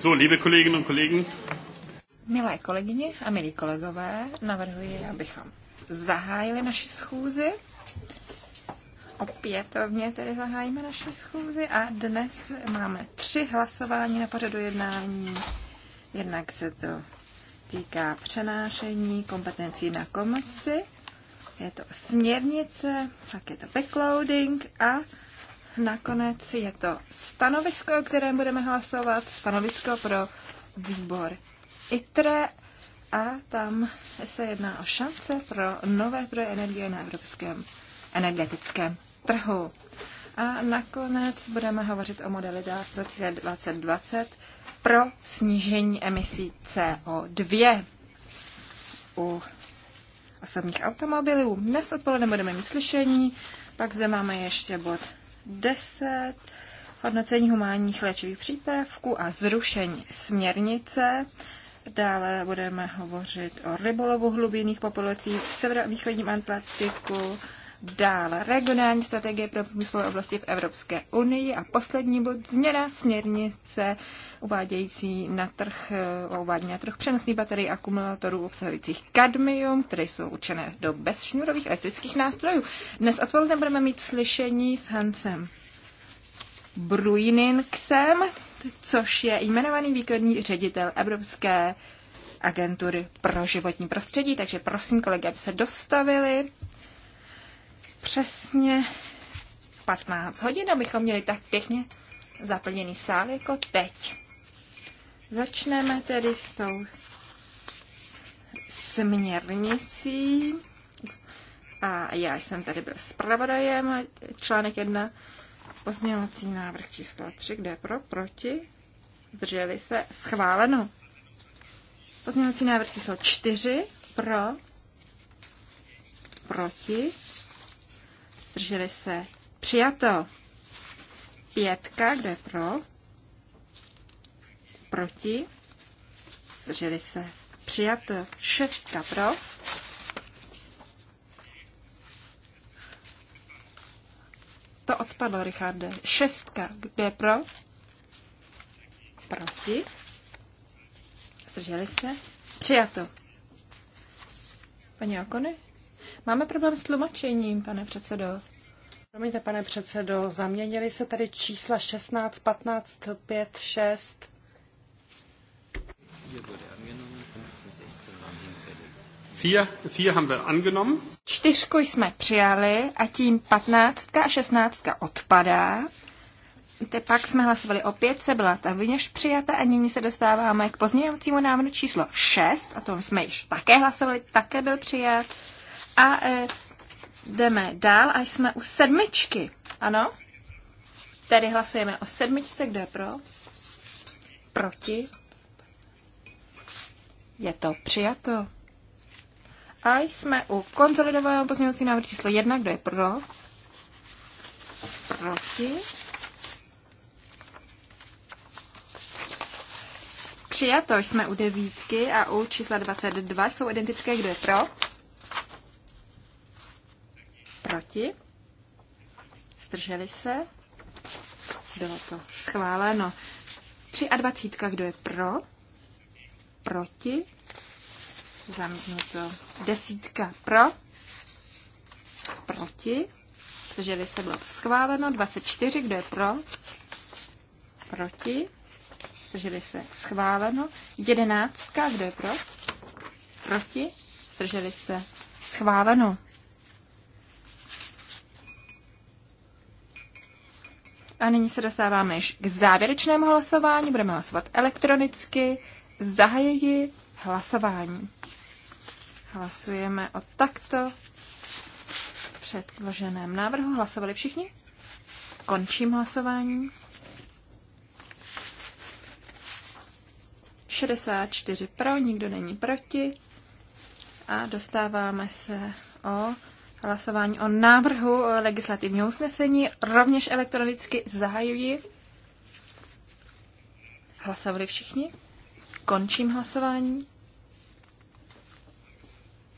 So, liebe Kolleginnen und Kollegen. Milé kolegyně a milí kolegové, navrhuji, abychom zahájili naši schůzi. Opětovně tedy zahájíme naši schůzi a dnes máme tři hlasování na pořadu jednání. Jednak se to týká přenášení kompetencí na komisi, je to směrnice, pak je to backloading a nakonec je to stanovisko, o kterém budeme hlasovat, stanovisko pro výbor ITRE a tam se jedná o šance pro nové zdroje energie na evropském energetickém trhu. A nakonec budeme hovořit o modeli pro cíle 2020 pro snížení emisí CO2 u osobních automobilů. Dnes odpoledne budeme mít slyšení, pak zde máme ještě bod 10, hodnocení humánních léčivých přípravků a zrušení směrnice. Dále budeme hovořit o rybolovu hlubinných populací v severovýchodním Atlantiku, Dále regionální strategie pro průmyslové oblasti v Evropské unii a poslední bod změna směrnice uvádějící na trh, eh, uvádění na trh přenosných baterií akumulátorů obsahujících kadmium, které jsou určené do bezšňurových elektrických nástrojů. Dnes odpoledne budeme mít slyšení s Hansem Bruininxem, což je jmenovaný výkonný ředitel Evropské agentury pro životní prostředí, takže prosím kolegy, aby se dostavili přesně 15 hodin, abychom měli tak pěkně zaplněný sál jako teď. Začneme tedy s tou směrnicí. A já jsem tady byl zpravodajem, článek 1, pozměňovací návrh číslo 3, kde pro, proti, zdrželi se, schváleno. Pozměňovací návrh číslo 4, pro, proti, zdrželi se, přijato. Pětka, kde pro, proti, zdrželi se, přijato. Šestka pro, to odpadlo, Richarde. Šestka, kde pro, proti, zdrželi se, přijato. Paní Okony? Máme problém s tlumočením, pane předsedo. Promiňte, pane předsedo, zaměnili se tady čísla 16, 15, 5, 6. vier haben wir angenommen. Čtyřku jsme přijali a tím 15 a 16 odpadá. Te pak jsme hlasovali o pětce, byla ta vyněž přijata a nyní se dostáváme k pozměňovacímu návrhu číslo 6, o tom jsme již také hlasovali, také byl přijat. A e, jdeme dál, až jsme u sedmičky. Ano? Tedy hlasujeme o sedmičce, kdo je pro? Proti? Je to přijato. A jsme u konzolidovaného pozměňovacího návrh číslo jedna kdo je pro? Proti? Přijato jsme u devítky a u čísla 22 jsou identické, kdo je pro? Proti? Zdrželi se? Bylo to schváleno. 23. Kdo je pro? Proti? Zamítnuto. Desítka pro? Proti? Zdrželi se? Bylo to schváleno. 24. Kdo je pro? Proti? Zdrželi se? Schváleno. Jedenáctka. Kdo je pro? Proti? Zdrželi se? Schváleno. A nyní se dostáváme již k závěrečnému hlasování. Budeme hlasovat elektronicky. Zahajuji hlasování. Hlasujeme o takto předloženém návrhu. Hlasovali všichni? Končím hlasování. 64 pro, nikdo není proti. A dostáváme se o hlasování o návrhu legislativního usnesení. Rovněž elektronicky zahajuji. Hlasovali všichni? Končím hlasování.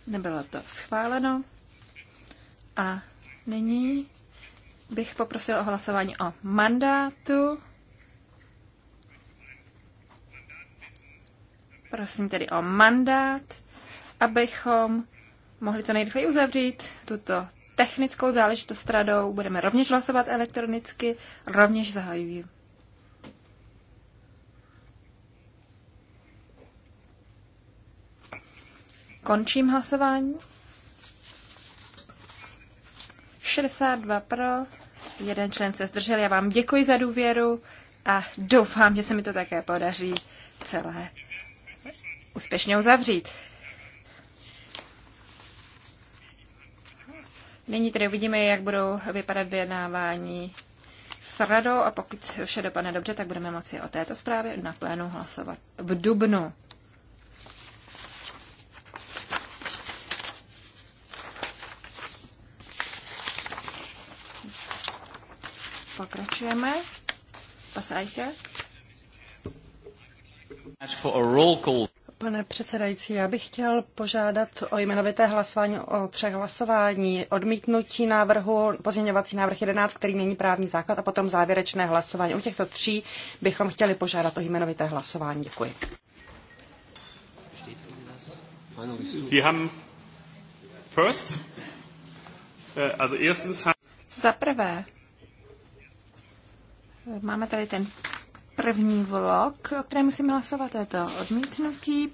Nebylo to schváleno. A nyní bych poprosil o hlasování o mandátu. Prosím tedy o mandát, abychom mohli co nejrychleji uzavřít tuto technickou záležitost radou. Budeme rovněž hlasovat elektronicky, rovněž zahajují. Končím hlasování. 62 pro, jeden člen se zdržel. Já vám děkuji za důvěru a doufám, že se mi to také podaří celé úspěšně uzavřít. Nyní tedy uvidíme, jak budou vypadat vyjednávání s radou a pokud vše dopadne dobře, tak budeme moci o této zprávě na plénu hlasovat v dubnu. Pokračujeme. Pasajte. For a roll call. Pane předsedající, já bych chtěl požádat o jmenovité hlasování o třech hlasování. Odmítnutí návrhu, pozměňovací návrh 11, který mění právní základ a potom závěrečné hlasování. U těchto tří bychom chtěli požádat o jmenovité hlasování. Děkuji. Sie haben first, äh, also erstens Za prvé, máme tady ten první vlog, o kterém musím hlasovat, je to odmítnutí.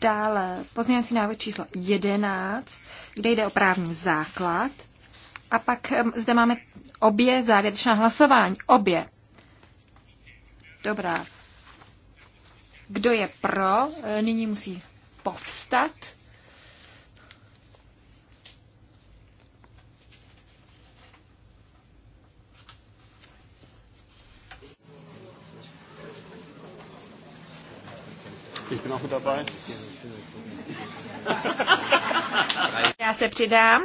Dále pozměňovací návrh číslo 11, kde jde o právní základ. A pak zde máme obě závěrečná hlasování. Obě. Dobrá. Kdo je pro, e, nyní musí povstat. Ich bin auch mit dabei. Ja, se přidám.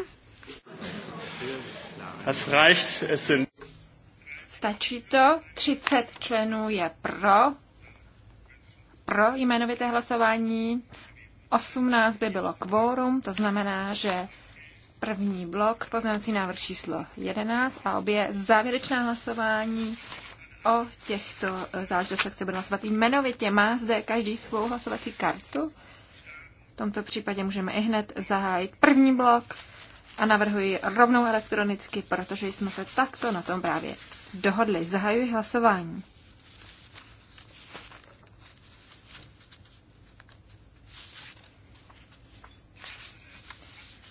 Das reicht, es sind... Stačí to, 30 členů je pro, pro jmenovité hlasování, 18 by bylo kvórum, to znamená, že první blok, poznací návrh číslo 11 a obě závěrečná hlasování O těchto záležitostech se budeme hlasovat jmenovitě. Má zde každý svou hlasovací kartu? V tomto případě můžeme i hned zahájit první blok a navrhuji rovnou elektronicky, protože jsme se takto na tom právě dohodli. Zahajuji hlasování.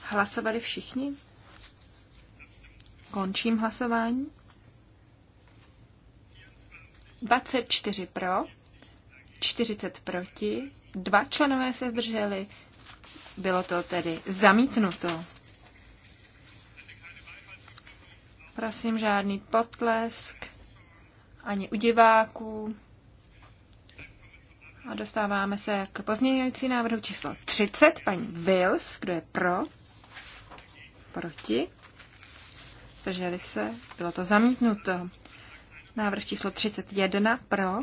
Hlasovali všichni? Končím hlasování. 24 pro, 40 proti, dva členové se zdrželi, bylo to tedy zamítnuto. Prosím, žádný potlesk, ani u diváků. A dostáváme se k pozměňující návrhu číslo 30, paní Wills, kdo je pro, proti, zdrželi se, bylo to zamítnuto. Návrh číslo 31 pro,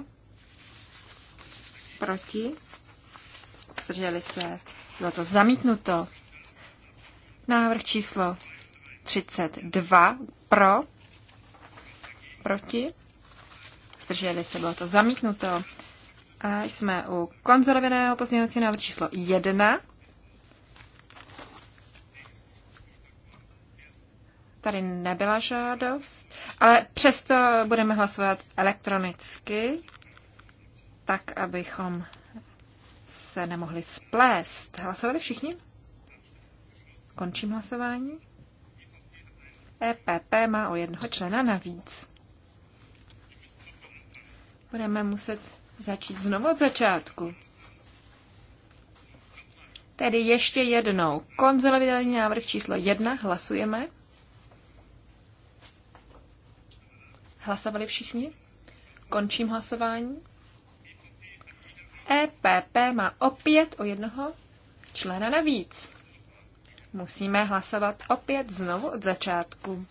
proti, zdrželi se, bylo to zamítnuto. Návrh číslo 32 pro, proti, zdrželi se, bylo to zamítnuto. A jsme u konzervovaného pozměňovacího návrhu číslo 1 Tady nebyla žádost, ale přesto budeme hlasovat elektronicky, tak abychom se nemohli splést. Hlasovali všichni? Končím hlasování. EPP má o jednoho člena navíc. Budeme muset začít znovu od začátku. Tedy ještě jednou. Konzolidovaný návrh číslo jedna. hlasujeme. Hlasovali všichni? Končím hlasování. EPP má opět o jednoho člena navíc. Musíme hlasovat opět znovu od začátku.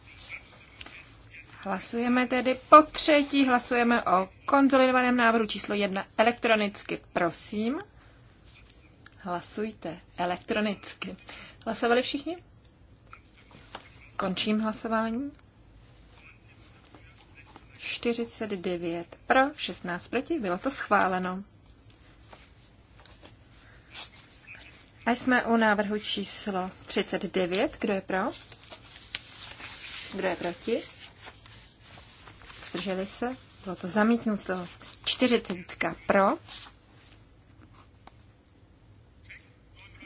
Hlasujeme tedy po třetí, hlasujeme o konzolidovaném návrhu číslo jedna. elektronicky. Prosím, hlasujte elektronicky. Hlasovali všichni? Končím hlasování. 49 pro, 16 proti, bylo to schváleno. A jsme u návrhu číslo 39. Kdo je pro? Kdo je proti? Zdrželi se? Bylo to zamítnuto. 40 pro.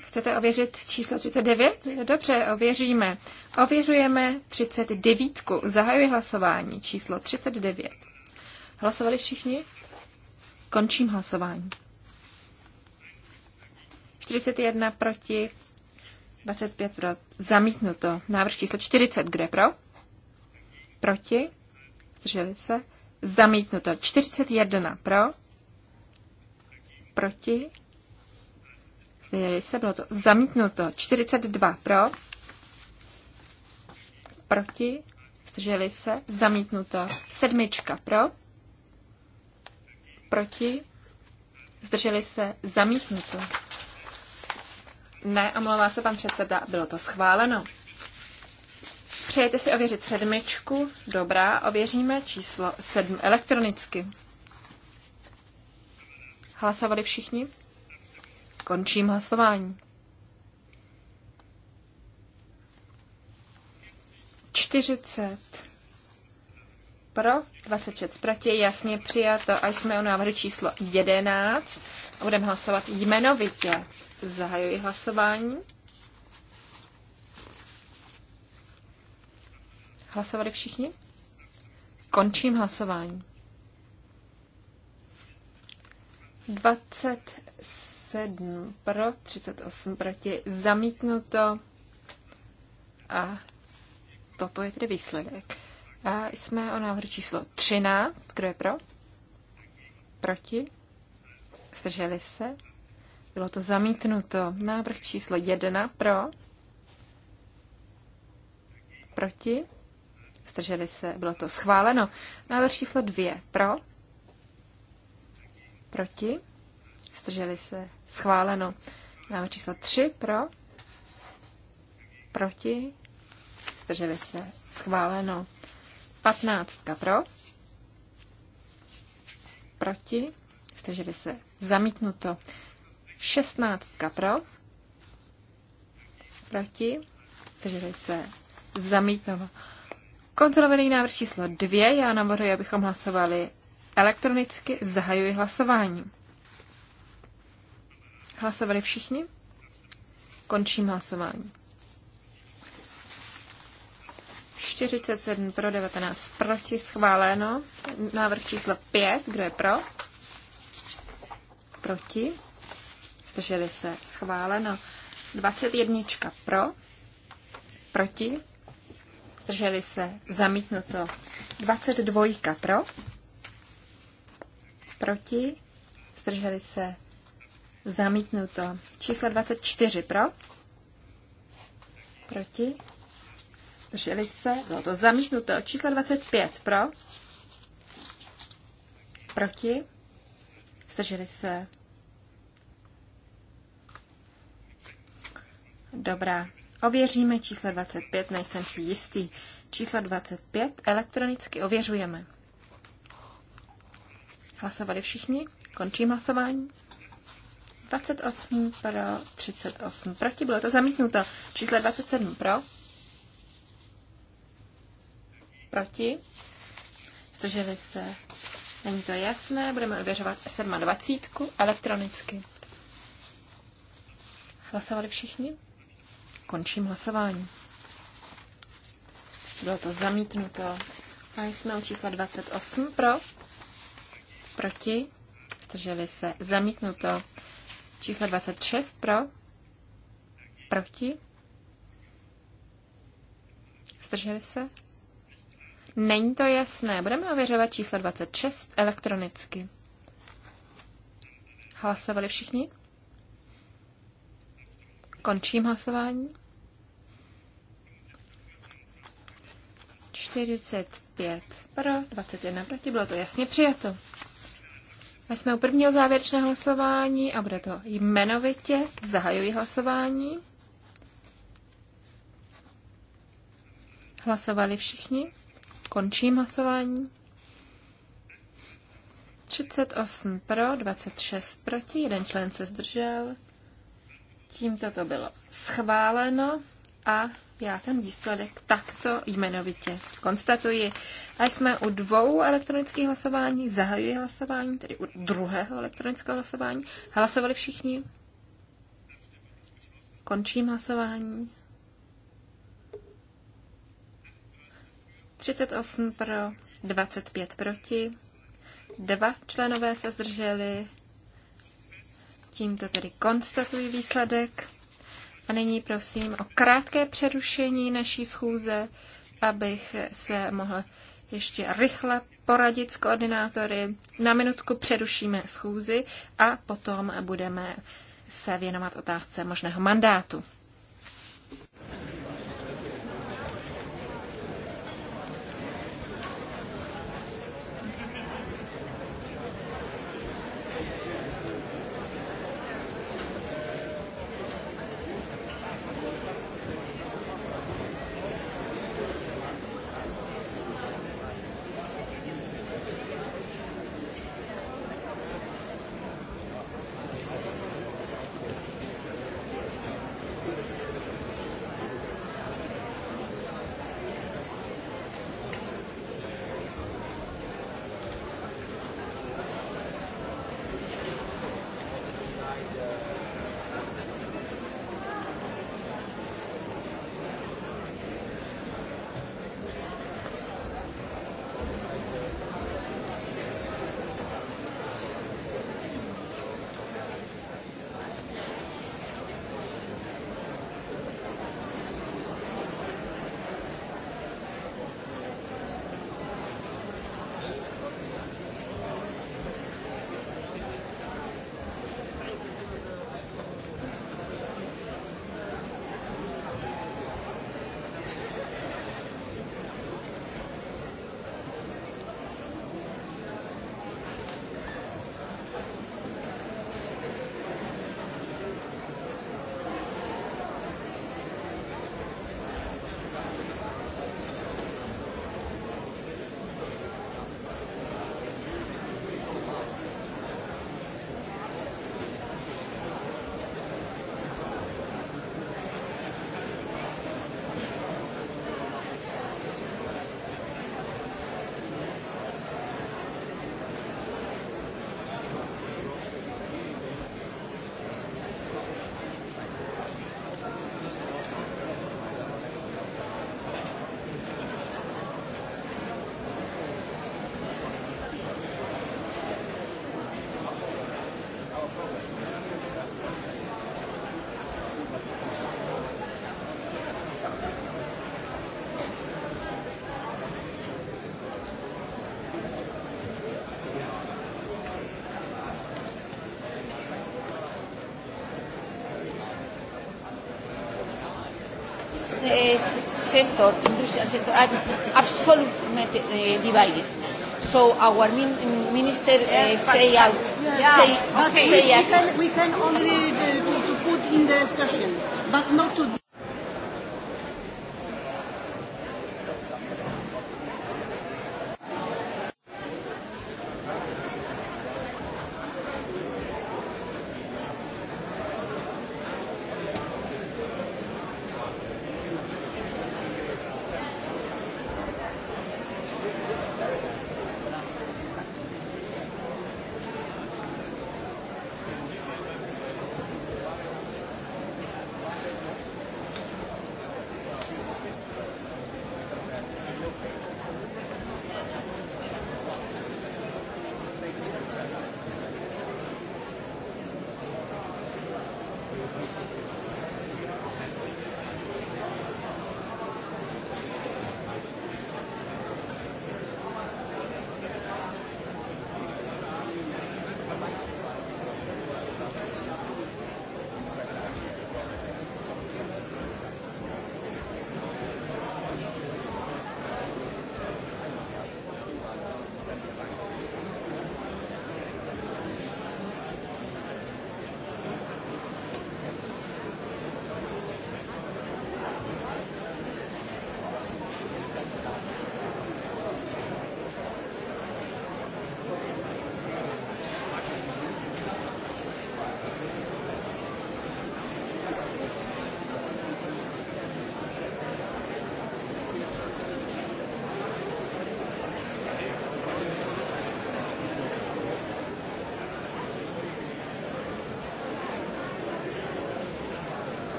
Chcete ověřit číslo 39? Dobře, ověříme. Ověřujeme 39. Zahajuji hlasování číslo 39. Hlasovali všichni? Končím hlasování. 41 proti, 25 pro. Zamítnuto. Návrh číslo 40. kde pro? Proti? Zdrželi se? Zamítnuto. 41 pro? Proti? Zdrželi se? Bylo to zamítnuto. 42 pro? proti, zdrželi se, zamítnuto. Sedmička pro, proti, zdrželi se, zamítnuto. Ne, omlouvá se pan předseda, bylo to schváleno. Přejete si ověřit sedmičku? Dobrá, ověříme číslo sedm elektronicky. Hlasovali všichni? Končím hlasování. 40 pro, 26 proti, jasně přijato. A jsme u návrhu číslo 11. A budeme hlasovat jmenovitě. Zahajuji hlasování. Hlasovali všichni? Končím hlasování. 27 pro, 38 proti, zamítnuto a toto je tedy výsledek. A jsme o návrhu číslo 13. Kdo je pro? Proti? Zdrželi se? Bylo to zamítnuto. Návrh číslo 1 pro? Proti? Zdrželi se? Bylo to schváleno. Návrh číslo 2 pro? Proti? Zdrželi se? Schváleno. Návrh číslo 3 pro? Proti? zdrželi se, schváleno. 15 pro, proti, zdrželi se, zamítnuto. 16 pro, proti, zdrželi se, zamítnuto. Kontrolovaný návrh číslo 2, já navrhuji, abychom hlasovali elektronicky, zahajuji hlasování. Hlasovali všichni? Končím hlasování. 47 pro, 19 proti, schváleno. Návrh číslo 5, kdo je pro? Proti. Zdrželi se, schváleno. 21 pro, proti. Zdrželi se, zamítnuto. 22 pro, proti. Zdrželi se, zamítnuto. Číslo 24 pro, proti Zdrželi se? Bylo to zamítnuto. Číslo 25 pro. Proti. Zdrželi se. Dobrá. Ověříme číslo 25, nejsem si jistý. Číslo 25 elektronicky ověřujeme. Hlasovali všichni? Končím hlasování. 28 pro, 38 proti, bylo to zamítnuto. Číslo 27 pro, Proti? Zdrželi se. Není to jasné, budeme ověřovat 27 elektronicky. Hlasovali všichni? Končím hlasování. Bylo to zamítnuto. A jsme u čísla 28 pro, proti, zdrželi se, zamítnuto. Číslo 26 pro, proti, zdrželi se, Není to jasné. Budeme ověřovat číslo 26 elektronicky. Hlasovali všichni? Končím hlasování. 45 pro, 21 proti, bylo to jasně přijato. My jsme u prvního závěrečného hlasování a bude to jmenovitě. Zahajuji hlasování. Hlasovali všichni. Končím hlasování. 38 pro, 26 proti, jeden člen se zdržel. Tímto to bylo schváleno a já ten výsledek takto jmenovitě konstatuji. A jsme u dvou elektronických hlasování, zahajuji hlasování, tedy u druhého elektronického hlasování. Hlasovali všichni? Končím hlasování. 38 pro, 25 proti. Dva členové se zdrželi. Tímto tedy konstatuji výsledek. A nyní prosím o krátké přerušení naší schůze, abych se mohl ještě rychle poradit s koordinátory. Na minutku přerušíme schůzi a potom budeme se věnovat otázce možného mandátu. sector, industrial sector, are absolutely uh, eh, divided. So our min minister uh, yes, say us, yeah, say, okay, say we, us. Can, we can only do, to, to put in the session, but not to.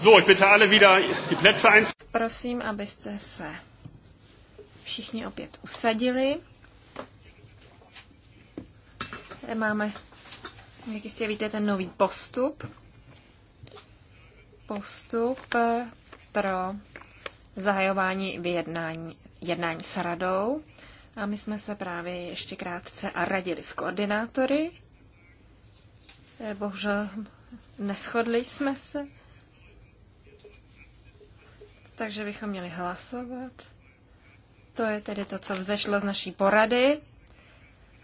So, ich bitte alle wieder die Plätze eins. Prosím, abyste se všichni opět usadili. Tady máme, jak jistě víte, ten nový postup. Postup eh, pro zahajování vyjednání jednání s radou. A my jsme se právě ještě krátce a radili s koordinátory. Eh, bohužel neschodli jsme se takže bychom měli hlasovat. To je tedy to, co vzešlo z naší porady.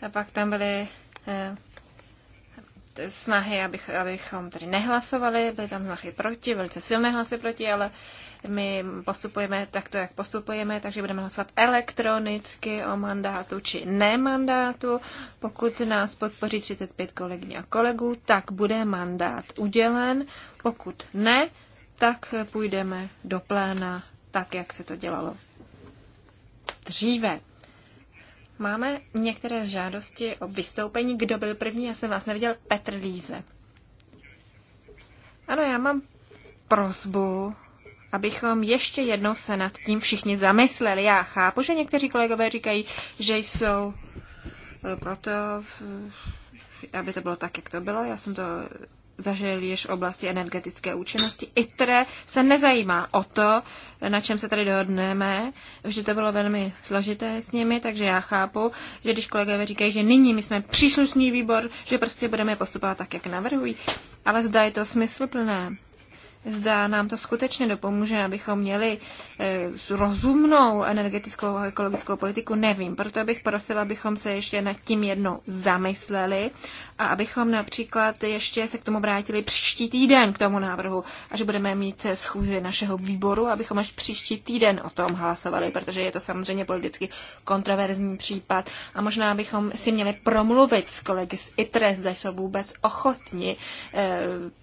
A pak tam byly eh, snahy, abych, abychom tedy nehlasovali, byly tam snahy proti, velice silné hlasy proti, ale my postupujeme takto, jak postupujeme, takže budeme hlasovat elektronicky o mandátu či nemandátu. Pokud nás podpoří 35 kolegyň a kolegů, tak bude mandát udělen. Pokud ne, tak půjdeme do pléna tak, jak se to dělalo dříve. Máme některé žádosti o vystoupení. Kdo byl první? Já jsem vás neviděl. Petr Líze. Ano, já mám prozbu, abychom ještě jednou se nad tím všichni zamysleli. Já chápu, že někteří kolegové říkají, že jsou eh, proto, aby to bylo tak, jak to bylo. Já jsem to zažil již v oblasti energetické účinnosti. ITRE se nezajímá o to, na čem se tady dohodneme. že to bylo velmi složité s nimi, takže já chápu, že když kolegové říkají, že nyní my jsme příslušný výbor, že prostě budeme postupovat tak, jak navrhují. Ale zda je to smysluplné zda nám to skutečně dopomůže, abychom měli eh, rozumnou energetickou a ekologickou politiku, nevím. Proto bych prosila, abychom se ještě nad tím jednou zamysleli a abychom například ještě se k tomu vrátili příští týden k tomu návrhu a že budeme mít schůzi našeho výboru, abychom až příští týden o tom hlasovali, protože je to samozřejmě politicky kontroverzní případ a možná bychom si měli promluvit s kolegy z ITRE, zda jsou vůbec ochotni eh,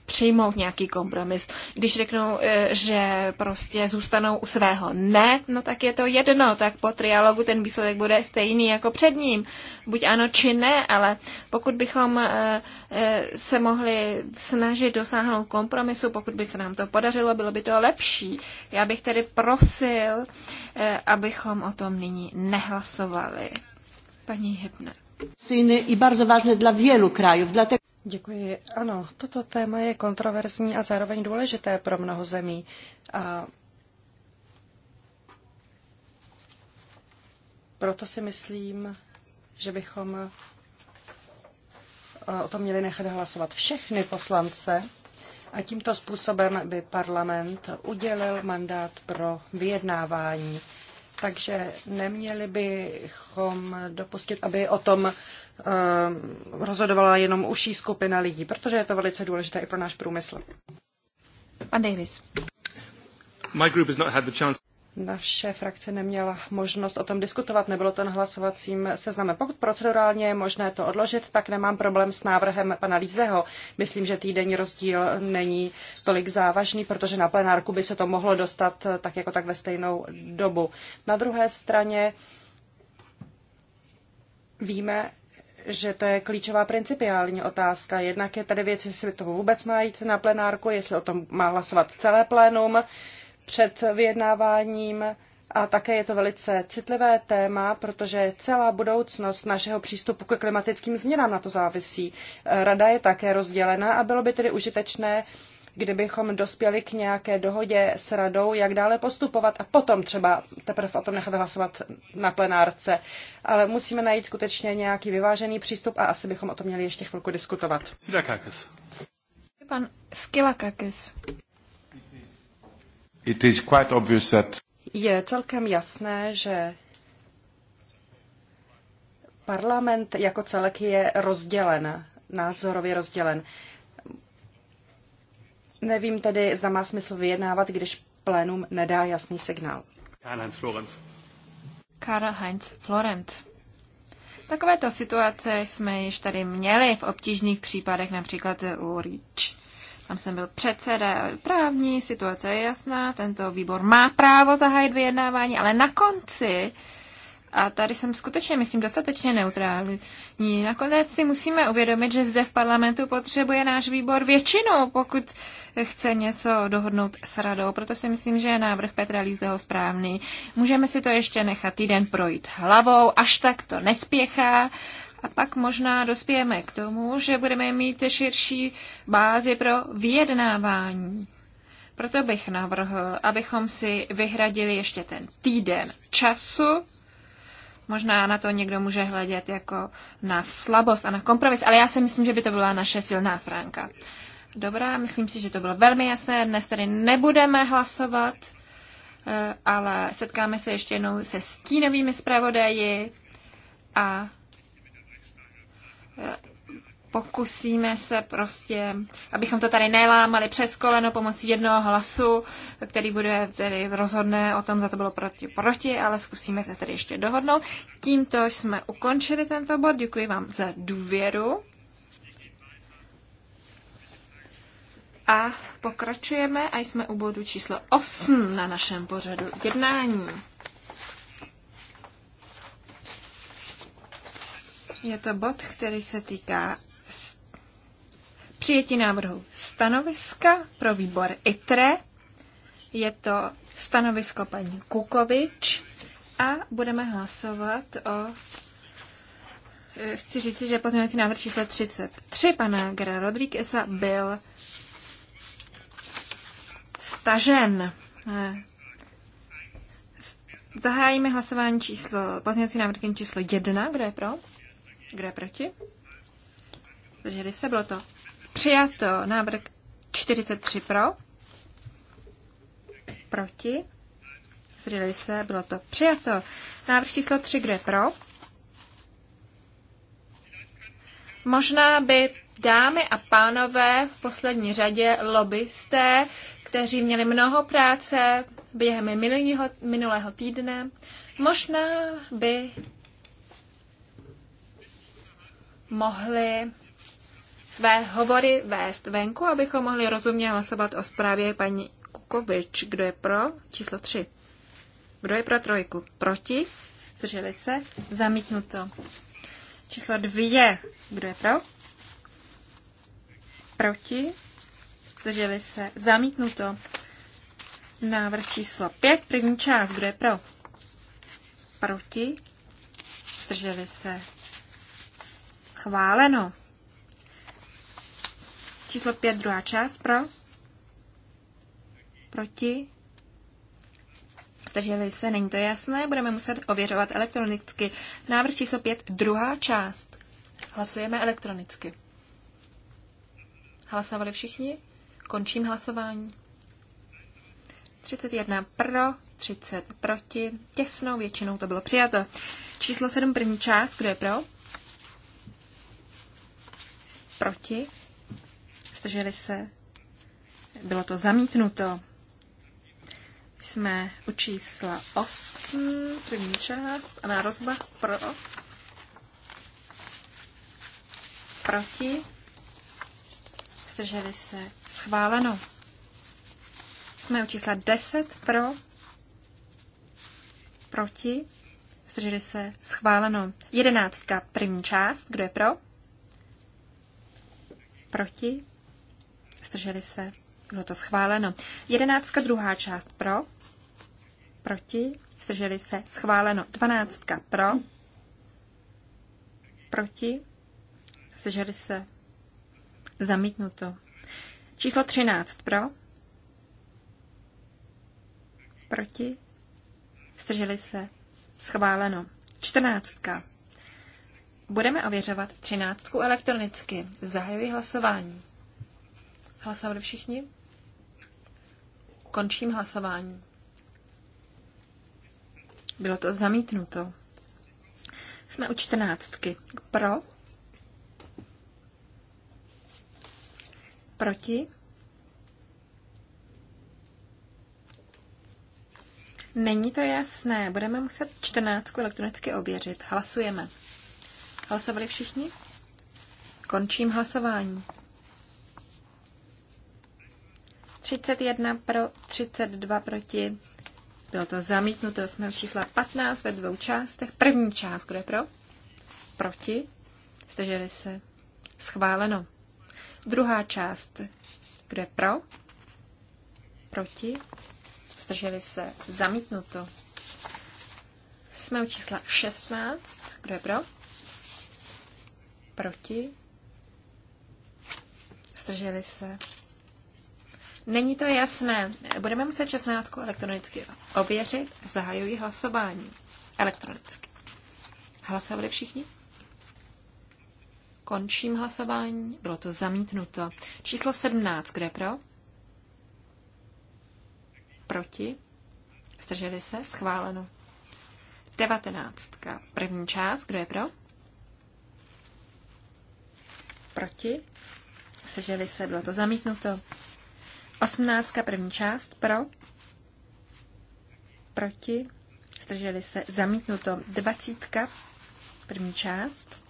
přijmout nějaký kompromis. Když řeknou, eh, že prostě zůstanou u svého ne, no tak je to jedno, tak po trialogu ten výsledek bude stejný jako před ním. Buď ano, či ne, ale pokud bychom eh, eh, se mohli snažit dosáhnout kompromisu, pokud by se nám to podařilo, bylo by to lepší. Já bych tedy prosil, abychom o tom nyní nehlasovali. Paní Hybner. Syny i bardzo ważne dla wielu krajów, dlatego... Děkuji. Ano, toto téma je kontroverzní a zároveň důležité pro mnoho zemí. A proto si myslím, že bychom eh, o tom měli nechat hlasovat všechny poslance a tímto způsobem by parlament udělil mandát pro vyjednávání. Takže neměli bychom dopustit, aby o tom Eh, rozhodovala jenom užší skupina lidí, protože je to velice důležité i pro náš průmysl. Pan Davis. My group has not had the chance naše frakce neměla možnost o tom diskutovat, nebylo to na hlasovacím seznamu. Pokud procedurálně je možné to odložit, tak nemám problém s návrhem pana Lízeho. Myslím, že týdenní rozdíl není tolik závažný, protože na plenárku by se to mohlo dostat eh, tak jako tak ve stejnou dobu. Na druhé straně víme, že to je klíčová principiální otázka. Jednak je tady věc, jestli to vůbec má jít na plenárku, jestli o tom má hlasovat celé plénum před vyjednáváním. A také je to velice citlivé téma, protože celá budoucnost našeho přístupu k klimatickým změnám na to závisí. Rada je také rozdělena a bylo by tedy užitečné kdybychom dospěli k nějaké dohodě s radou, jak dále postupovat a potom třeba teprve o tom nechat hlasovat na plenárce. Ale musíme najít skutečně nějaký vyvážený přístup a asi bychom o tom měli ještě chvilku diskutovat. Skilakakis. Pan Skilakakis. It is quite obvious that... Je celkem jasné, že parlament jako celek je rozdělen, názorově rozdělen. Uh, Nevím tedy, zda má smysl vyjednávat, když plénum nedá jasný signál. Karl-Heinz Florenz. Karl-Heinz Florenz. Takovéto situace jsme již tady měli v obtížných případech, například u REACH. Tam jsem byl předseda. Právní situace je jasná, tento výbor má právo zahájit vyjednávání, ale na konci a tady jsem skutečně, myslím, dostatečně neutrální. Nakonec si musíme uvědomit, že zde v parlamentu potřebuje náš výbor většinu, pokud chce něco dohodnout s radou. Proto si myslím, že je návrh Petra Lízeho správný. Můžeme si to ještě nechat týden projít hlavou, až tak to nespěchá. A pak možná dospějeme k tomu, že budeme mít širší bázi pro vyjednávání. Proto bych navrhl, abychom si vyhradili ještě ten týden času, Možná na to někdo může hledět jako na slabost a na kompromis, ale já si myslím, že by to byla naše silná stránka. Dobrá, myslím si, že to bylo velmi jasné. Dnes tady nebudeme hlasovat, eh, ale setkáme se ještě jednou se stínovými zpravodaji a eh, pokusíme se prostě, abychom to tady nelámali přes koleno pomocí jednoho hlasu, který bude tedy rozhodné o tom, za to bylo proti, proti, ale zkusíme to tady ještě dohodnout. Tímto jsme ukončili tento bod. Děkuji vám za důvěru. A pokračujeme a jsme u bodu číslo 8 na našem pořadu jednání. Je to bod, který se týká přijetí návrhu stanoviska pro výbor ITRE. Je to stanovisko paní Kukovič a budeme hlasovat o e, chci říct, že pozměňovací návrh číslo 33 pana Gera Rodrígueza byl stažen. E, zahájíme hlasování číslo, pozměňovací návrh číslo 1. Kdo je pro? Kdo je proti? Zdrželi se, bylo to Přijato. Návrh 43 pro. Proti. Zdrželi se. Bylo to přijato. Návrh číslo 3, kde pro. Možná by dámy a pánové v poslední řadě lobbysté, kteří měli mnoho práce během minulého, minulého týdne, možná by mohli své hovory vést venku, abychom mohli rozumně hlasovat o zprávě paní Kukovič. Kdo je pro? Číslo 3. Kdo je pro trojku? Proti? Zdrželi se? Zamítnuto. Číslo 2. Kdo je pro? Proti? Zdrželi se? Zamítnuto. Návrh číslo 5, první část. Kdo je pro? Proti? Zdrželi se? Schváleno. Číslo 5, druhá část. Pro? Proti? Zdrželi se, není to jasné, budeme muset ověřovat elektronicky. Návrh číslo 5, druhá část. Hlasujeme elektronicky. Hlasovali všichni? Končím hlasování. 31 pro, 30 proti. Těsnou většinou to bylo přijato. Číslo 7, první část, kdo je pro? Proti zdrželi se, bylo to zamítnuto. Jsme u čísla 8, první část, a na rozbach pro, proti, zdrželi se, schváleno. Jsme u čísla 10, pro, proti, zdrželi se, schváleno. Jedenáctka, první část, kdo je pro? Proti, zdrželi se, bylo to schváleno. Jedenáctka, druhá část pro, proti, zdrželi se, schváleno. Dvanáctka pro, proti, zdrželi se, zamítnuto. Číslo třináct pro, proti, zdrželi se, schváleno. Čtrnáctka. Budeme ověřovat třináctku elektronicky. Zahajuji hlasování. Hlasovali všichni? Končím hlasování. Bylo to zamítnuto. Jsme u čtrnáctky. Pro? Proti? Není to jasné. Budeme muset čtrnáctku elektronicky ověřit. Hlasujeme. Hlasovali všichni? Končím hlasování. 31 pro, 32 proti. Bylo to zamítnuto, jsme u čísla 15 ve dvou částech. První část, kdo je pro? Proti. Zdrželi se. Schváleno. Druhá část, kdo je pro? Proti. Zdrželi se. Zamítnuto. Jsme u čísla 16. Kdo je pro? Proti. Zdrželi se. Není to jasné. Budeme muset 16 elektronicky ověřit. Zahajuji hlasování. Elektronicky. Hlasovali všichni? Končím hlasování. Bylo to zamítnuto. Číslo 17. Kde pro? Proti? Zdrželi se? Schváleno. 19. První část. Kdo je pro? Proti? Zdrželi se? Bylo to zamítnuto. Osmnáctka první část pro, proti, zdrželi se, zamítnuto. Dvacítka první část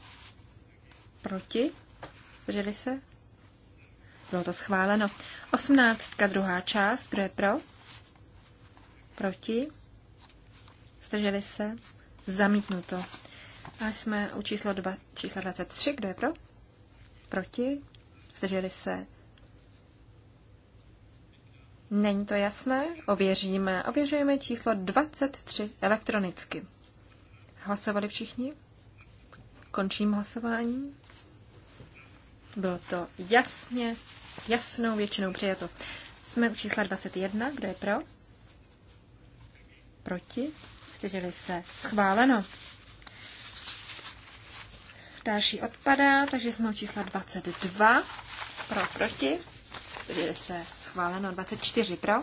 proti, zdrželi se, bylo to schváleno. Osmnáctka druhá část, kdo je pro, proti, zdrželi se, zamítnuto. A jsme u číslo dva, čísla 23, kdo je pro? Proti? Zdrželi se Není to jasné? Ověříme. Ověřujeme číslo 23 elektronicky. Hlasovali všichni? Končím hlasování. Bylo to jasně, jasnou většinou přijato. Jsme u čísla 21. Kdo je pro? Proti? Zdrželi se. Schváleno. Další odpadá, takže jsme u čísla 22. Pro, proti? Zdrželi se schváleno 24 pro,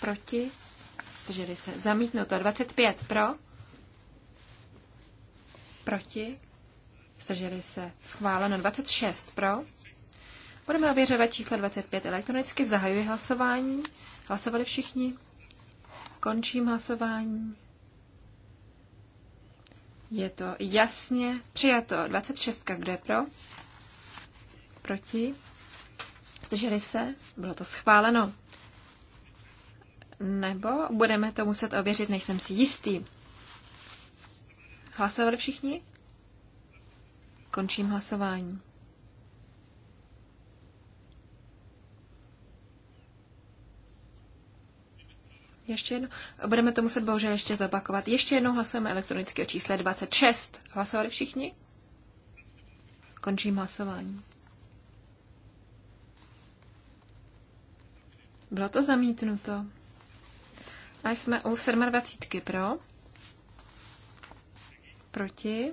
proti, zdrželi se, zamítnuto 25 pro, proti, zdrželi se, schváleno 26 pro. Budeme ověřovat číslo 25 elektronicky, zahajuji hlasování. Hlasovali všichni? Končím hlasování. Je to jasně přijato. 26. Kdo je pro? Proti? zdrželi se, bylo to schváleno. Nebo budeme to muset ověřit, nejsem si jistý. Hlasovali všichni? Končím hlasování. Ještě jedno. Budeme to muset bohužel ještě zopakovat. Ještě jednou hlasujeme elektronicky o čísle 26. Hlasovali všichni? Končím hlasování. Bylo to zamítnuto. A jsme u 27 pro. Proti.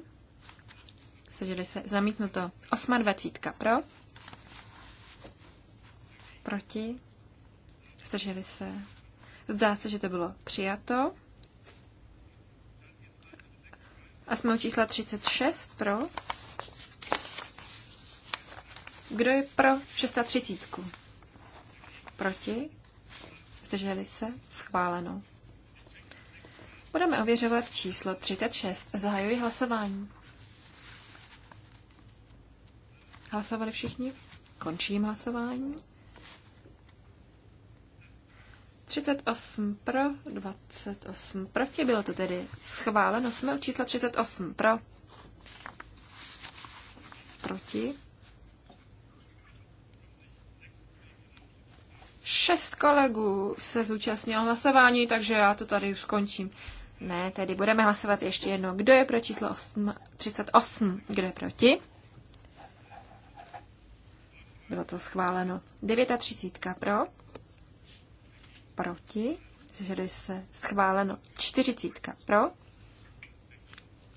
Seděli se. Zamítnuto. 28 pro. Proti. Zdrželi se. Zdá se, že to bylo přijato. A jsme u čísla 36 pro. Kdo je pro 630? Proti? Zdrželi se? Schváleno. Budeme ověřovat číslo 36. Zahajuji hlasování. Hlasovali všichni? Končím hlasování. 38 pro, 28 proti. Bylo to tedy schváleno. Jsme u čísla 38 pro. Proti. Šest kolegů se zúčastnilo hlasování, takže já to tady už skončím. Ne, tedy budeme hlasovat ještě jednou. Kdo je pro číslo 8, 38? Kdo je proti? Bylo to schváleno. 39 pro. Proti. Zžaduje se schváleno. 40 pro.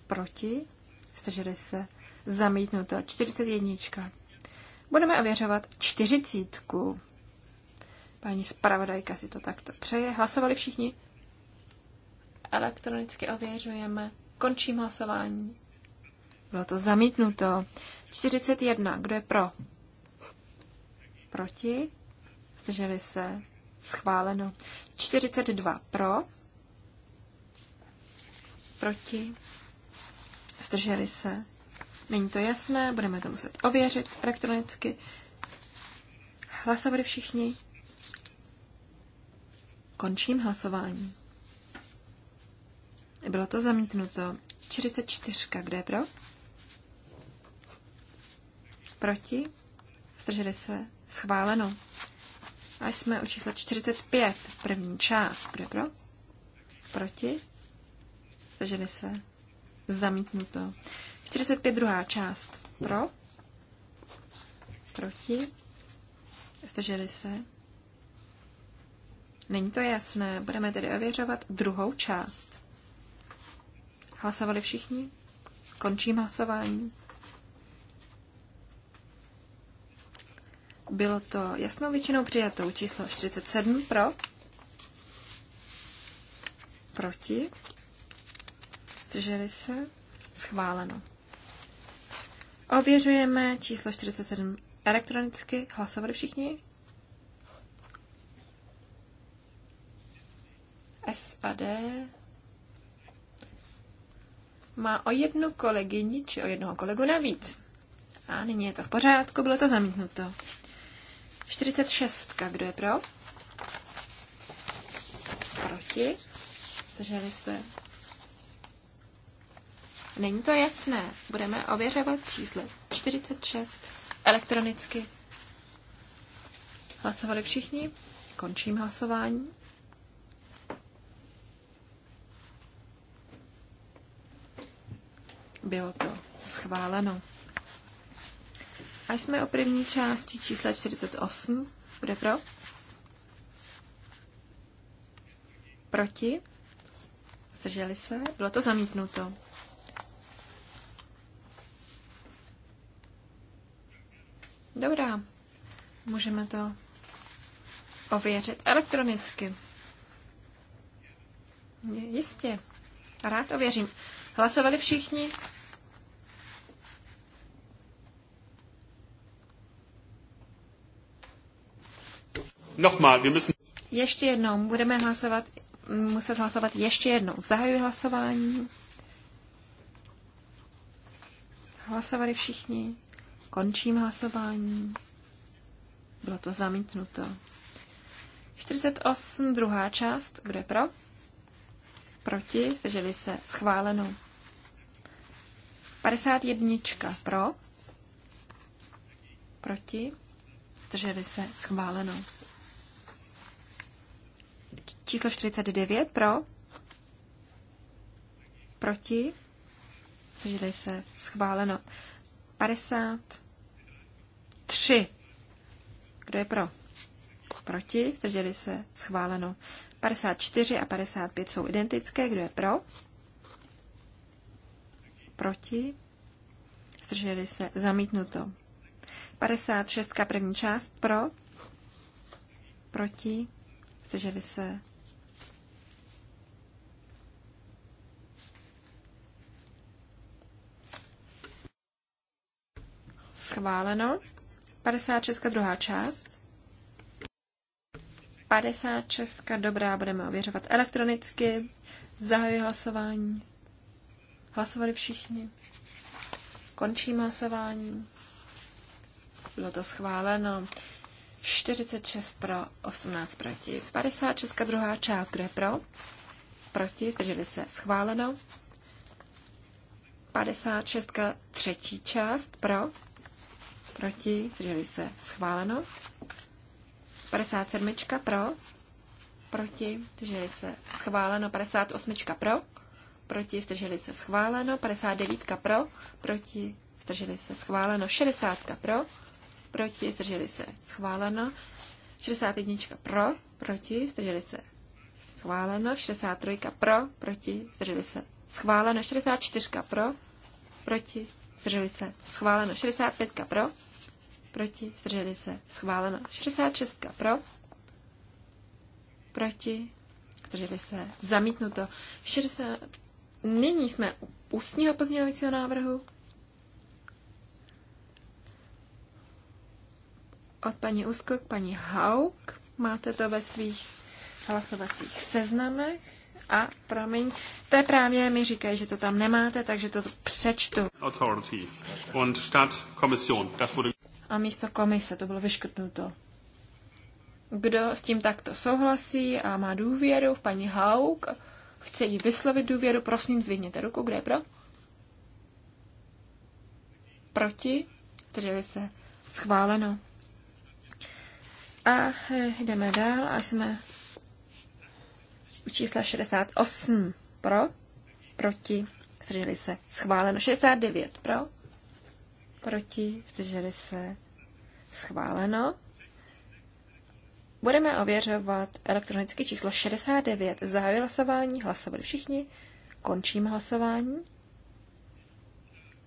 Proti. Zdrželi se zamítnuto. 41. Budeme ověřovat čtyřicítku. Paní zpravodajka si to takto přeje. Hlasovali všichni? Elektronicky ověřujeme. Končím hlasování. Bylo to zamítnuto. 41. Kdo je pro? Proti? Zdrželi se? Schváleno. 42. Pro? Proti? Zdrželi se? Není to jasné, budeme to muset ověřit elektronicky. Hlasovali všichni? Končím hlasování. Bylo to zamítnuto. 44. Kdo je pro? Proti? Zdrželi se? Schváleno. A jsme u čísla 45. První část. Kdo je pro? Proti? Zdrželi se? Zamítnuto. 45. Druhá část. Pro? Proti? Zdrželi se? Není to jasné. Budeme tedy ověřovat druhou část. Hlasovali všichni? Končím hlasování. Bylo to jasnou většinou přijatou číslo 47 pro, proti, zdrželi se, schváleno. Ověřujeme číslo 47 elektronicky. Hlasovali všichni? SAD má o jednu kolegyni či o jednoho kolegu navíc. A nyní je to v pořádku, bylo to zamítnuto. 46. Kdo je pro? Proti? Zdrželi se. Není to jasné. Budeme ověřovat číslo 46 elektronicky. Hlasovali všichni? Končím hlasování. Bylo to schváleno. A jsme o první části čísla 48. Bude pro? Proti? Zdrželi se? Bylo to zamítnuto. Dobrá. Můžeme to ověřit elektronicky. Jistě. Rád ověřím. Hlasovali všichni? Nochmal, wir müssen... Ještě jednou, budeme hlasovat, muset hlasovat ještě jednou. Zahajuji hlasování. Hlasovali všichni. Končím hlasování. Bylo to zamítnuto. 48, druhá část. Kdo je pro? proti, zdrželi se, schváleno. 51 pro, proti, zdrželi se, schváleno. Číslo 49 pro, proti, zdrželi se, schváleno. 53. Kdo je pro? Proti, zdrželi se, schváleno. 54 a 55 jsou identické. Kdo je pro? Proti? Zdrželi se. Zamítnuto. 56 první část pro? Proti? Zdrželi se. Schváleno. 56 druhá část 56. Dobrá, budeme ověřovat elektronicky. Zahajuji hlasování. Hlasovali všichni. Končím hlasování. Bylo to schváleno. 46 pro, 18 proti. 56. druhá část. Kdo je pro? Proti. Zdrželi se. Schváleno. 56. třetí část. Pro. Proti. Zdrželi se. Schváleno. 57 pro, proti, zdrželi se schváleno, 58 pro, proti, zdrželi se schváleno, 59 pro, proti, zdrželi se schváleno, 60 pro, proti, zdrželi se schváleno, 61 pro, proti, zdrželi se schváleno, 63 pro, proti, zdrželi se schváleno, 64 pro, proti, zdrželi se schváleno, 65 pro, proti, zdrželi se, schváleno. 66 pro, proti, zdrželi se, zamítnuto. 60... Nyní jsme u ústního pozměňovacího návrhu. Od paní Úzko k paní Hauk. Máte to ve svých hlasovacích seznamech. A, promiň, té právě mi říkají, že to tam nemáte, takže to přečtu. Authority und Stadt Kommission. Das wurde a místo komise. To bylo vyškrtnuto. Kdo s tím takto souhlasí a má důvěru v paní Hauk, chce jí vyslovit důvěru, prosím, zvihněte ruku. Kde je pro? Proti? Drželi se. Schváleno. A jdeme dál, až jsme u čísla 68 pro, proti, zdrželi se, schváleno 69 eh, pro, proti, zdrželi se, schváleno. Budeme ověřovat elektronické číslo 69. Zahájil hlasování, hlasovali všichni, končím hlasování.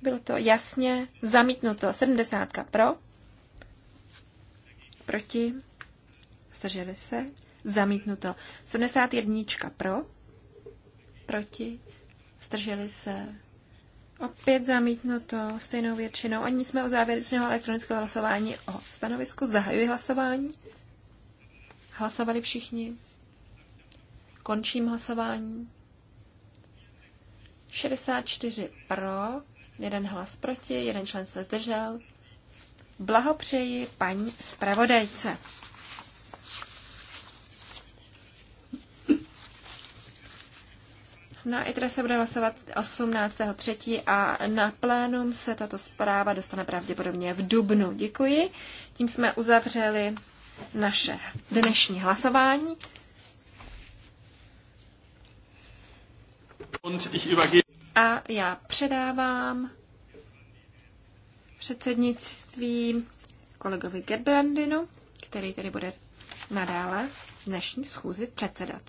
Bylo to jasně zamítnuto. 70 pro, proti, zdrželi se, zamítnuto. 71 pro, proti, zdrželi se, Opět zamítnuto stejnou většinou. Ani jsme u závěrečného elektronického hlasování o stanovisku. Zahajuji hlasování. Hlasovali všichni. Končím hlasování. 64 pro, jeden hlas proti, jeden člen se zdržel. Blahopřeji paní zpravodajce. Na ITRE se bude hlasovat 18.3. a na plénum se tato zpráva dostane pravděpodobně v dubnu. Děkuji. Tím jsme uzavřeli naše dnešní hlasování. A já předávám předsednictví kolegovi Gerbrandinu, který tedy bude nadále dnešní schůzi předsedat.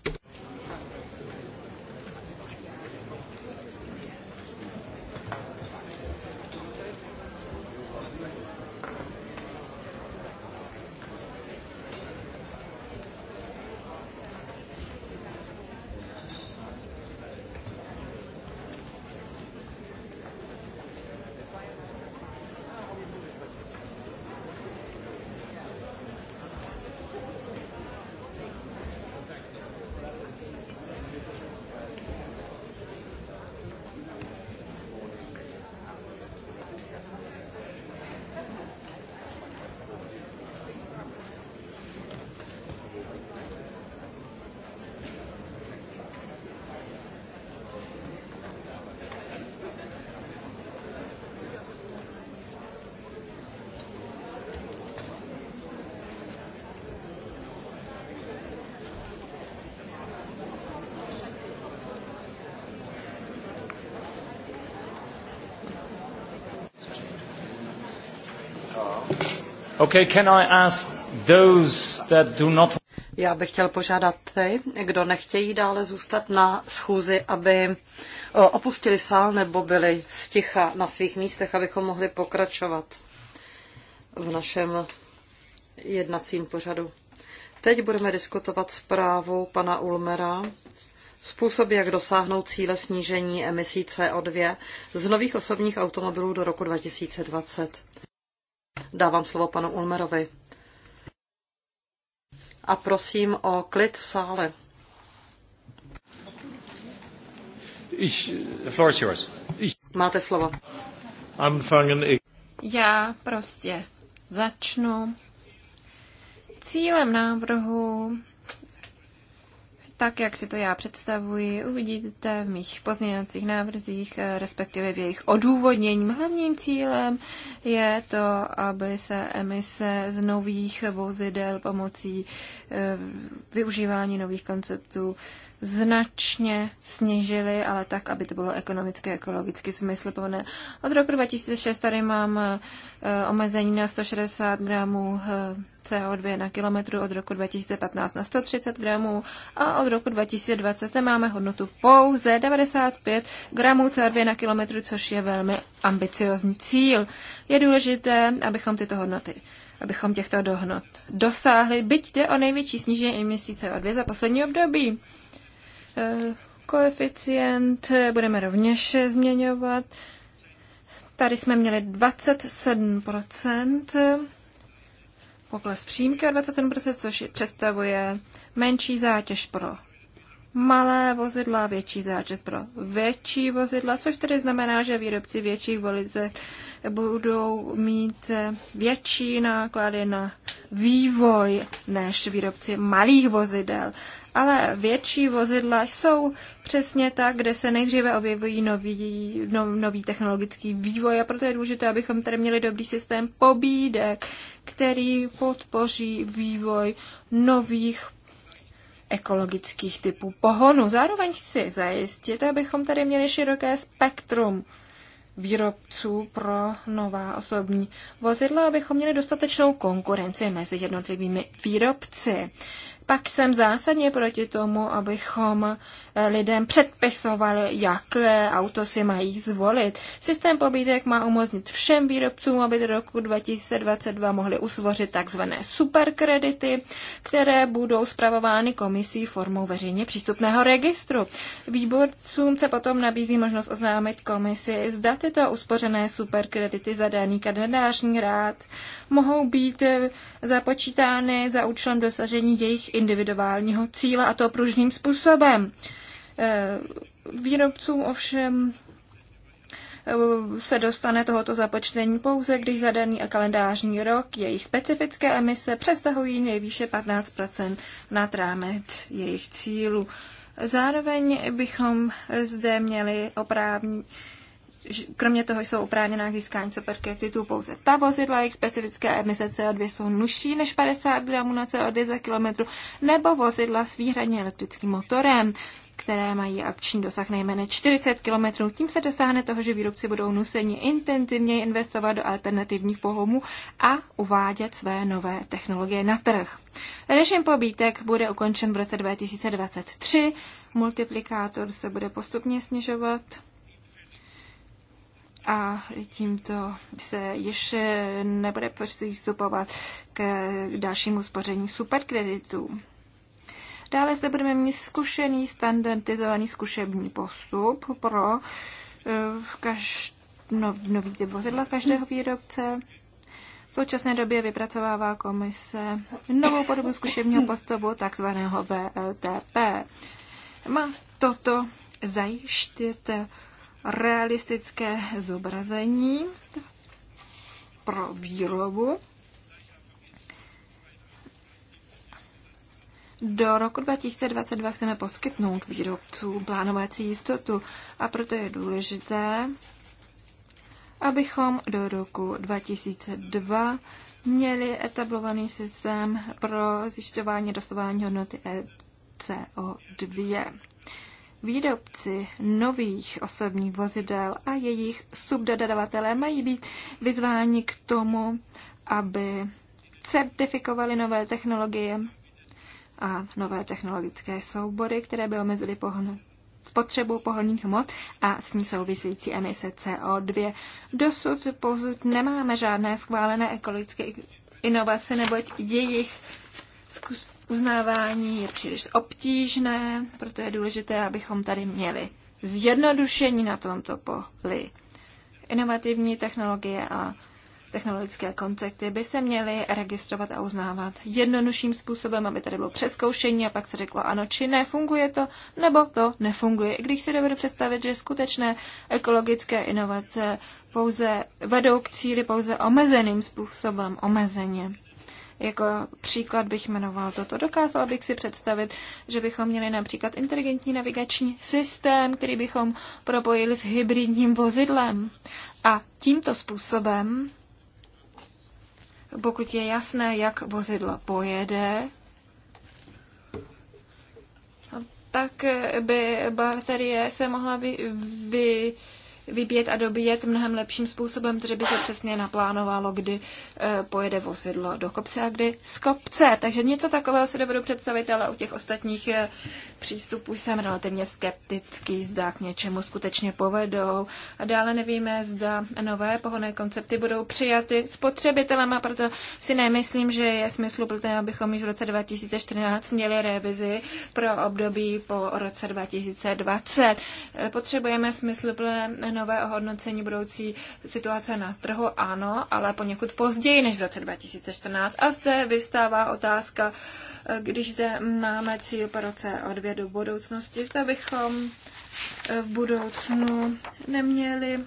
Okay, can I ask those that do not... Já bych chtěl požádat ty, kdo nechtějí dále zůstat na schůzi, aby eh, opustili sál nebo byli sticha na svých místech, abychom mohli pokračovat v našem jednacím pořadu. Teď budeme diskutovat zprávu pana Ulmera způsob, jak dosáhnout cíle snížení emisí CO2 z nových osobních automobilů do roku 2020. Dávám slovo panu Ulmerovi. A prosím o klid v sále. Ich, floor is yours. Ich. Máte slovo. Anfangen ich. Já prostě začnu. Cílem návrhu tak, jak si to já představuji, uvidíte v mých pozměňovacích návrzích, eh, respektive v jejich odůvodnění. Hlavním cílem je to, aby se emise z nových vozidel pomocí eh, využívání nových konceptů značně snížily, ale tak, aby to bylo ekonomicky, ekologicky smysluplné. Od roku 2006 tady mám eh, omezení na 160 gramů eh, CO2 na kilometru, od roku 2015 na 130 gramů a od roku 2020 máme hodnotu pouze 95 gramů CO2 na kilometru, což je velmi ambiciozní cíl. Je důležité, abychom tyto hodnoty abychom těchto dohnot dosáhli, byť jde o největší snížení emisí CO2 za poslední období. Eh, koeficient eh, budeme rovněž změňovat. Tady jsme měli 27% eh, pokles přímky o 27%, což představuje menší zátěž pro malé vozidla, větší zátěž pro větší vozidla, což tedy znamená, že výrobci větších volize budou mít větší náklady na vývoj než výrobci malých vozidel ale větší vozidla jsou přesně tak, kde se nejdříve objevují nový, no, nový technologický vývoj a proto je důležité, abychom tady měli dobrý systém pobídek, který podpoří vývoj nových ekologických typů pohonu. Zároveň chci zajistit, abychom tady měli široké spektrum výrobců pro nová osobní vozidla, abychom měli dostatečnou konkurenci mezi jednotlivými výrobci pak jsem zásadně proti tomu, abychom eh, lidem předpisovali, jaké auto si mají zvolit. Systém pobídek má umožnit všem výrobcům, aby do roku 2022 mohli usvořit tzv. superkredity, které budou zpravovány komisí formou veřejně přístupného registru. Výborcům se potom nabízí možnost oznámit komisi, zda tyto uspořené superkredity za daný kalendářní rád mohou být eh, započítány za účelem dosažení jejich individuálního cíle a to pružným způsobem. Eh, výrobcům ovšem eh, se dostane tohoto započtení pouze, když za daný a kalendářní rok jejich specifické emise přesahují nejvýše 15 nad rámec jejich cílu. Zároveň bychom zde měli oprávnit kromě toho jsou oprávněná k získání superkreditů pouze ta vozidla, jejich specifické emise CO2 jsou nužší než 50 gramů na CO2 za kilometr, nebo vozidla s výhradně elektrickým motorem které mají akční dosah nejméně 40 km. Tím se dosáhne toho, že výrobci budou nuseni intenzivně investovat do alternativních pohomů a uvádět své nové technologie na trh. Režim pobítek bude ukončen v roce 2023, multiplikátor se bude postupně snižovat a tímto se již nebude přistupovat k dalšímu spoření superkreditů. Dále se budeme mít zkušený standardizovaný zkušební postup pro eh, každý no, nový typ vozidla každého výrobce. V současné době vypracovává komise novou podobu zkušebního postupu, takzvaného VLTP. Má toto zajištět realistické zobrazení pro výrobu. Do roku 2022 chceme poskytnout výrobcům plánovací jistotu a proto je důležité, abychom do roku 2002 měli etablovaný systém pro zjišťování dostování hodnoty e CO2. Výrobci nových osobních vozidel a jejich subdodavatelé mají být vyzváni k tomu, aby certifikovali nové technologie a nové technologické soubory, které by omezily pohon spotřebu pohonných hmot a s ní související emise CO2. Dosud pozud nemáme žádné schválené ekologické inovace, neboť jejich uznávání je příliš obtížné, proto je důležité, abychom tady měli zjednodušení na tomto poli. Inovativní technologie a technologické koncepty by se měly registrovat a uznávat jednodušším způsobem, aby tady bylo přeskoušení a pak se řeklo ano či ne, funguje to, nebo to nefunguje. I když si dovedu představit, že skutečné ekologické inovace pouze vedou k cíli pouze omezeným způsobem, omezeně. Jako příklad bych jmenoval toto. Dokázal bych si představit, že bychom měli například inteligentní navigační systém, který bychom propojili s hybridním vozidlem. A tímto způsobem, pokud je jasné, jak vozidlo pojede, tak by baterie se mohla vy, vy vybíjet a dobíjet mnohem lepším způsobem, protože by se přesně naplánovalo, kdy eh, pojede vozidlo do kopce a kdy z kopce. Takže něco takového si dovedu představit, ale u těch ostatních eh, přístupu jsem relativně skeptický, zda k něčemu skutečně povedou. A dále nevíme, zda nové pohonné koncepty budou přijaty spotřebitelem a proto si nemyslím, že je smysluplné, abychom již v roce 2014 měli revizi pro období po roce 2020. Potřebujeme smysluplné nové ohodnocení budoucí situace na trhu, ano, ale poněkud později než v roce 2014. A zde vyvstává otázka, když zde máme cíl po roce o do budoucnosti, zda bychom eh, v budoucnu neměli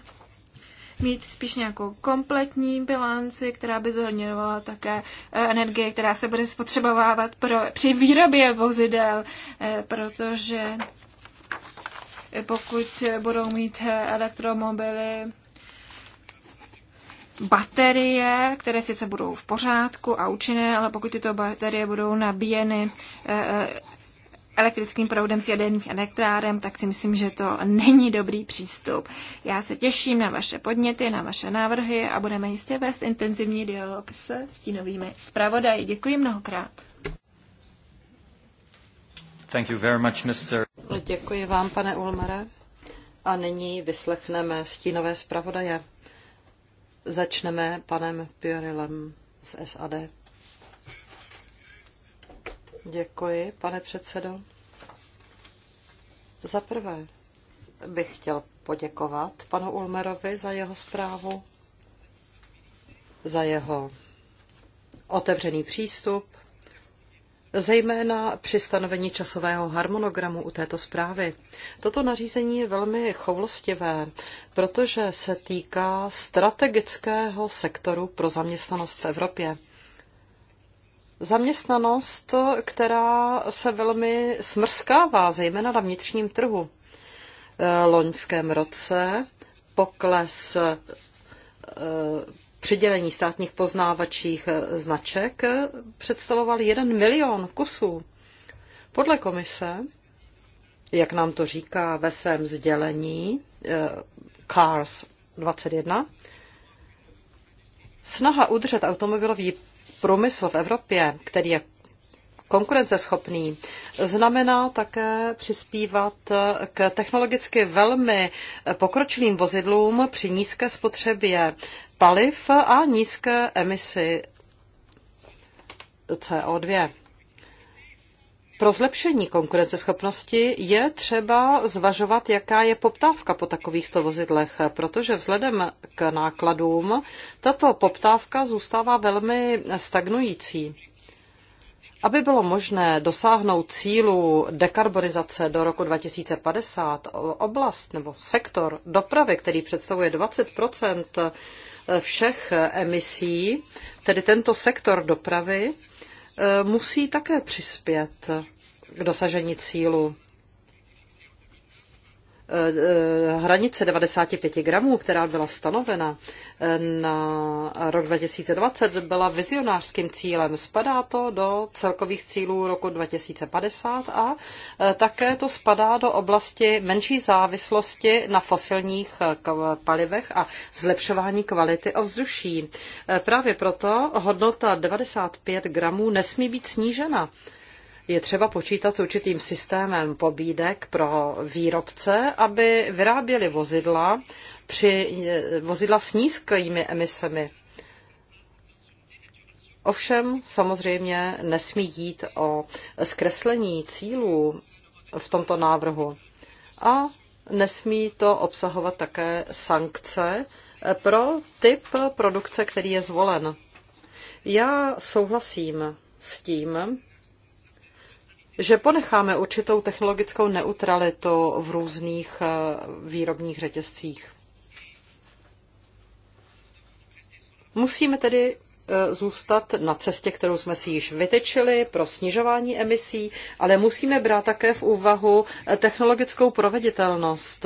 mít spíš nějakou kompletní bilanci, která by zahrnovala také eh, energie, která se bude spotřebovávat pro, při výrobě vozidel, eh, protože pokud budou mít elektromobily baterie, které sice budou v pořádku a účinné, ale pokud tyto baterie budou nabíjeny elektrickým proudem z jaderných elektrárem, tak si myslím, že to není dobrý přístup. Já se těším na vaše podněty, na vaše návrhy a budeme jistě vést intenzivní dialog s stínovými zpravodaji. Děkuji mnohokrát. Thank you very much, Mr. Děkuji vám, pane Ulmare. A nyní vyslechneme stínové zpravodaje. Začneme panem Piorilem z SAD. Děkuji, pane předsedo. Za prvé bych chtěl poděkovat panu Ulmerovi za jeho zprávu, za jeho otevřený přístup, zejména při stanovení časového harmonogramu u této zprávy. Toto nařízení je velmi choulostivé, protože se týká strategického sektoru pro zaměstnanost v Evropě zaměstnanost, která se velmi smrskává, zejména na vnitřním trhu. Eh, loňském roce pokles eh, přidělení státních poznávačích eh, značek představoval 1 milion kusů. Podle komise, jak nám to říká ve svém sdělení CARS 21, snaha udržet automobilový průmysl v Evropě, který je konkurenceschopný, znamená také přispívat k technologicky velmi pokročilým vozidlům při nízké spotřebě paliv a nízké emisi CO2. Pro zlepšení konkurenceschopnosti je třeba zvažovat, jaká je poptávka po takovýchto vozidlech, protože vzhledem k nákladům tato poptávka zůstává velmi stagnující. Aby bylo možné dosáhnout cílu dekarbonizace do roku 2050, oblast nebo sektor dopravy, který představuje 20 všech emisí, tedy tento sektor dopravy, musí také přispět k dosažení cílu. Eh, eh, hranice 95 gramů, která byla stanovena eh, na rok 2020, byla vizionářským cílem. Spadá to do celkových cílů roku 2050 a také to spadá do oblasti menší závislosti na fosilních palivech a zlepšování kvality ovzduší. Právě proto hodnota 95 gramů nesmí být snížena je třeba počítat s určitým systémem pobídek pro výrobce, aby vyráběli vozidla, při, vozidla s nízkými emisemi. Ovšem samozřejmě nesmí jít o zkreslení cílů v tomto návrhu a nesmí to obsahovat také sankce pro typ produkce, který je zvolen. Já souhlasím s tím, že ponecháme určitou technologickou neutralitu v různých eh, výrobních řetězcích. Musíme tedy eh, zůstat na cestě, kterou jsme si již vytečili pro snižování emisí, ale musíme brát také v úvahu eh, technologickou proveditelnost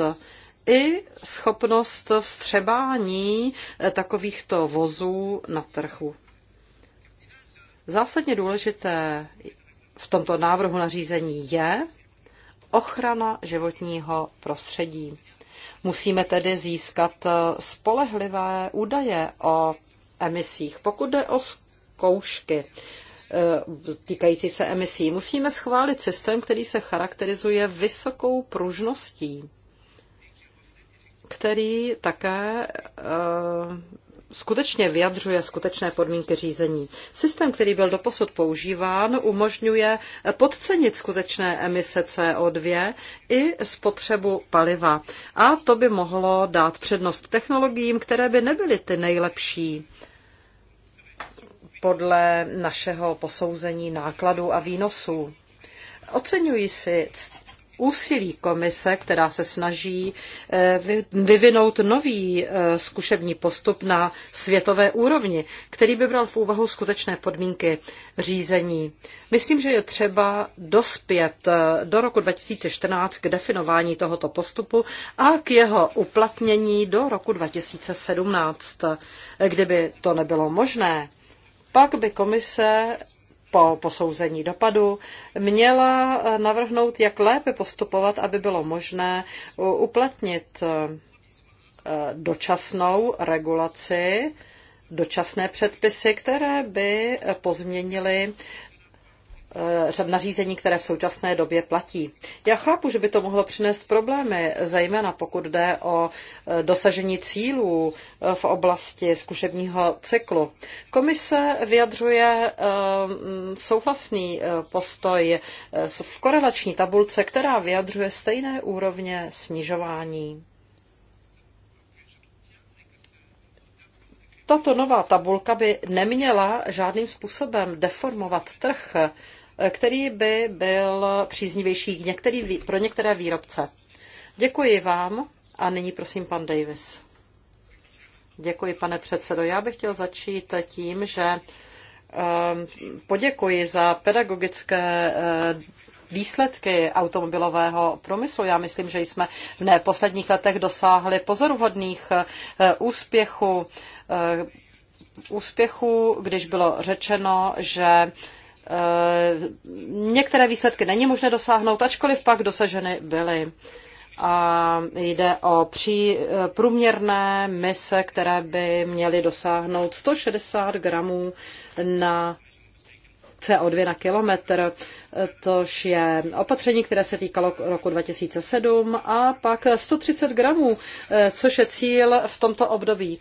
i schopnost vstřebání takovýchto vozů na trhu. Zásadně důležité v tomto návrhu nařízení je ochrana životního prostředí. Musíme tedy získat eh, spolehlivé údaje o emisích. Pokud jde o zkoušky eh, týkající se emisí, musíme schválit systém, který se charakterizuje vysokou pružností, který také eh, skutečně vyjadřuje skutečné podmínky řízení. Systém, který byl doposud používán, umožňuje podcenit skutečné emise CO2 i spotřebu paliva. A to by mohlo dát přednost technologiím, které by nebyly ty nejlepší podle našeho posouzení nákladů a výnosů. Oceňuji si úsilí komise, která se snaží eh, vyvinout nový eh, zkušební postup na světové úrovni, který by bral v úvahu skutečné podmínky řízení. Myslím, že je třeba dospět eh, do roku 2014 k definování tohoto postupu a k jeho uplatnění do roku 2017. Kdyby to nebylo možné, pak by komise po posouzení dopadu měla navrhnout, jak lépe postupovat, aby bylo možné uplatnit eh, dočasnou regulaci, dočasné předpisy, které by pozměnily Eh, nařízení, které v současné době platí. Já chápu, že by to mohlo přinést problémy, zejména pokud jde o eh, dosažení cílů eh, v oblasti zkušebního cyklu. Komise vyjadřuje souhlasný postoj v korelační tabulce, která vyjadřuje stejné úrovně snižování. Tato nová tabulka by neměla žádným způsobem deformovat trh který by byl příznivější některý, pro některé výrobce. Děkuji vám a nyní prosím pan Davis. Děkuji, pane předsedo. Já bych chtěl začít tím, že ehm, poděkuji za pedagogické eh, výsledky automobilového průmyslu. Já myslím, že jsme v posledních letech dosáhli pozoruhodných eh, úspěchů, eh, úspěchů, když bylo řečeno, že Eh, některé výsledky není možné dosáhnout, ačkoliv pak dosaženy byly. A jde o pří, eh, průměrné mise, které by měly dosáhnout 160 gramů na CO2 na kilometr, eh, tož je opatření, které se týkalo roku 2007 a pak 130 gramů, což je cíl v tomto období.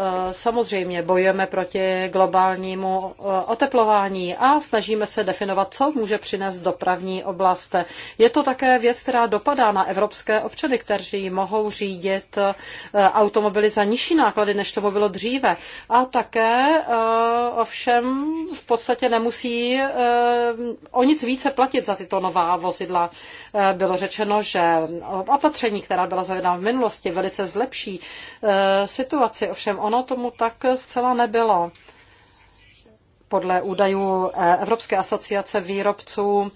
Eh, samozřejmě bojujeme proti globálnímu eh, oteplování a snažíme se definovat, co může přinést dopravní oblast. Je to také věc, která dopadá na evropské občany, kteří mohou řídit eh, automobily za nižší náklady, než tomu bylo dříve. A také ovšem v podstatě nemusí o nic více platit za tyto nová vozidla. Eh, bylo řečeno, že opatření, která byla zavedena v minulosti, velice zlepší eh, situaci. Ovšem ono tomu tak zcela nebylo. Podle údajů eh, Evropské asociace výrobců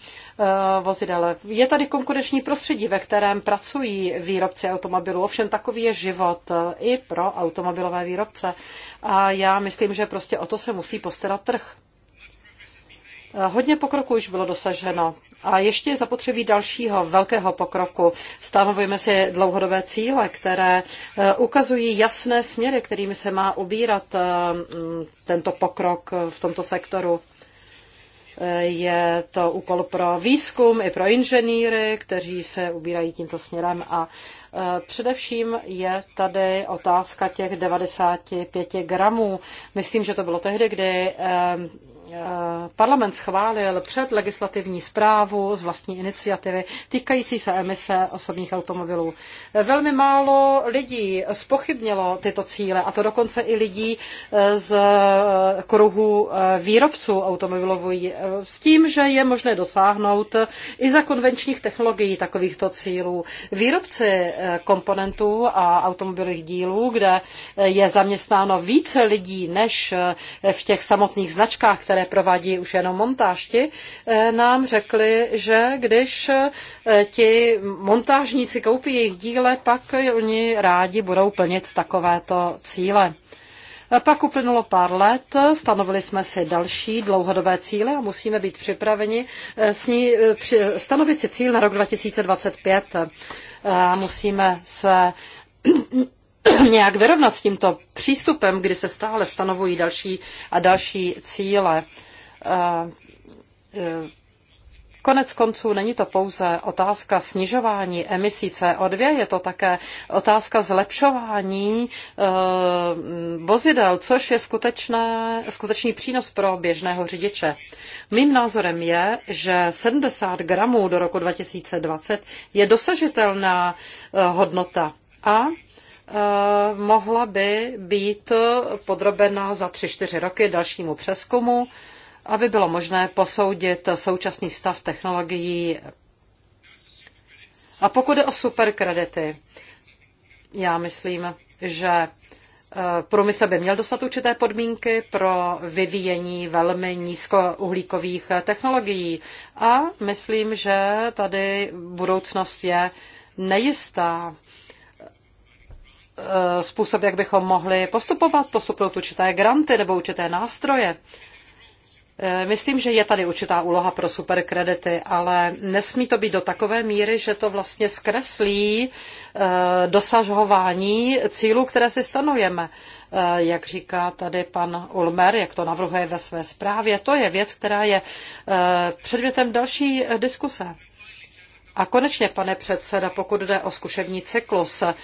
vozidel. Je tady konkurenční prostředí, ve kterém pracují výrobci automobilů. Ovšem takový je život i pro automobilové výrobce. A já myslím, že prostě o to se musí postarat trh. Hodně pokroku už bylo dosaženo. A ještě je zapotřebí dalšího velkého pokroku. Stanovujeme si dlouhodobé cíle, které eh, ukazují jasné směry, kterými se má ubírat eh, mm, tento pokrok v tomto sektoru. Eh, je to úkol pro výzkum i pro inženýry, kteří se ubírají tímto směrem a Především je tady otázka těch 95 gramů. Myslím, že to bylo tehdy, kdy Eh, parlament schválil před legislativní zprávu z vlastní iniciativy týkající se emise osobních automobilů. Eh, velmi málo lidí spochybnilo tyto cíle, a to dokonce i lidí eh, z kruhu výrobců automobilových, s tím, že je možné dosáhnout i za konvenčních technologií takovýchto cílů. Výrobci komponentů a automobilových dílů, kde je zaměstnáno více lidí než v těch samotných značkách, které provádí už jenom montážti, eh, nám řekli, že když eh, ti montážníci koupí jejich díle, pak oni rádi budou plnit takovéto cíle. Pak uplynulo pár let, stanovili jsme si další dlouhodobé cíle a musíme být připraveni eh, s ní, při, stanovit si cíl na rok 2025. Musíme se nějak vyrovnat s tímto přístupem, kdy se stále stanovují další a další cíle. E, konec konců není to pouze otázka snižování emisí CO2, je to také otázka zlepšování e, vozidel, což je skutečné, skutečný přínos pro běžného řidiče. Mým názorem je, že 70 gramů do roku 2020 je dosažitelná e, hodnota a Eh, mohla by být podrobena za tři čtyři roky dalšímu přeskumu, aby bylo možné posoudit současný stav technologií. A pokud je o superkredity, já myslím, že eh, Průmysl by měl dostat určité podmínky pro vyvíjení velmi nízkouhlíkových technologií a myslím, že tady budoucnost je nejistá. Eh, způsob, jak bychom mohli postupovat, postupnout určité granty nebo určité nástroje. Eh, myslím, že je tady určitá úloha pro superkredity, ale nesmí to být do takové míry, že to vlastně zkreslí eh, dosažování cílů, které si stanujeme. Jak říká tady pan Ulmer, jak to navrhuje ve své zprávě, to je věc, která je předmětem další diskuse. A konečně, pane předseda, pokud jde o zkušební cyklus, eh,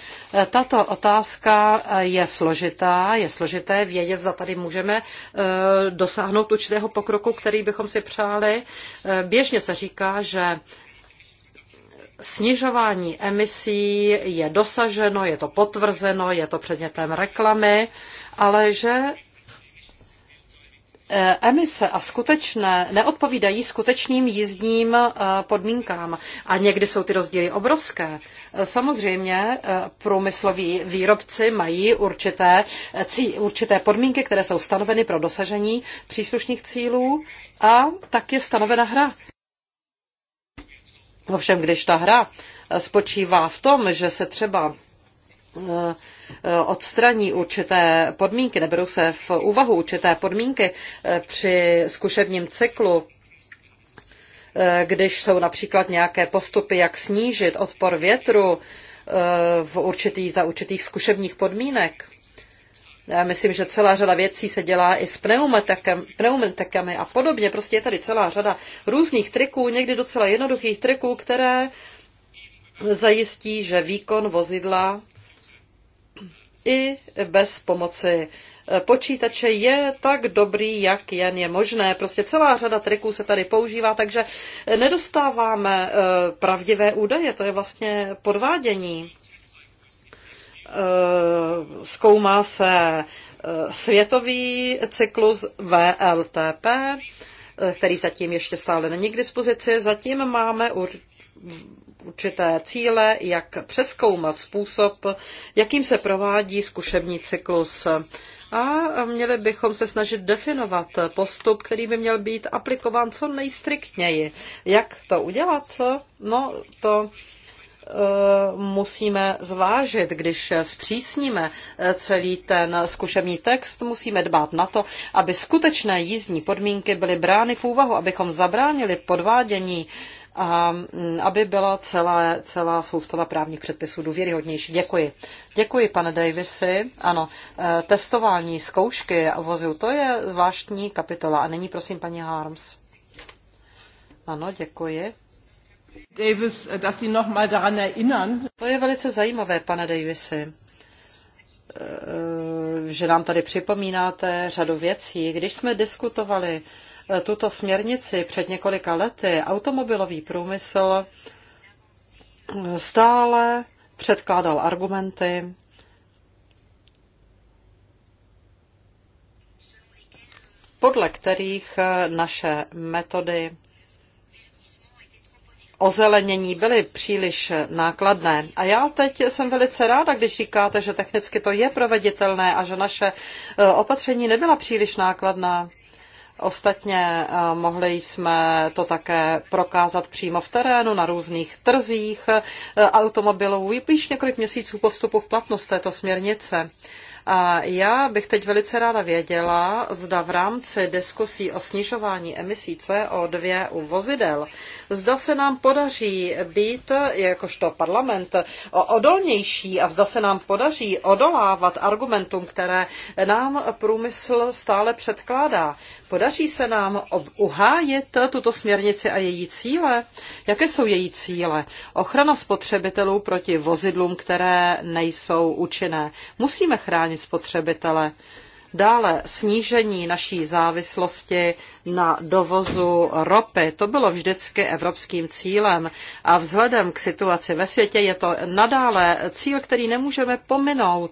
tato otázka eh, je složitá, je složité vědět, zda tady můžeme eh, dosáhnout určitého pokroku, který bychom si přáli. Běžně se říká, že snižování emisí je dosaženo, je to potvrzeno, je to předmětem reklamy, ale že Eh, emise a skutečné neodpovídají skutečným jízdním eh, podmínkám. A někdy jsou ty rozdíly obrovské. Eh, samozřejmě průmysloví výrobci mají určité, určité podmínky, které jsou stanoveny pro dosažení příslušných cílů a tak je stanovena hra. Ovšem, když ta hra spočívá v tom, že se třeba Eh, odstraní určité podmínky, neberou se v úvahu určité podmínky eh, při zkušebním cyklu, eh, když jsou například nějaké postupy, jak snížit odpor větru v určitý, za určitých zkušebních podmínek. Já myslím, že celá řada věcí se dělá i s pneumatikami a podobně. Prostě je tady celá řada různých triků, někdy docela jednoduchých triků, které zajistí, že výkon vozidla i bez pomoci počítače je tak dobrý, jak jen je možné. Prostě celá řada triků se tady používá, takže nedostáváme eh, pravdivé údaje, to je vlastně podvádění. Eh, zkoumá se eh, světový cyklus VLTP, který zatím ještě stále není k dispozici. Zatím máme určité cíle, jak přeskoumat způsob, jakým se provádí zkušební cyklus. A měli bychom se snažit definovat postup, který by měl být aplikován co nejstriktněji. Jak to udělat? No, to eh, musíme zvážit, když zpřísníme eh, celý ten zkušební text, musíme dbát na to, aby skutečné jízdní podmínky byly brány v úvahu, abychom zabránili podvádění a mm, aby byla celá, celá soustava právních předpisů důvěryhodnější. Děkuji. Děkuji, pane Davisy. Ano, e, testování, zkoušky a vozu, to je zvláštní kapitola. A nyní prosím paní Harms. Ano, děkuji. Davis, eh, dass Sie noch mal daran erinnern. To je velice zajímavé, pane Davisy e, že nám tady připomínáte řadu věcí. Když jsme diskutovali tuto směrnici před několika lety, automobilový průmysl stále předkládal argumenty, podle kterých naše metody ozelenění byly příliš nákladné. A já teď jsem velice ráda, když říkáte, že technicky to je proveditelné a že naše eh, opatření nebyla příliš nákladná. Ostatně eh, mohli jsme to také prokázat přímo v terénu, na různých trzích eh, automobilů, již několik měsíců postupu v platnost této směrnice. A já bych teď velice ráda věděla, zda v rámci diskusí o snižování emisí CO2 u vozidel, zda se nám podaří být, jakožto parlament, odolnější a zda se nám podaří odolávat argumentům, které nám průmysl stále předkládá. Podaří se nám uhájet tuto směrnici a její cíle? Jaké jsou její cíle? Ochrana spotřebitelů proti vozidlům, které nejsou účinné. Musíme chránit spotřebitele. Dále snížení naší závislosti na dovozu ropy. To bylo vždycky evropským cílem a vzhledem k situaci ve světě je to nadále cíl, který nemůžeme pominout.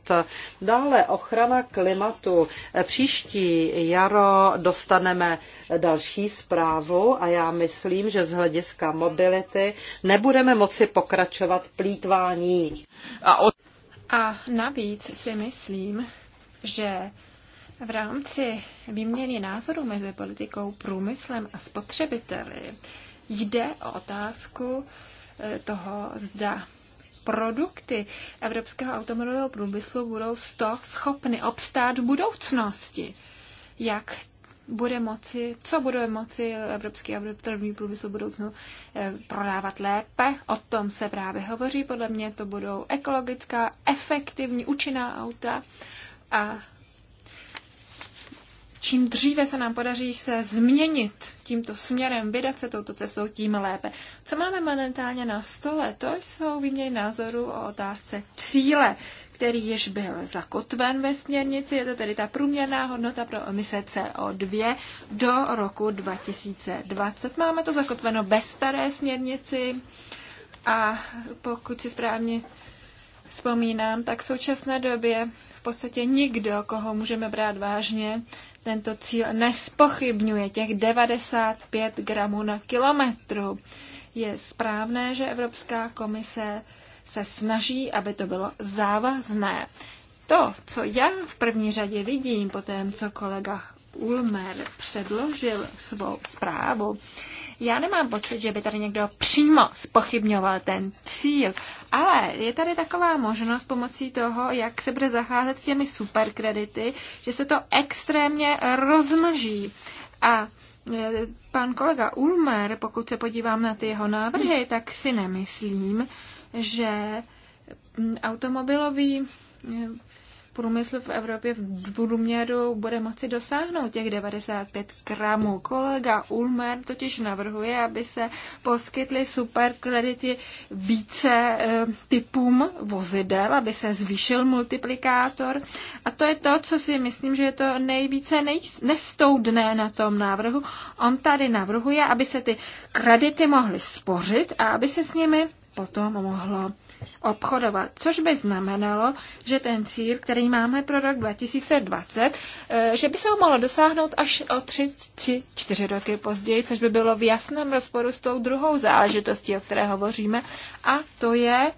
Dále ochrana klimatu. Příští jaro dostaneme další zprávu a já myslím, že z hlediska mobility nebudeme moci pokračovat plítvání. A, od... a navíc si myslím, že v rámci výměny názorů mezi politikou, průmyslem a spotřebiteli jde o otázku eh, toho, zda produkty evropského automobilového průmyslu budou z toho schopny obstát v budoucnosti. Jak bude moci, co bude moci evropský automobilový průmysl v budoucnu eh, prodávat lépe. O tom se právě hovoří. Podle mě to budou ekologická, efektivní, účinná auta. A čím dříve se nám podaří se změnit tímto směrem, vydat se touto cestou, tím lépe. Co máme momentálně na stole, to jsou výměny názorů o otázce cíle, který již byl zakotven ve směrnici, je to tedy ta průměrná hodnota pro emise CO2 do roku 2020. Máme to zakotveno bez staré směrnici a pokud si správně vzpomínám, tak v současné době v podstatě nikdo, koho můžeme brát vážně, tento cíl nespochybňuje, těch 95 gramů na kilometru. Je správné, že Evropská komise se snaží, aby to bylo závazné. To, co já v první řadě vidím po tom, co kolega Ulmer předložil svou zprávu, já nemám pocit, že by tady někdo přímo spochybňoval ten cíl, ale je tady taková možnost pomocí toho, jak se bude zacházet s těmi superkredity, že se to extrémně rozmlží. A e, pan kolega Ulmer, pokud se podívám na ty jeho návrhy, tak si nemyslím, že mm, automobilový e, průmysl v Evropě v průměru bude moci dosáhnout těch 95 gramů. Kolega Ulmer totiž navrhuje, aby se poskytly superkredity více e, typům vozidel, aby se zvýšil multiplikátor. A to je to, co si myslím, že je to nejvíce nej- nestoudné na tom návrhu. On tady navrhuje, aby se ty kredity mohly spořit a aby se s nimi potom mohlo obchodovat, což by znamenalo, že ten cíl, který máme pro rok 2020, eh, že by se ho mohlo dosáhnout až o tři, čtyři roky později, což by bylo v jasném rozporu s tou druhou záležitostí, o které hovoříme, a to je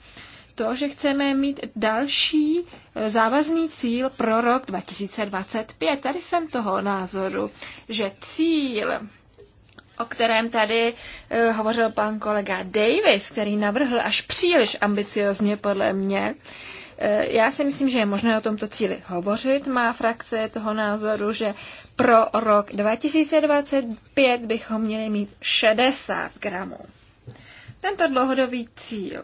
to, že chceme mít další eh, závazný cíl pro rok 2025. Tady jsem toho názoru, že cíl o kterém tady uh, hovořil pan kolega Davis, který navrhl až příliš ambiciozně podle mě. Eh, já si myslím, že je možné o tomto cíli hovořit. Má frakce toho názoru, že pro rok 2025 bychom měli mít 60 gramů. Tento dlouhodobý cíl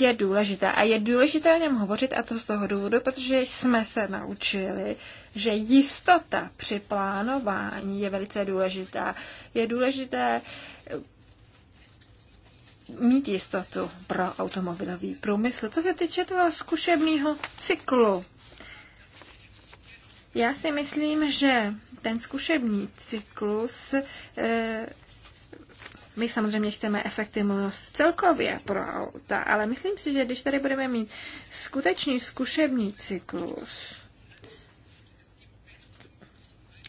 je důležité. A je důležité o něm hovořit a to z toho důvodu, protože jsme se naučili, že jistota při plánování je velice důležitá. Je důležité eh, mít jistotu pro automobilový průmysl. Co se týče toho zkušebního cyklu, já si myslím, že ten zkušební cyklus e, my samozřejmě chceme efektivnost celkově pro auta, ale myslím si, že když tady budeme mít skutečný zkušební cyklus,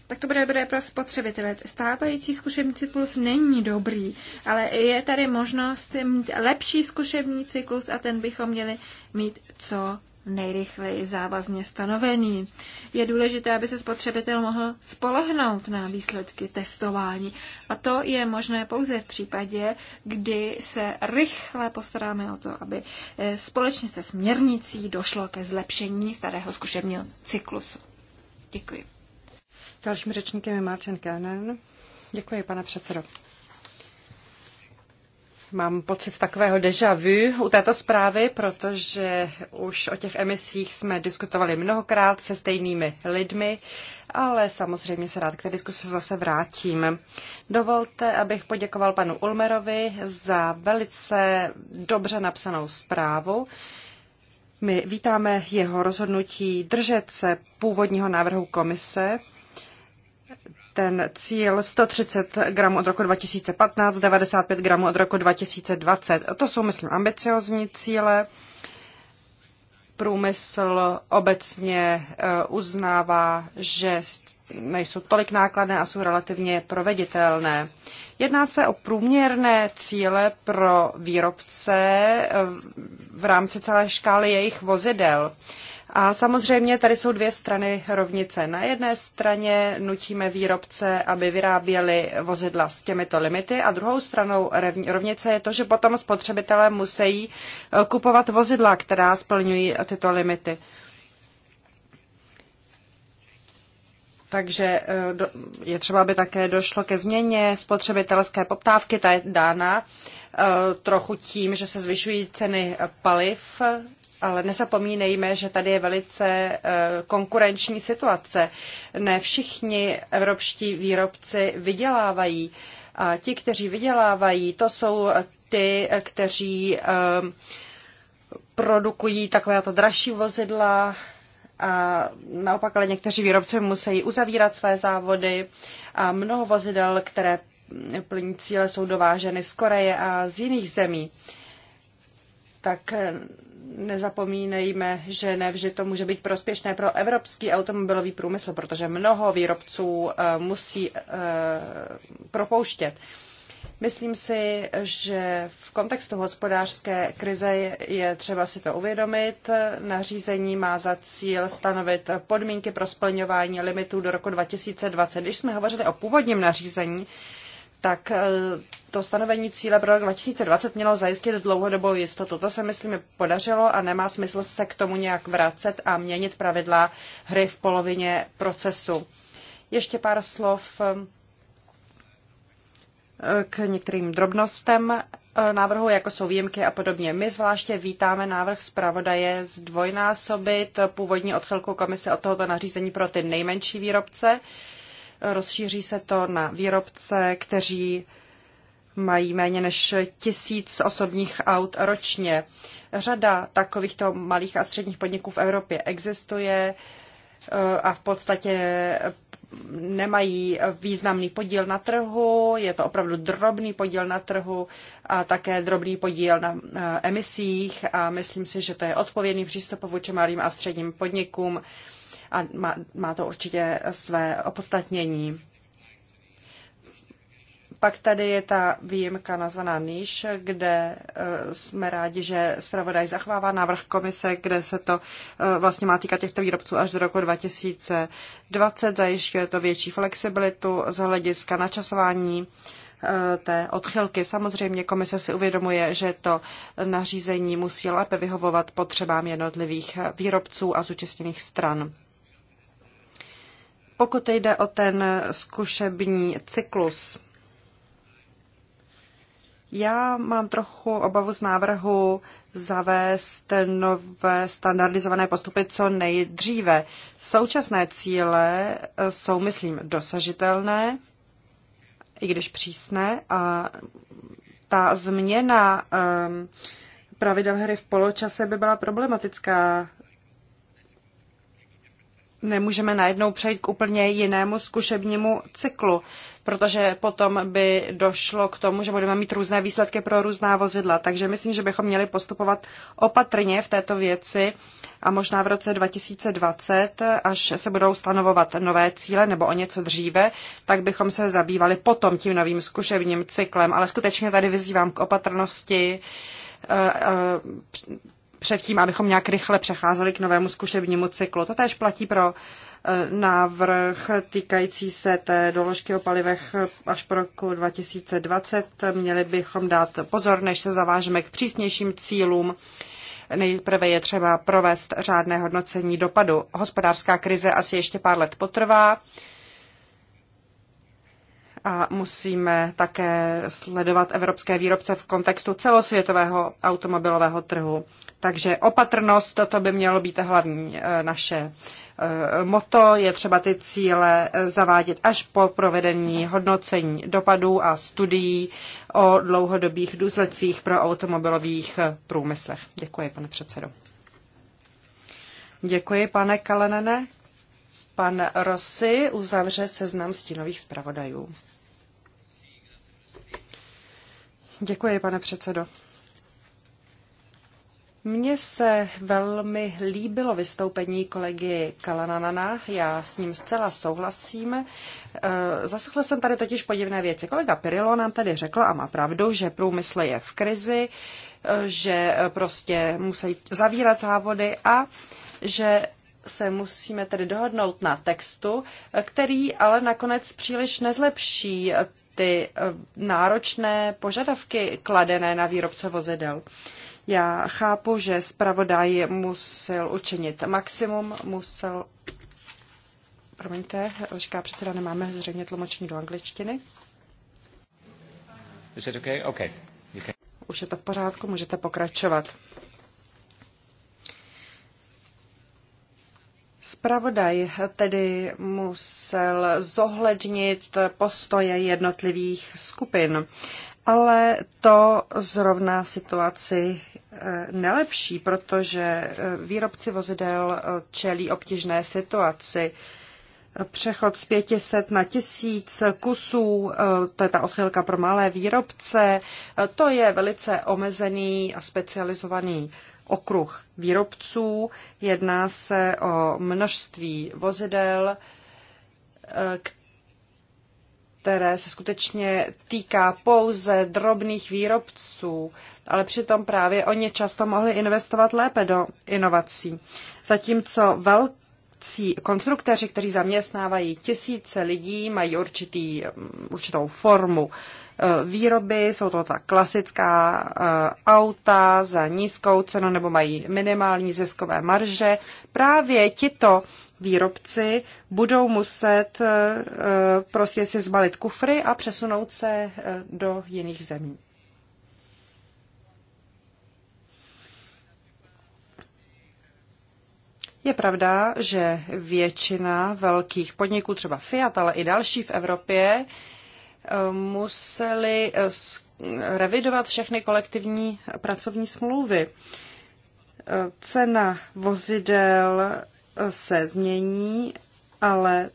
tak to bude dobré pro spotřebitele. Stávající zkušební cyklus není dobrý, ale je tady možnost mít lepší zkušební cyklus a ten bychom měli mít co nejrychleji závazně stanovený. Je důležité, aby se spotřebitel mohl spolehnout na výsledky testování. A to je možné pouze v případě, kdy se rychle postaráme o to, aby eh, společně se směrnicí došlo ke zlepšení starého zkušebního cyklusu. Děkuji. Dalším řečníkem je Martin Kernen. Děkuji, pane předsedo. Mám pocit takového deja vu u této zprávy, protože už o těch emisích jsme diskutovali mnohokrát se stejnými lidmi, ale samozřejmě se rád k té diskuse zase vrátím. Dovolte, abych poděkoval panu Ulmerovi za velice dobře napsanou zprávu. My vítáme jeho rozhodnutí držet se původního návrhu komise, ten cíl 130 gramů od roku 2015, 95 gramů od roku 2020. To jsou, myslím, ambiciozní cíle. Průmysl obecně e, uznává, že nejsou tolik nákladné a jsou relativně proveditelné. Jedná se o průměrné cíle pro výrobce e, v rámci celé škály jejich vozidel. A samozřejmě tady jsou dvě strany rovnice. Na jedné straně nutíme výrobce, aby vyráběli vozidla s těmito limity a druhou stranou rovnice je to, že potom spotřebitelé musí eh, kupovat vozidla, která splňují tyto limity. Takže eh, je třeba, aby také došlo ke změně spotřebitelské poptávky, ta je dána eh, trochu tím, že se zvyšují ceny paliv ale nezapomínejme, že tady je velice eh, konkurenční situace. Ne všichni evropští výrobci vydělávají. A ti, kteří vydělávají, to jsou ty, kteří eh, produkují takovéto dražší vozidla, a naopak ale někteří výrobci musí uzavírat své závody a mnoho vozidel, které plní cíle, jsou dováženy z Koreje a z jiných zemí. Tak eh, nezapomínejme, že ne vždy to může být prospěšné pro evropský automobilový průmysl, protože mnoho výrobců eh, musí eh, propouštět. Myslím si, že v kontextu hospodářské krize je třeba si to uvědomit. Nařízení má za cíl stanovit podmínky pro splňování limitů do roku 2020. Když jsme hovořili o původním nařízení, tak e, to stanovení cíle pro rok 2020 mělo zajistit dlouhodobou jistotu. To se, myslím, podařilo a nemá smysl se k tomu nějak vracet a měnit pravidla hry v polovině procesu. Ještě pár slov e, k některým drobnostem e, návrhu, jako jsou výjimky a podobně. My zvláště vítáme návrh zpravodaje zdvojnásobit původní odchylku komise od tohoto nařízení pro ty nejmenší výrobce. Rozšíří se to na výrobce, kteří mají méně než tisíc osobních aut ročně. Řada takovýchto malých a středních podniků v Evropě existuje eh, a v podstatě nemají významný podíl na trhu, je to opravdu drobný podíl na trhu a také drobný podíl na eh, emisích a myslím si, že to je odpovědný přístup vůči malým a středním podnikům a má, má to určitě své opodstatnění. Pak tady je ta výjimka nazvaná níž, kde eh, jsme rádi, že zpravodaj zachovává návrh komise, kde se to eh, vlastně má týkat těchto výrobců až do roku 2020. Zajišťuje to větší flexibilitu z hlediska načasování eh, té odchylky. Samozřejmě komise si uvědomuje, že to nařízení musí lépe vyhovovat potřebám jednotlivých výrobců a zúčastněných stran. Pokud jde o ten zkušební cyklus, já mám trochu obavu z návrhu zavést nové standardizované postupy co nejdříve. Současné cíle eh, jsou, myslím, dosažitelné, i když přísné, a ta změna um, pravidel hry v poločase by byla problematická nemůžeme najednou přejít k úplně jinému zkušebnímu cyklu, protože potom by došlo k tomu, že budeme mít různé výsledky pro různá vozidla. Takže myslím, že bychom měli postupovat opatrně v této věci a možná v roce 2020, až se budou stanovovat nové cíle nebo o něco dříve, tak bychom se zabývali potom tím novým zkušebním cyklem. Ale skutečně tady vyzývám k opatrnosti eh, eh, předtím, abychom nějak rychle přecházeli k novému zkušebnímu cyklu. To též platí pro eh, návrh týkající se té doložky o palivech eh, až po roku 2020. Měli bychom dát pozor, než se zavážeme k přísnějším cílům. Nejprve je třeba provést řádné hodnocení dopadu. Hospodářská krize asi ještě pár let potrvá a musíme také sledovat evropské výrobce v kontextu celosvětového automobilového trhu. Takže opatrnost, toto by mělo být hlavní e, naše e, moto. Je třeba ty cíle e, zavádět až po provedení hodnocení dopadů a studií o dlouhodobých důsledcích pro automobilových průmyslech. Děkuji, pane předsedo. Děkuji, pane Kalenene pan Rossi uzavře seznam stínových zpravodajů. Děkuji, pane předsedo. Mně se velmi líbilo vystoupení kolegy Kalananana, já s ním zcela souhlasím. E, Zaslechla jsem tady totiž podivné věci. Kolega Pirilo nám tady řekl a má pravdu, že průmysl je v krizi, e, že prostě musí zavírat závody a že se musíme tedy dohodnout na textu, který ale nakonec příliš nezlepší ty eh, náročné požadavky kladené na výrobce vozidel. Já chápu, že zpravodaj musel učinit maximum, musel... Promiňte, říká předseda, nemáme zřejmě tlumočení do angličtiny. Is it okay? Okay. Už je to v pořádku, můžete pokračovat. Spravodaj tedy musel zohlednit postoje jednotlivých skupin, ale to zrovna situaci e, nelepší, protože e, výrobci vozidel e, čelí obtížné situaci. Přechod z 500 na 1000 kusů, to je ta odchylka pro malé výrobce, to je velice omezený a specializovaný okruh výrobců, jedná se o množství vozidel, eh, které se skutečně týká pouze drobných výrobců, ale přitom právě oni často mohli investovat lépe do inovací. Zatímco velcí konstruktéři, kteří zaměstnávají tisíce lidí, mají určitý, mm, určitou formu Eh, výroby, jsou to ta klasická eh, auta za nízkou cenu nebo mají minimální ziskové marže. Právě tito výrobci budou muset eh, prostě si zbalit kufry a přesunout se do jiných zemí. Je pravda, že většina velkých podniků, třeba Fiat, ale i další v Evropě, museli eh, revidovat všechny kolektivní pracovní smlouvy. Eh, cena vozidel eh, se změní, ale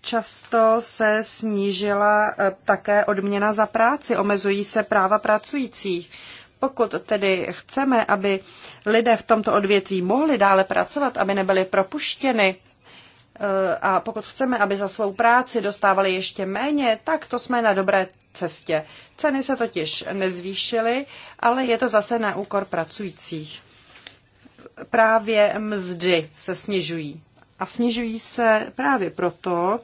často se snížila také odměna za práci, omezují se práva pracujících. Pokud tedy chceme, aby lidé v tomto odvětví mohli dále pracovat, aby nebyli propuštěni, a pokud chceme, aby za svou práci dostávali ještě méně, tak to jsme na dobré cestě. Ceny se totiž nezvýšily, ale je to zase na úkor pracujících. Právě mzdy se snižují. A snižují se právě proto,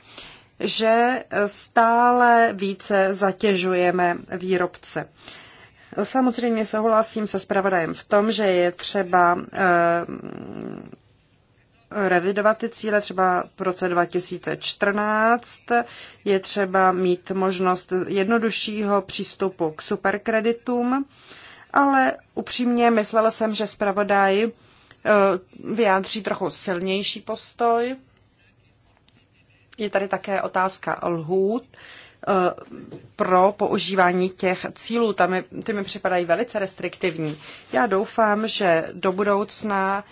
že stále více zatěžujeme výrobce. Samozřejmě souhlasím se spravodajem v tom, že je třeba revidovat ty cíle, třeba v roce 2014 je třeba mít možnost jednoduššího přístupu k superkreditům, ale upřímně myslela jsem, že zpravodaj eh, vyjádří trochu silnější postoj. Je tady také otázka lhůt eh, pro používání těch cílů. Tam je, ty mi připadají velice restriktivní. Já doufám, že do budoucna uh,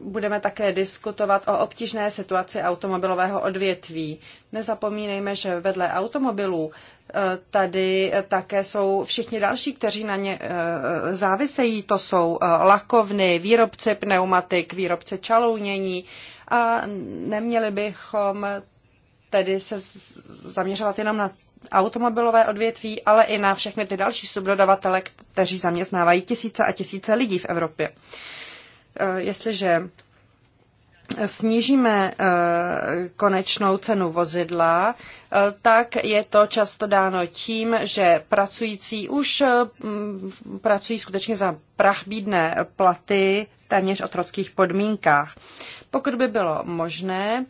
budeme také diskutovat o obtížné situaci automobilového odvětví. Nezapomínejme, že vedle automobilů eh, tady také jsou všichni další, kteří na ně eh, závisejí. To jsou eh, lakovny, výrobce pneumatik, výrobce čalounění a neměli bychom tedy se zaměřovat jenom na automobilové odvětví, ale i na všechny ty další subdodavatele, kteří zaměstnávají tisíce a tisíce lidí v Evropě. Eh, jestliže snížíme eh, konečnou cenu vozidla, eh, tak je to často dáno tím, že pracující už pracují skutečně za prachbídné platy téměř trockých podmínkách. Pokud by bylo možné,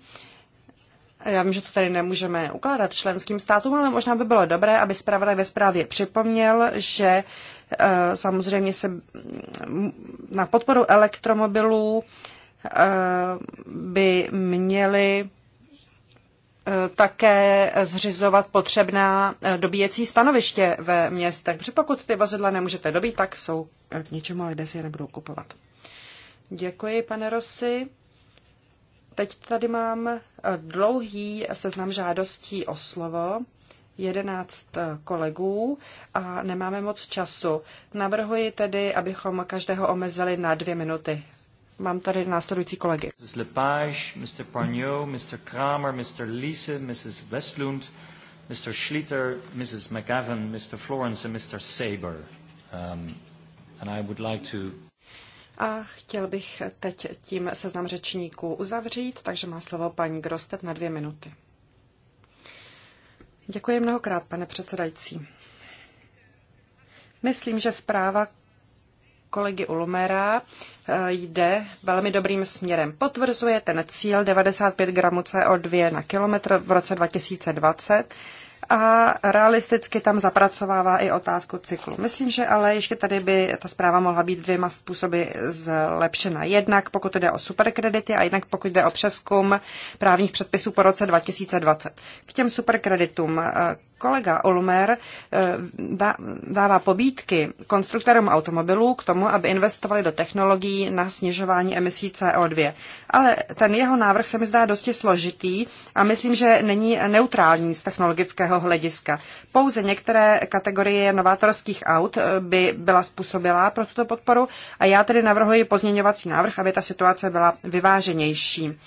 já vím, že to tady nemůžeme ukládat členským státům, ale možná by bylo dobré, aby zpravodaj ve zprávě připomněl, že Eh, samozřejmě se mm, na podporu elektromobilů eh, by měly eh, také zřizovat potřebná dobíjecí stanoviště ve městech, protože pokud ty vozidla nemůžete dobít, tak jsou k ničemu, lidé si je nebudou kupovat. Děkuji, pane Rosy. Teď tady mám dlouhý seznam žádostí o slovo 11 eh, kolegů a nemáme moc času. Navrhuji tedy, abychom každého omezili na dvě minuty. Mám tady následující kolegy. Mrs. Lepage, Mr. Parnio, Mr. Kramer, Mr. Lise, Mrs. Westlund, Mr. Schlitter, Mrs. McGavin, Mr. Florence and Mr. Saber. Um, and I would like to a chtěl bych teď tím seznam řečníků uzavřít, takže má slovo paní Grostet na dvě minuty. Děkuji mnohokrát, pane předsedající. Myslím, že zpráva kolegy Ulumera eh, jde velmi dobrým směrem. Potvrzuje ten cíl 95 gramů CO2 na kilometr v roce 2020 a realisticky tam zapracovává i otázku cyklu. Myslím, že ale ještě tady by ta zpráva mohla být dvěma způsoby zlepšena. Jednak pokud jde o superkredity a jednak pokud jde o přeskum právních předpisů po roce 2020. K těm superkreditům Kolega Ulmer eh, dává pobídky konstruktorům automobilů k tomu, aby investovali do technologií na snižování emisí CO2. Ale ten jeho návrh se mi zdá dosti složitý a myslím, že není neutrální z technologického hlediska. Pouze některé kategorie novátorských aut eh, by byla způsobilá pro tuto podporu a já tedy navrhuji pozměňovací návrh, aby ta situace byla vyváženější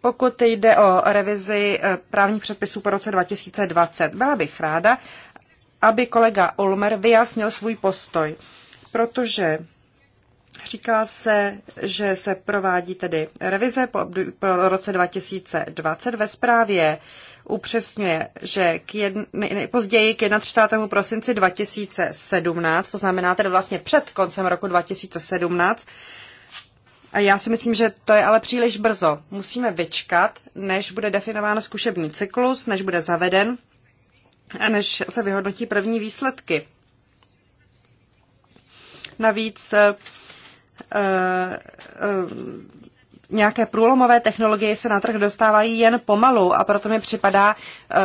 pokud jde o revizi eh, právních předpisů po roce 2020. Byla bych ráda, aby kolega Ulmer vyjasnil svůj postoj, protože Říká se, že se provádí tedy revize po, po roce 2020. Ve zprávě upřesňuje, že k jedn, nejpozději k 31. prosinci 2017, to znamená tedy vlastně před koncem roku 2017, a Já si myslím, že to je ale příliš brzo. Musíme vyčkat, než bude definován zkušební cyklus, než bude zaveden a než se vyhodnotí první výsledky. Navíc eh, eh, nějaké průlomové technologie se na trh dostávají jen pomalu a proto mi připadá, eh,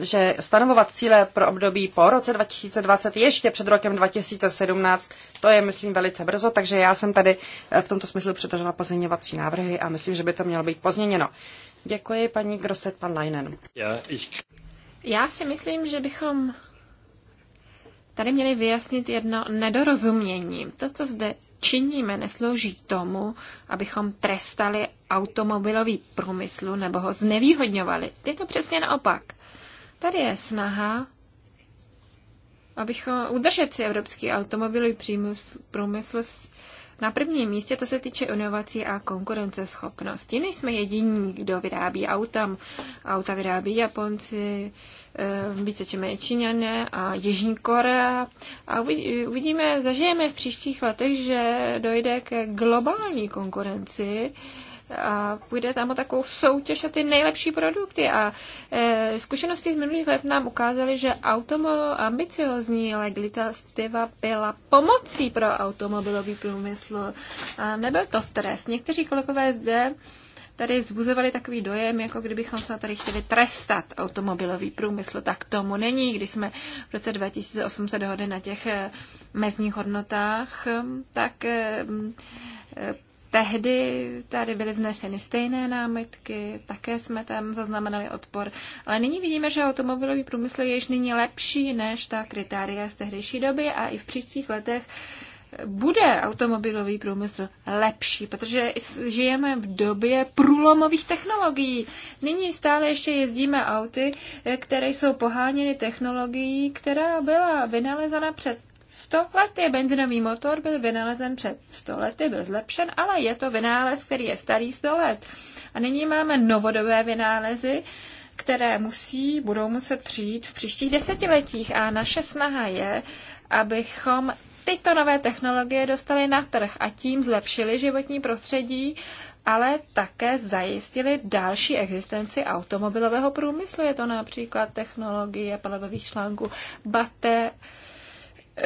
že stanovovat cíle pro období po roce 2020 ještě před rokem 2017, to je, myslím, velice brzo, takže já jsem tady eh, v tomto smyslu předložila pozměňovací návrhy a myslím, že by to mělo být pozměněno. Děkuji, paní Grosset, pan Leinen. Já si myslím, že bychom tady měli vyjasnit jedno nedorozumění. To, co zde činíme, neslouží tomu, abychom trestali automobilový průmysl nebo ho znevýhodňovali. Je to přesně naopak. Tady je snaha abychom udržet si evropský automobilový průmysl na prvním místě, to se týče inovací a konkurenceschopnosti. Nejsme jediní, kdo vyrábí auta. Auta vyrábí Japonci, eh, více či méně Číňané a Jižní Korea. A uvidíme, zažijeme v příštích letech, že dojde ke globální konkurenci a půjde tam o takovou soutěž o ty nejlepší produkty. A e, zkušenosti z minulých let nám ukázaly, že automobil ambiciozní legislativa byla pomocí pro automobilový průmysl. A nebyl to trest. Někteří kolegové zde tady vzbuzovali takový dojem, jako kdybychom se tady chtěli trestat automobilový průmysl. Tak tomu není, když jsme v roce 2008 se dohodli na těch e, mezních hodnotách, tak e, Tehdy tady byly vzneseny stejné námitky, také jsme tam zaznamenali odpor, ale nyní vidíme, že automobilový průmysl je již nyní lepší než ta kritéria z tehdejší doby a i v příštích letech bude automobilový průmysl lepší, protože žijeme v době průlomových technologií. Nyní stále ještě jezdíme auty, eh, které jsou poháněny technologií, která byla vynalezena před 100 lety. Benzinový motor byl vynalezen před 100 lety, byl zlepšen, ale je to vynález, který je starý 100 let. A nyní máme novodobé vynálezy, které musí, budou muset přijít v příštích desetiletích. A naše snaha je, abychom tyto nové technologie dostali na trh a tím zlepšili životní prostředí, ale také zajistili další existenci automobilového průmyslu. Je to například technologie palivových článků, baterie,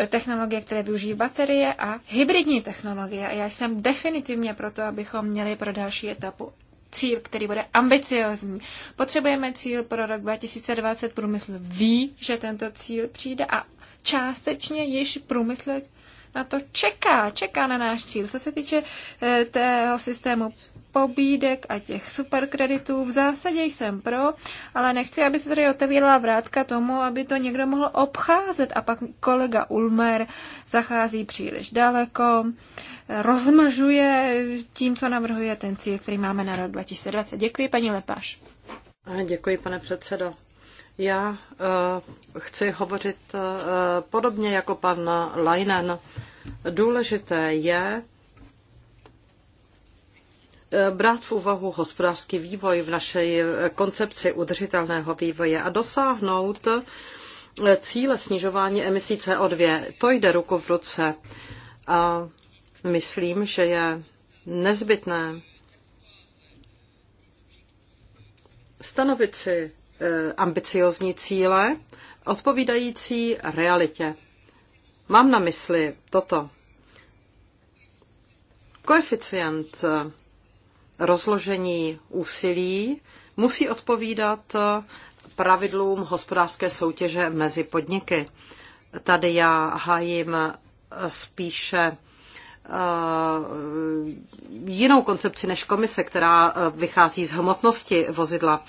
technologie, které využijí baterie a hybridní technologie. A já jsem definitivně proto, abychom měli pro další etapu cíl, který bude ambiciozní. Potřebujeme cíl pro rok 2020. Průmysl ví, že tento cíl přijde a částečně již průmysl na to čeká, čeká na náš cíl. Co se týče eh, tého systému pobídek a těch superkreditů. V zásadě jsem pro, ale nechci, aby se tady otevírala vrátka tomu, aby to někdo mohl obcházet. A pak kolega Ulmer zachází příliš daleko, rozmlžuje tím, co navrhuje ten cíl, který máme na rok 2020. Děkuji, paní Lepáš. Děkuji, pane předsedo. Já uh, chci hovořit uh, podobně jako pan Leinen. Důležité je brát v úvahu hospodářský vývoj v naší koncepci udržitelného vývoje a dosáhnout cíle snižování emisí CO2. To jde ruku v ruce a myslím, že je nezbytné stanovit si eh, ambiciozní cíle odpovídající realitě. Mám na mysli toto. Koeficient rozložení úsilí musí odpovídat pravidlům hospodářské soutěže mezi podniky. Tady já hájím spíše eh, jinou koncepci než komise, která eh, vychází z hmotnosti vozidla.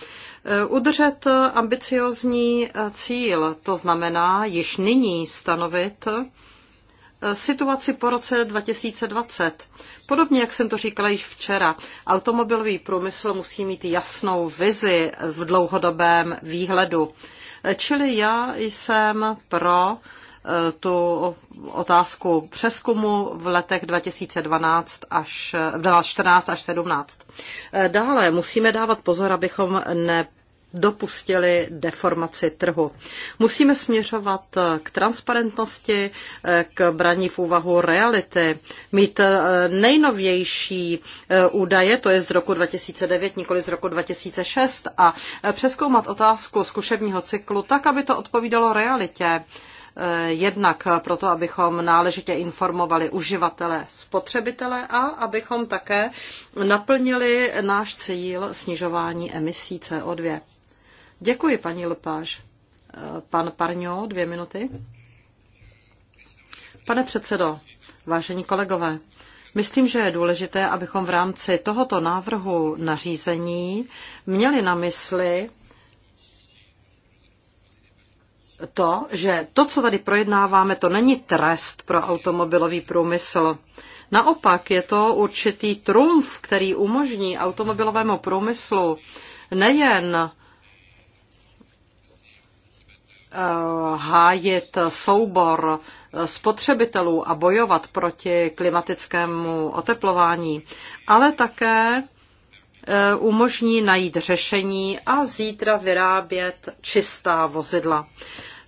Eh, udržet ambiciozní cíl, to znamená již nyní stanovit situaci po roce 2020 Podobně, jak jsem to říkala již včera, automobilový průmysl musí mít jasnou vizi v dlouhodobém výhledu. Čili já jsem pro eh, tu otázku přeskumu v letech 2012 až 2014 až 17. Eh, dále musíme dávat pozor, abychom ne dopustili deformaci trhu. Musíme směřovat k transparentnosti, k braní v úvahu reality, mít eh, nejnovější eh, údaje, to je z roku 2009, nikoli z roku 2006, a eh, přeskoumat otázku zkušebního cyklu tak, aby to odpovídalo realitě jednak proto, abychom náležitě informovali uživatele, spotřebitele a abychom také naplnili náš cíl snižování emisí CO2. Děkuji, paní Lepáš. Eh, pan Parňo, dvě minuty. Pane předsedo, vážení kolegové, Myslím, že je důležité, abychom v rámci tohoto návrhu nařízení měli na mysli to, že to, co tady projednáváme, to není trest pro automobilový průmysl. Naopak je to určitý trumf, který umožní automobilovému průmyslu nejen Eh, hájit soubor spotřebitelů a bojovat proti klimatickému oteplování, ale také eh, umožní najít řešení a zítra vyrábět čistá vozidla.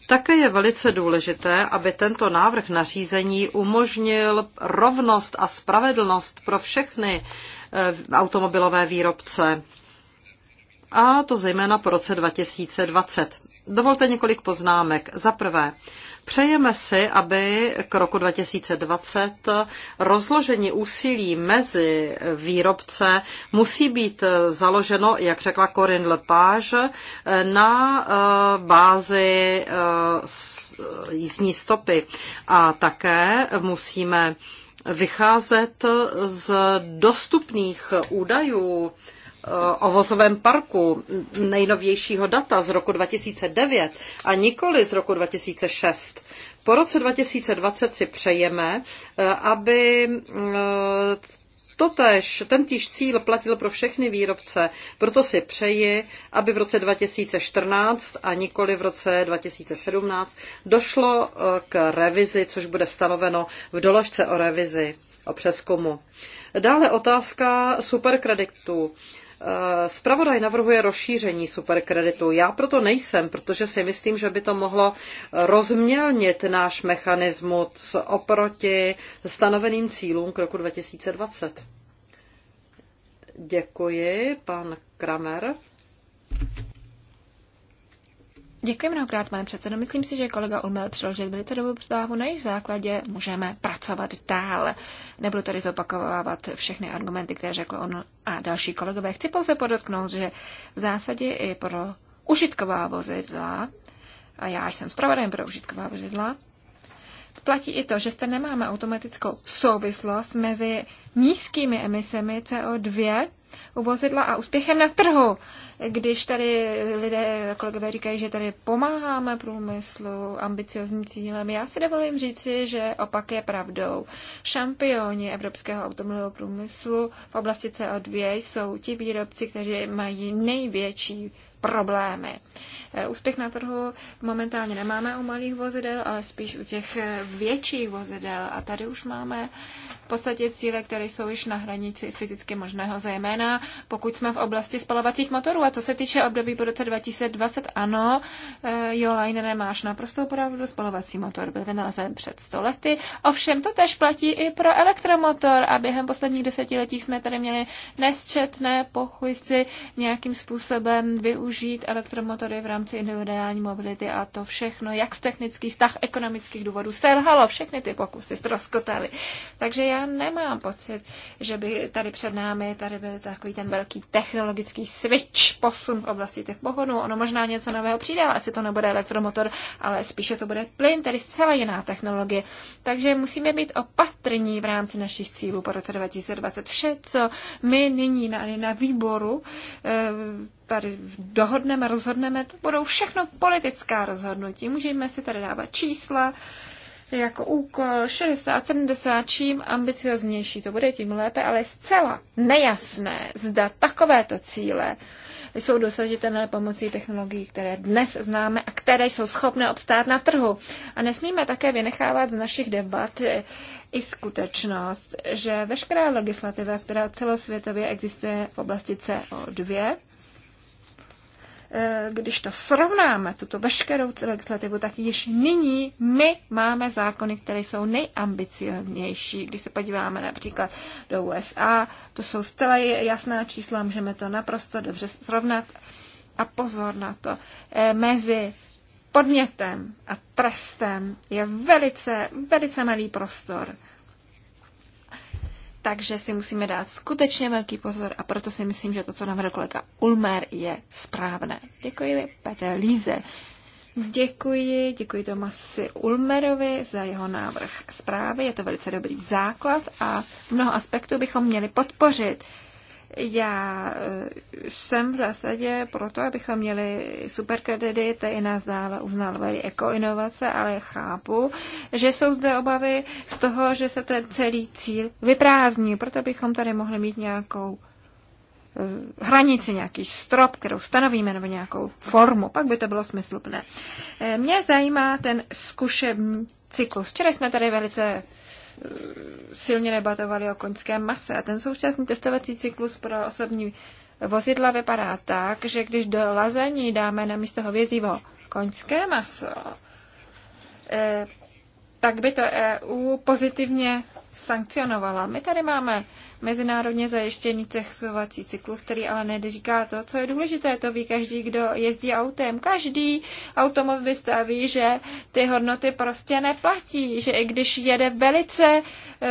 Také je velice důležité, aby tento návrh nařízení umožnil rovnost a spravedlnost pro všechny eh, automobilové výrobce. A to zejména po roce 2020. Dovolte několik poznámek. Za prvé, přejeme si, aby k roku 2020 rozložení úsilí mezi výrobce musí být založeno, jak řekla Corinne Lepage, na eh, bázi eh, jízdní stopy. A také musíme vycházet z dostupných údajů Eh, ovozovém parku nejnovějšího data z roku 2009 a nikoli z roku 2006. Po roce 2020 si přejeme, eh, aby eh, Totež tentýž cíl platil pro všechny výrobce, proto si přeji, aby v roce 2014 a nikoli v roce 2017 došlo k revizi, což bude stanoveno v doložce o revizi, o přeskumu. Dále otázka superkreditů. Spravodaj eh, navrhuje rozšíření superkreditu. Já proto nejsem, protože si myslím, že by to mohlo rozmělnit náš mechanismus oproti stanoveným cílům k roku 2020. Děkuji, pan Kramer. Děkuji mnohokrát, pane předsedo. Myslím si, že kolega Ulmel přiložil velice dobrou zprávu, na jejich základě můžeme pracovat dál. Nebudu tady zopakovávat všechny argumenty, které řekl on a další kolegové. Chci pouze podotknout, že v zásadě i pro užitková vozidla, a já jsem zpravodajem pro užitková vozidla, platí i to, že zde nemáme automatickou souvislost mezi nízkými emisemi CO2 u vozidla a úspěchem na trhu. Když tady lidé, kolegové říkají, že tady pomáháme průmyslu, ambiciozním cílem, já si dovolím říci, že opak je pravdou. Šampioni evropského automobilového průmyslu v oblasti CO2 jsou ti výrobci, kteří mají největší problémy. Eh, úspěch na trhu momentálně nemáme u malých vozidel, ale spíš u těch eh, větších vozidel. A tady už máme podstatě cíle, které jsou již na hranici fyzicky možného, zejména pokud jsme v oblasti spalovacích motorů. A co se týče období po roce 2020, ano, eh, jo, Leinere, nemáš. naprostou pravdu, spalovací motor byl vynalezen před stolety. Ovšem, to tež platí i pro elektromotor a během posledních desetiletí jsme tady měli nesčetné pochůjci nějakým způsobem využít elektromotory v rámci individuální mobility a to všechno, jak z technických, tak ekonomických důvodů selhalo, všechny ty pokusy ztroskotaly. Takže já já nemám pocit, že by tady před námi tady byl takový ten velký technologický switch, posun v oblasti těch pohonů. Ono možná něco nového přijde, ale asi to nebude elektromotor, ale spíše to bude plyn, tedy zcela jiná technologie. Takže musíme být opatrní v rámci našich cílů po roce 2020. Vše, co my nyní na, na výboru eh, tady dohodneme, rozhodneme, to budou všechno politická rozhodnutí. Můžeme si tady dávat čísla, jako úkol 60, 70, čím ambicioznější to bude, tím lépe, ale je zcela nejasné, zda takovéto cíle jsou dosažitelné pomocí technologií, které dnes známe a které jsou schopné obstát na trhu. A nesmíme také vynechávat z našich debat eh, i skutečnost, že veškerá legislativa, která celosvětově existuje v oblasti CO2, Eh, když to srovnáme, tuto veškerou legislativu, tak již nyní my máme zákony, které jsou nejambicionější. Když se podíváme například do USA, to jsou zcela jasná čísla, můžeme to naprosto dobře srovnat. A pozor na to, eh, mezi podnětem a trestem je velice, velice malý prostor takže si musíme dát skutečně velký pozor a proto si myslím, že to, co navrhl kolega Ulmer, je správné. Děkuji Petr Líze. Děkuji, děkuji Tomasi Ulmerovi za jeho návrh zprávy. Je to velice dobrý základ a mnoho aspektů bychom měli podpořit. Já eh, jsem v zásadě proto, abychom měli superkredity i nás dále uznávají ekoinovace, ale chápu, že jsou zde obavy z toho, že se ten celý cíl vyprázdní. Proto bychom tady mohli mít nějakou eh, hranici, nějaký strop, kterou stanovíme, nebo nějakou formu, pak by to bylo smysluplné. Eh, mě zajímá ten zkušební cyklus. Včera jsme tady velice Eh, silně debatovali o koňském mase. A ten současný testovací cyklus pro osobní vozidla vypadá tak, že když do lazení dáme na místo hovězího koňské maso, eh, tak by to EU pozitivně sankcionovala. My tady máme mezinárodně zajištěný cestovací cyklus, který ale neříká to, co je důležité. To ví každý, kdo jezdí autem. Každý automobilista ví, že ty hodnoty prostě neplatí, že i když jede velice,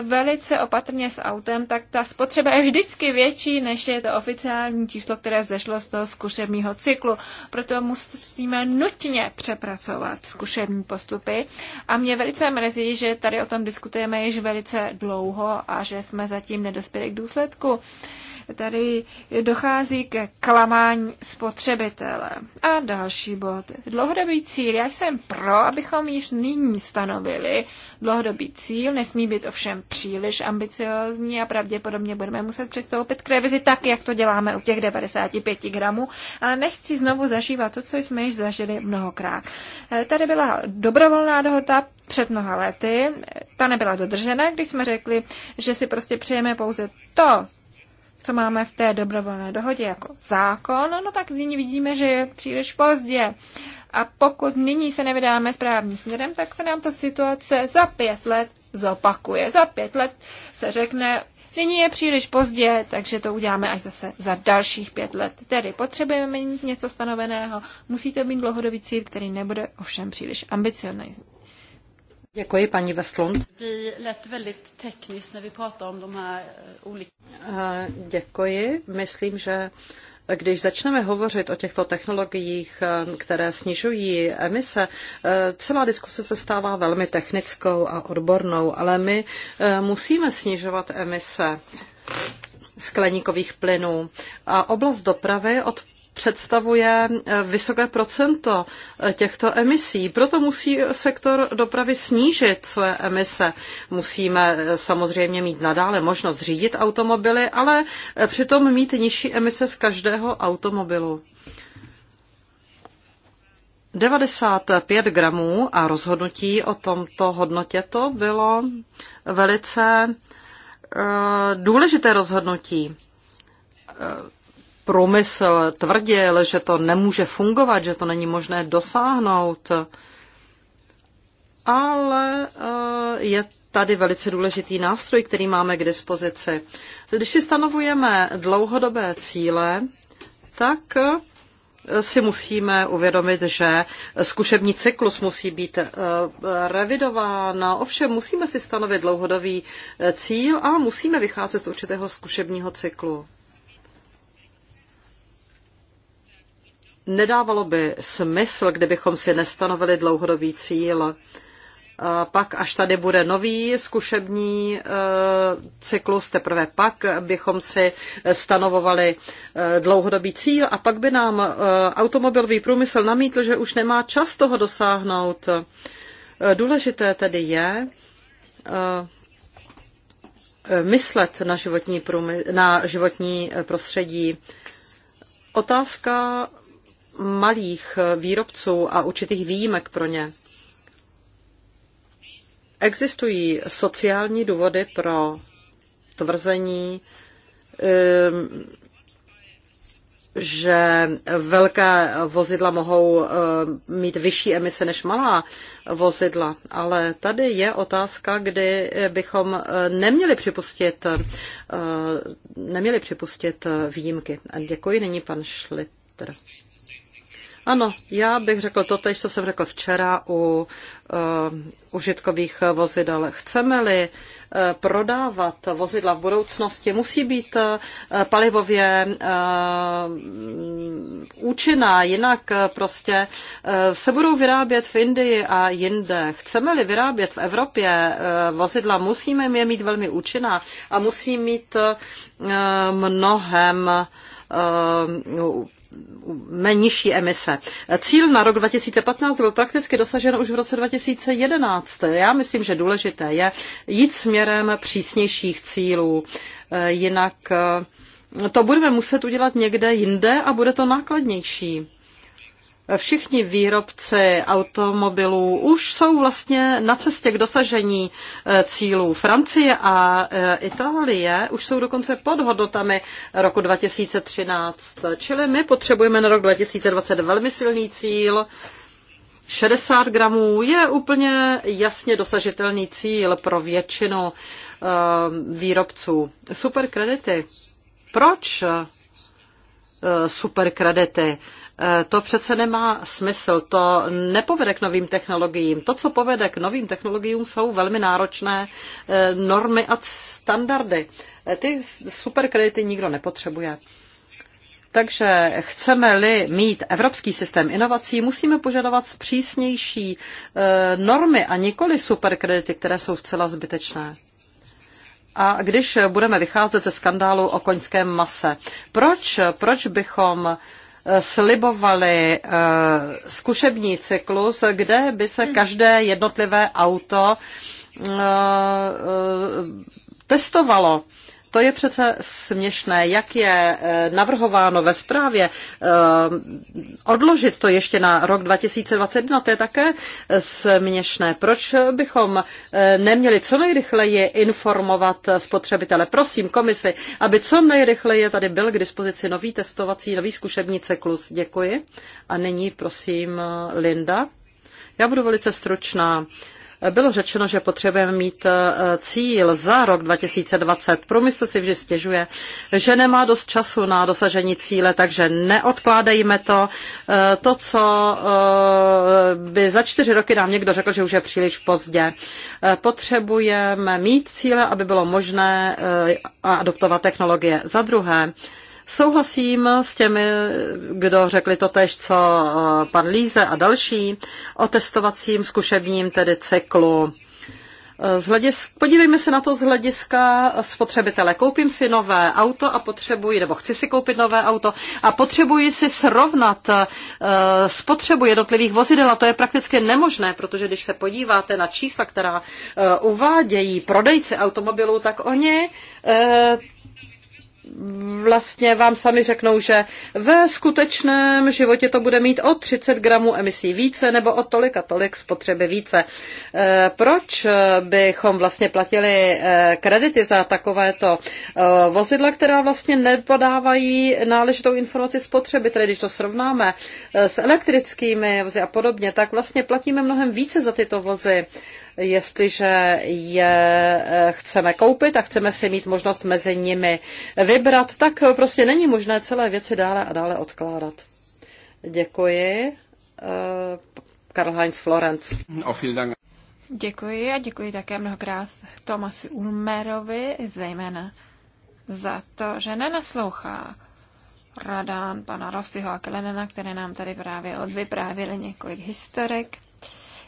velice opatrně s autem, tak ta spotřeba je vždycky větší, než je to oficiální číslo, které zešlo z toho zkušebního cyklu. Proto musíme nutně přepracovat zkušební postupy. A mě velice mrzí, že tady o tom diskutujeme již velice dlouho a že jsme zatím nedospěli přispěli k důsledku tady dochází ke klamání spotřebitele. A další bod. Dlouhodobý cíl. Já jsem pro, abychom již nyní stanovili dlouhodobý cíl. Nesmí být ovšem příliš ambiciozní a pravděpodobně budeme muset přistoupit k revizi tak, jak to děláme u těch 95 gramů. Ale nechci znovu zažívat to, co jsme již zažili mnohokrát. Eh, tady byla dobrovolná dohoda, před mnoha lety. Ta nebyla dodržena, když jsme řekli, že si prostě přejeme pouze to, co máme v té dobrovolné dohodě jako zákon, no tak nyní vidíme, že je příliš pozdě. A pokud nyní se nevydáme správným směrem, tak se nám to situace za pět let zopakuje. Za pět let se řekne, nyní je příliš pozdě, takže to uděláme až zase za dalších pět let. Tedy potřebujeme mít něco stanoveného, musí to být dlouhodobý cíl, který nebude ovšem příliš ambicionizní. Děkuji, paní Westlund. Eh, eh, děkuji. Myslím, že když začneme hovořit o těchto technologiích, eh, které snižují emise, celá diskuse se stává velmi technickou a odbornou, ale my musíme snižovat emise skleníkových plynů. A oblast dopravy od představuje eh, vysoké procento eh, těchto emisí. Proto musí sektor dopravy snížit své emise. Musíme eh, samozřejmě mít nadále možnost řídit automobily, ale přitom mít nižší emise z každého automobilu. 95 gramů a rozhodnutí o tomto hodnotě to bylo velice důležité rozhodnutí průmysl tvrdil, že to nemůže fungovat, že to není možné dosáhnout. Ale eh, je tady velice důležitý nástroj, který máme k dispozici. Když si stanovujeme dlouhodobé cíle, tak eh, si musíme uvědomit, že zkušební cyklus musí být eh, revidován. Ovšem musíme si stanovit dlouhodobý cíl a musíme vycházet z určitého zkušebního cyklu. Nedávalo by smysl, kdybychom si nestanovili dlouhodobý cíl. A pak, až tady bude nový zkušební eh, cyklus, teprve pak bychom si stanovovali eh, dlouhodobý cíl a pak by nám eh, automobilový průmysl namítl, že už nemá čas toho dosáhnout. Důležité tedy je myslet na životní, průmysl, na životní prostředí. Otázka malých výrobců a určitých výjimek pro ně. Existují sociální důvody pro tvrzení, ehm, že velké vozidla mohou ehm, mít vyšší emise než malá vozidla. Ale tady je otázka, kdy bychom eh, neměli připustit, eh, neměli připustit výjimky. Děkuji, není pan Schlitter. Ano, já bych řekl to tež, co jsem řekl včera u uh, eh, užitkových vozidel. Chceme-li uh, prodávat vozidla v budoucnosti, musí být uh, palivově uh, účinná, jinak uh, prostě uh, se budou vyrábět v Indii a jinde. Chceme-li vyrábět v Evropě uh, vozidla, musíme je mít velmi účinná a musí mít uh, mnohem nižší emise. Cíl na rok 2015 byl prakticky dosažen už v roce 2011. Já myslím, že důležité je jít směrem přísnějších cílů, eh, jinak eh, to budeme muset udělat někde jinde a bude to nákladnější. Všichni výrobci automobilů už jsou vlastně na cestě k dosažení e, cílů. Francie a e, Itálie už jsou dokonce pod hodnotami roku 2013. Čili my potřebujeme na rok 2020 velmi silný cíl. 60 gramů je úplně jasně dosažitelný cíl pro většinu e, výrobců. Superkredity. Proč superkredity? Eh, to přece nemá smysl, to nepovede k novým technologiím. To, co povede k novým technologiím, jsou velmi náročné eh, normy a standardy. Eh, ty superkredity nikdo nepotřebuje. Takže chceme-li mít evropský systém inovací, musíme požadovat přísnější normy a nikoli superkredity, které jsou zcela zbytečné. A když budeme vycházet ze skandálu o koňském mase, proč, proč bychom slibovali eh, zkušební cyklus, kde by se každé jednotlivé auto eh, eh, testovalo to je přece směšné, jak je eh, navrhováno ve zprávě eh, odložit to ještě na rok 2021, to je také eh, směšné. Proč bychom neměli co nejrychleji informovat spotřebitele? Prosím komisi, aby co nejrychleji tady byl k dispozici nový testovací, nový zkušební cyklus. Děkuji. A nyní prosím Linda. Já budu velice stručná. Bylo řečeno, že potřebujeme mít e, cíl za rok 2020. Průmysl si vždy stěžuje, že nemá dost času na dosažení cíle, takže neodkládejme to. E, to, co e, by za čtyři roky nám někdo řekl, že už je příliš pozdě. Potřebujeme mít cíle, aby bylo možné adoptovat technologie. Za druhé, Souhlasím s těmi, kdo řekli to tež, co eh, pan Líze a další, o testovacím zkušebním tedy cyklu. Eh, z hledisk, podívejme se na to z hlediska spotřebitele. Koupím si nové auto a potřebuji, nebo chci si koupit nové auto a potřebuji si srovnat uh, spotřebu jednotlivých vozidel a to je prakticky nemožné, protože když se podíváte na čísla, která uh, uvádějí prodejci automobilů, tak oni uh, vlastně vám sami řeknou, že ve skutečném životě to bude mít o 30 gramů emisí více nebo o tolik a tolik spotřeby více. Eh, proč bychom vlastně platili eh, kredity za takovéto eh, vozidla, která vlastně nepodávají náležitou informaci spotřeby, tedy když to srovnáme s elektrickými vozy a podobně, tak vlastně platíme mnohem více za tyto vozy. Jestliže je eh, chceme koupit a chceme si mít možnost mezi nimi vybrat, tak prostě není možné celé věci dále a dále odkládat. Děkuji. Eh, Karl-Heinz Florenz. No, děkuji a děkuji také mnohokrát Tomasu Ulmerovi, zejména za to, že nenaslouchá radán pana Rostyho a Klenena, které nám tady právě odvyprávěli několik historek.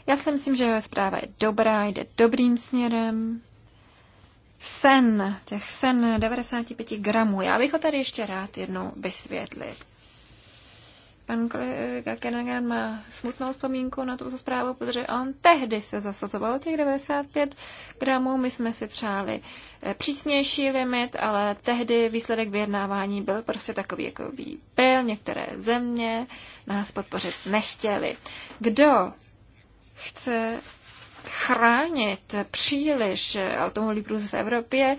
Já si myslím, že jeho zpráva je dobrá, jde dobrým směrem. Sen, těch sen 95 gramů, já bych ho tady ještě rád jednou vysvětlil. Pan kolega Kenagan má smutnou vzpomínku na tuto zprávu, protože on tehdy se zasazoval těch 95 gramů. My jsme si přáli eh, přísnější limit, ale tehdy výsledek vyjednávání byl prostě takový, jako byl. Některé země nás podpořit nechtěli. Kdo chce chránit příliš automobilový průz v Evropě,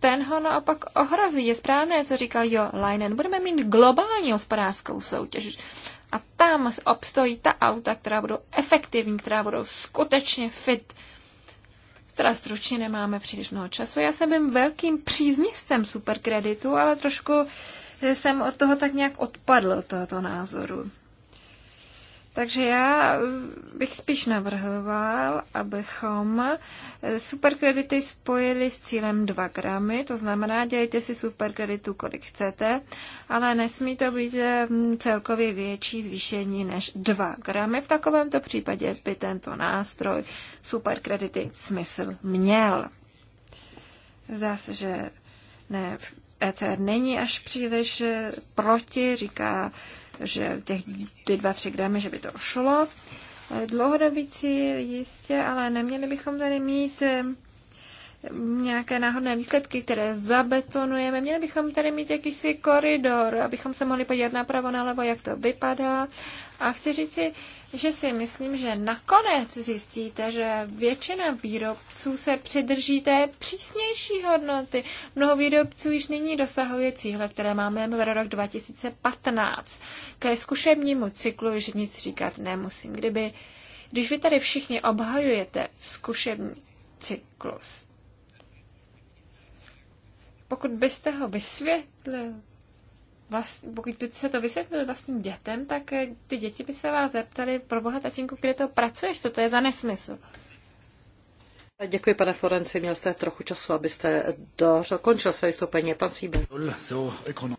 ten ho naopak ohrozí. Je správné, co říkal Jo Leinen. Budeme mít globální hospodářskou soutěž. A tam obstojí ta auta, která budou efektivní, která budou skutečně fit. Teda stručně nemáme příliš mnoho času. Já jsem byl velkým příznivcem superkreditu, ale trošku jsem od toho tak nějak odpadl, od tohoto názoru. Takže já eh, bych spíš navrhoval, abychom eh, superkredity spojili s cílem 2 gramy, to znamená, dělejte si superkreditu, kolik chcete, ale nesmí to být eh, celkově větší zvýšení než 2 gramy. V takovémto případě by tento nástroj superkredity smysl měl. Zdá se, že ne, ECR není až příliš proti, říká, že těch ty dva, tři gramy, že by to šlo. Dlouhodobý cíl jistě, ale neměli bychom tady mít eh, nějaké náhodné výsledky, které zabetonujeme. Měli bychom tady mít jakýsi koridor, abychom se mohli podívat napravo, nalevo, jak to vypadá. A chci říci, že si myslím, že nakonec zjistíte, že většina výrobců se přidrží té přísnější hodnoty. Mnoho výrobců již nyní dosahuje cíle, které máme v rok 2015 ke zkušebnímu cyklu již nic říkat nemusím. Kdyby, když vy tady všichni obhajujete zkušební cyklus, pokud byste ho vysvětlil, vlast, pokud by se to vysvětlili vlastním dětem, tak ty děti by se vás zeptali, pro boha tatínku, kde to pracuješ, co to je za nesmysl. Děkuji, pane Forenci, měl jste trochu času, abyste dokončil své vystoupení. Pan Sýbe.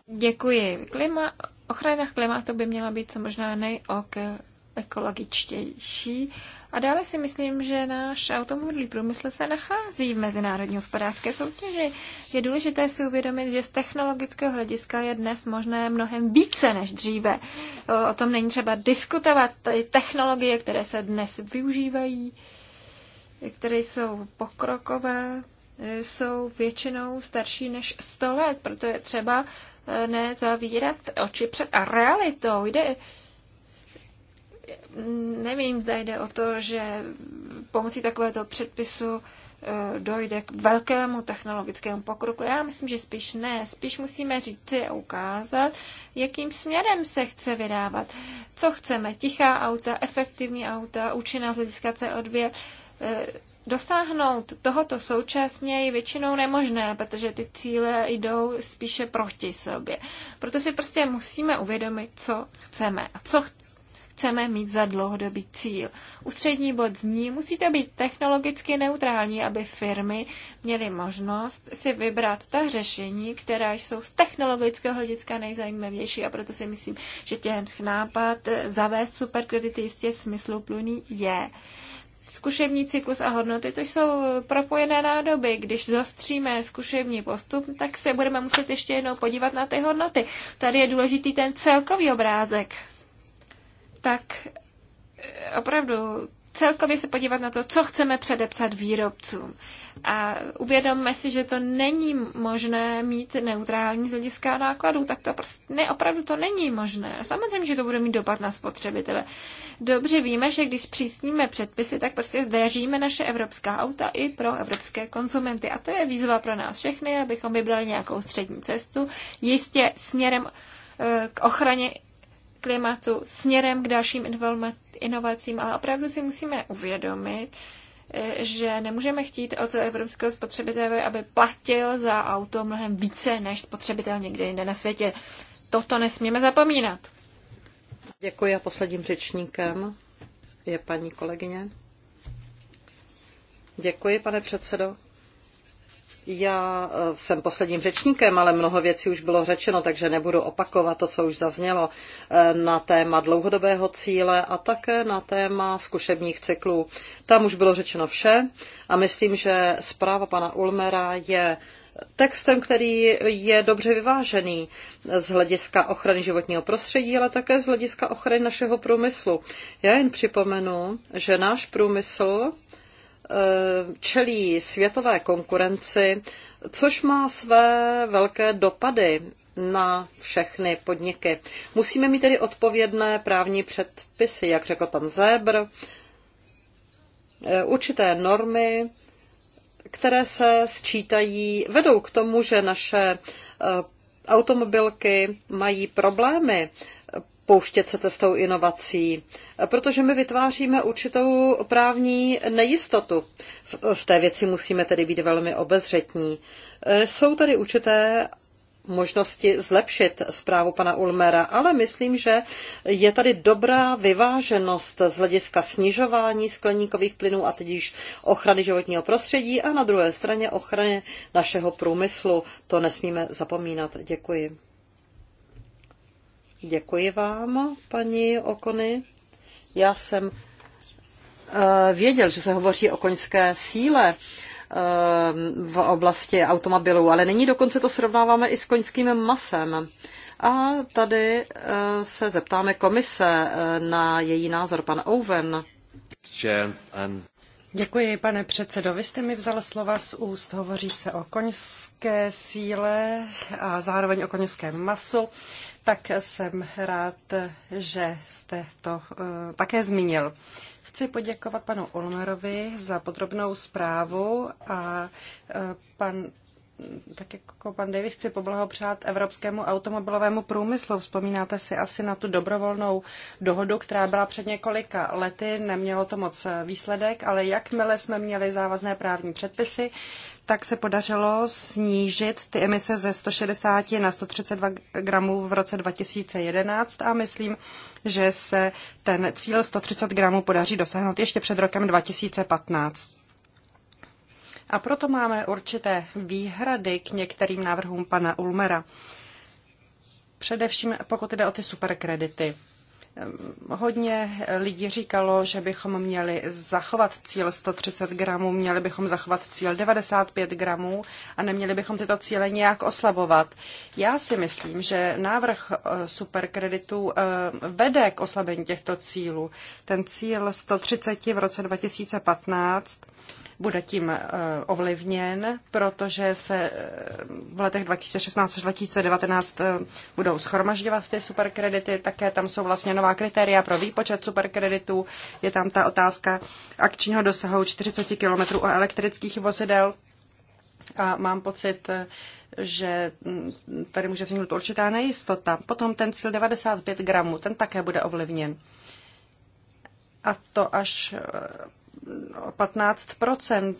Děkuji. Klima, ochrana klimatu by měla být co možná nejekologičtější. A dále si myslím, že náš automobilový průmysl se nachází v mezinárodní hospodářské soutěži. Je důležité si uvědomit, že z technologického hlediska je dnes možné mnohem více než dříve. O tom není třeba diskutovat. Technologie, které se dnes využívají, které jsou pokrokové, jsou většinou starší než 100 let, proto je třeba eh, nezavírat oči před a realitou. Jde, nevím, zda jde o to, že pomocí takovéto předpisu eh, dojde k velkému technologickému pokroku. Já myslím, že spíš ne. Spíš musíme říci a ukázat, jakým směrem se chce vydávat. Co chceme? Tichá auta, efektivní auta, účinná hlediska CO2, E, dosáhnout tohoto současně je většinou nemožné, protože ty cíle jdou spíše proti sobě. Proto si prostě musíme uvědomit, co chceme a co chceme mít za dlouhodobý cíl. Ústřední bod zní, musíte být technologicky neutrální, aby firmy měly možnost si vybrat ta řešení, která jsou z technologického hlediska nejzajímavější a proto si myslím, že těch nápad zavést superkredity jistě smysluplný je. Zkušební cyklus a hodnoty, to jsou propojené nádoby. Když zostříme zkušební postup, tak se budeme muset ještě jednou podívat na ty hodnoty. Tady je důležitý ten celkový obrázek. Tak eh, opravdu celkově se podívat na to, co chceme předepsat výrobcům. A uvědomme si, že to není možné mít neutrální z hlediska nákladů, tak to prostě ne, opravdu to není možné. Samozřejmě, že to bude mít dopad na spotřebitele. Dobře víme, že když přísníme předpisy, tak prostě zdražíme naše evropská auta i pro evropské konsumenty, A to je výzva pro nás všechny, abychom vybrali nějakou střední cestu, jistě směrem eh, k ochraně klimatu směrem k dalším inovacím, ale opravdu si musíme uvědomit, eh, že nemůžeme chtít od evropského spotřebitele, aby platil za auto mnohem více než spotřebitel někde jinde na světě. Toto nesmíme zapomínat. Děkuji a posledním řečníkem je paní kolegyně. Děkuji, pane předsedo. Já e, jsem posledním řečníkem, ale mnoho věcí už bylo řečeno, takže nebudu opakovat to, co už zaznělo e, na téma dlouhodobého cíle a také na téma zkušebních cyklů. Tam už bylo řečeno vše a myslím, že zpráva pana Ulmera je textem, který je dobře vyvážený z hlediska ochrany životního prostředí, ale také z hlediska ochrany našeho průmyslu. Já jen připomenu, že náš průmysl Eh, čelí světové konkurenci, což má své velké dopady na všechny podniky. Musíme mít tedy odpovědné právní předpisy, jak řekl pan Zébr, eh, určité normy, které se sčítají, vedou k tomu, že naše eh, automobilky mají problémy pouštět se cestou inovací, protože my vytváříme určitou právní nejistotu. V té věci musíme tedy být velmi obezřetní. E, jsou tady určité možnosti zlepšit zprávu pana Ulmera, ale myslím, že je tady dobrá vyváženost z hlediska snižování skleníkových plynů a tedy ochrany životního prostředí a na druhé straně ochrany našeho průmyslu. To nesmíme zapomínat. Děkuji. Děkuji vám, paní Okony. Já jsem eh, věděl, že se hovoří o koňské síle eh, v oblasti automobilů, ale nyní dokonce to srovnáváme i s koňským masem. A tady eh, se zeptáme komise na její názor, pan Owen. Děkuji, pane předsedo. Vy jste mi vzal slova z úst. Hovoří se o koňské síle a zároveň o koňském masu tak jsem rád, že jste to eh, také zmínil. Chci poděkovat panu Olmerovi za podrobnou zprávu a eh, pan tak jako pan Davis chci poblahopřát evropskému automobilovému průmyslu. Vzpomínáte si asi na tu dobrovolnou dohodu, která byla před několika lety, nemělo to moc výsledek, ale jakmile jsme měli závazné právní předpisy, tak se podařilo snížit ty emise ze 160 na 132 gramů v roce 2011 a myslím, že se ten cíl 130 gramů podaří dosáhnout ještě před rokem 2015. A proto máme určité výhrady k některým návrhům pana Ulmera. Především pokud jde o ty superkredity. Ehm, hodně lidí říkalo, že bychom měli zachovat cíl 130 gramů, měli bychom zachovat cíl 95 gramů a neměli bychom tyto cíle nějak oslabovat. Já si myslím, že návrh eh, superkreditu ehm, vede k oslabení těchto cílů. Ten cíl 130 v roce 2015 bude tím eh, ovlivněn, protože se eh, v letech 2016 až 2019 eh, budou schromažďovat ty superkredity, také tam jsou vlastně nová kritéria pro výpočet superkreditů, je tam ta otázka akčního dosahu 40 km o elektrických vozidel a mám pocit, že mm, tady může vzniknout určitá nejistota. Potom ten cíl 95 gramů, ten také bude ovlivněn. A to až 15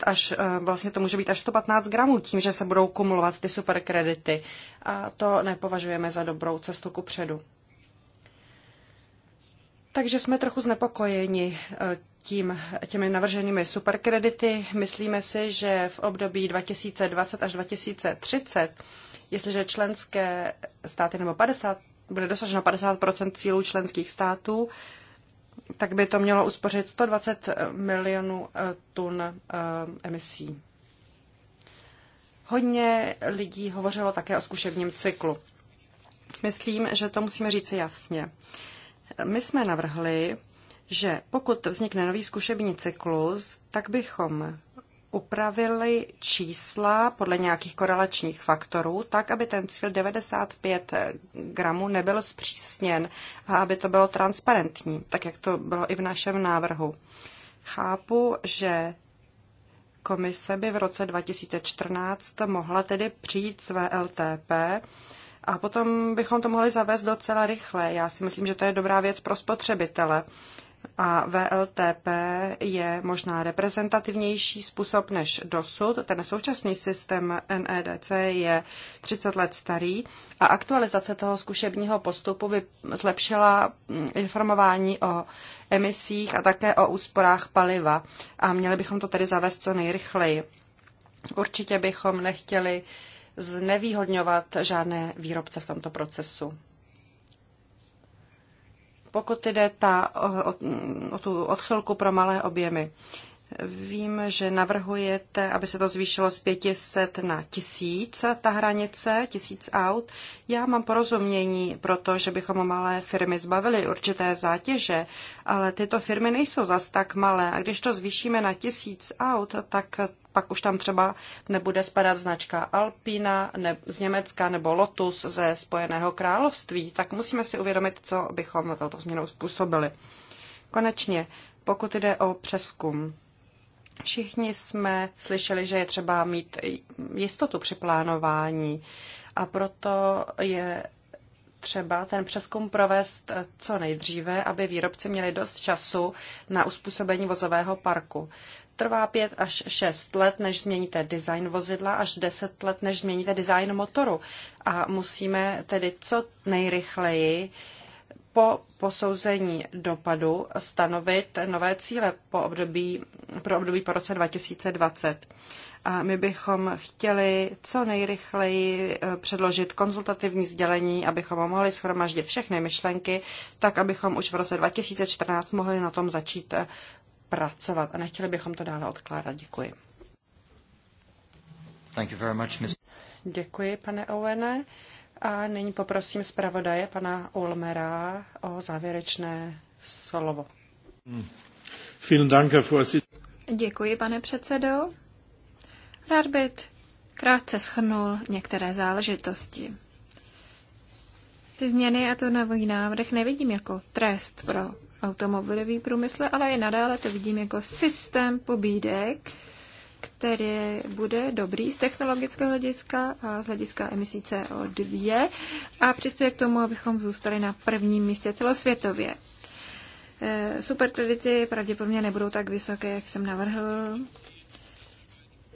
až eh, vlastně to může být až 115 gramů tím, že se budou kumulovat ty superkredity. A to nepovažujeme za dobrou cestu ku předu. Takže jsme trochu znepokojeni eh, tím, těmi navrženými superkredity. Myslíme si, že v období 2020 až 2030, jestliže členské státy nebo 50, bude dosaženo 50 cílů členských států, tak by to mělo uspořit 120 milionů eh, tun eh, emisí. Hodně lidí hovořilo také o zkušebním cyklu. Myslím, že to musíme říct jasně. My jsme navrhli, že pokud vznikne nový zkušební cyklus, tak bychom upravili čísla podle nějakých korelačních faktorů, tak, aby ten cíl 95 gramů nebyl zpřísněn a aby to bylo transparentní, tak jak to bylo i v našem návrhu. Chápu, že komise by v roce 2014 mohla tedy přijít své LTP a potom bychom to mohli zavést docela rychle. Já si myslím, že to je dobrá věc pro spotřebitele a VLTP je možná reprezentativnější způsob než dosud. Ten současný systém NEDC je 30 let starý a aktualizace toho zkušebního postupu by zlepšila mm, informování o emisích a také o úsporách paliva. A měli bychom to tedy zavést co nejrychleji. Určitě bychom nechtěli znevýhodňovat žádné výrobce v tomto procesu. Pokud jde ta, o, o tu odchylku pro malé objemy, Vím, že navrhujete, aby se to zvýšilo z 500 na 1000, ta hranice, 1000 aut. Já mám porozumění pro to, že bychom malé firmy zbavili určité zátěže, ale tyto firmy nejsou zas tak malé a když to zvýšíme na 1000 aut, tak pak už tam třeba nebude spadat značka Alpina ne, z Německa nebo Lotus ze Spojeného království, tak musíme si uvědomit, co bychom touto změnou způsobili. Konečně, pokud jde o přeskum, všichni jsme slyšeli, že je třeba mít jistotu při plánování a proto je třeba ten přeskum provést co nejdříve, aby výrobci měli dost času na uspůsobení vozového parku trvá 5 až 6 let, než změníte design vozidla, až 10 let, než změníte design motoru. A musíme tedy co nejrychleji po posouzení dopadu stanovit nové cíle po období, pro období po roce 2020. A my bychom chtěli co nejrychleji eh, předložit konzultativní sdělení, abychom mohli schromaždit všechny myšlenky, tak abychom už v roce 2014 mohli na tom začít eh, pracovat a nechtěli bychom to dále odkládat. Děkuji. Thank you very much, Ms. Děkuji, pane Owene. A nyní poprosím zpravodaje pana Ulmera o závěrečné slovo. Děkuji, pane předsedo. Rád bych krátce schrnul některé záležitosti. Ty změny a to nový návrh nevidím jako trest pro automobilový průmysl, ale i nadále to vidím jako systém pobídek, který bude dobrý z technologického hlediska a z hlediska emisí CO2 a přispěje k tomu, abychom zůstali na prvním místě celosvětově. Eh, superkredity pravděpodobně nebudou tak vysoké, jak jsem navrhl,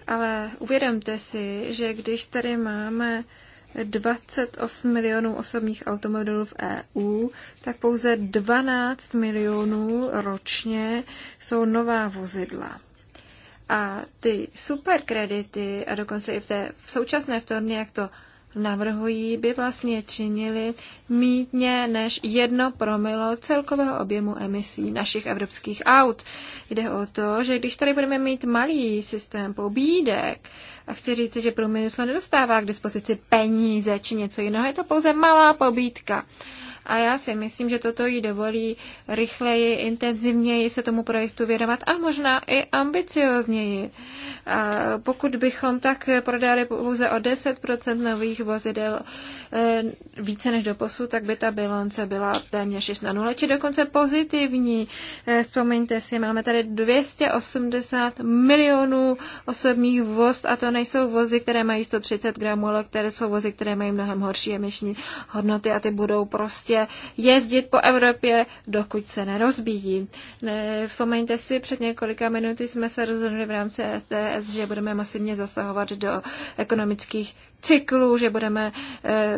ale uvědomte si, že když tady máme 28 milionů osobních automobilů v EU, tak pouze 12 milionů ročně jsou nová vozidla. A ty superkredity, a dokonce i v té v současné v jak to navrhují, by vlastně činili mítně než jedno promilo celkového objemu emisí našich evropských aut. Jde o to, že když tady budeme mít malý systém pobídek, a chci říct, že průmysl nedostává k dispozici peníze či něco jiného, je to pouze malá pobídka a já si myslím, že toto jí dovolí rychleji, intenzivněji se tomu projektu věnovat a možná i ambiciozněji. A pokud bychom tak prodali pouze o 10% nových vozidel eh, více než do posud, tak by ta bilance byla téměř 6 na 0, či dokonce pozitivní. Eh, vzpomeňte si, máme tady 280 milionů osobních voz a to nejsou vozy, které mají 130 gramů, ale které jsou vozy, které mají mnohem horší emisní hodnoty a ty budou prostě může jezdit po Evropě, dokud se nerozbíjí. Ne, vzpomeňte si, před několika minuty jsme se rozhodli v rámci ETS, že budeme masivně zasahovat do ekonomických cyklu, že budeme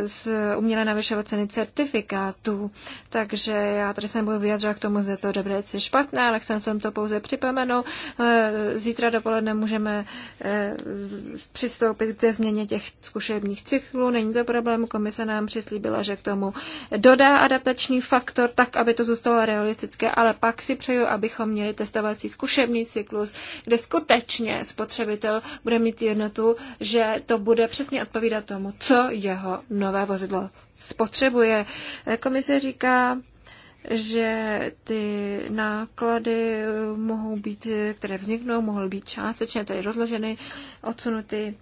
z eh, uměle navyšovat ceny certifikátů. Takže já tady se nebudu vyjadřovat k tomu, že to dobré, je špatné, ale chcem jsem to pouze připomenout. Eh, zítra dopoledne můžeme eh, přistoupit ke změně těch zkušebních cyklů. Není to problém, komise nám přislíbila, že k tomu dodá adaptační faktor, tak, aby to zůstalo realistické, ale pak si přeju, abychom měli testovací zkušební cyklus, kde skutečně spotřebitel bude mít jednotu, že to bude přesně odpovídat tomu, co jeho nové vozidlo spotřebuje. Komise říká, že ty náklady mohou být, které vzniknou, mohou být částečně tady rozloženy, odsunuty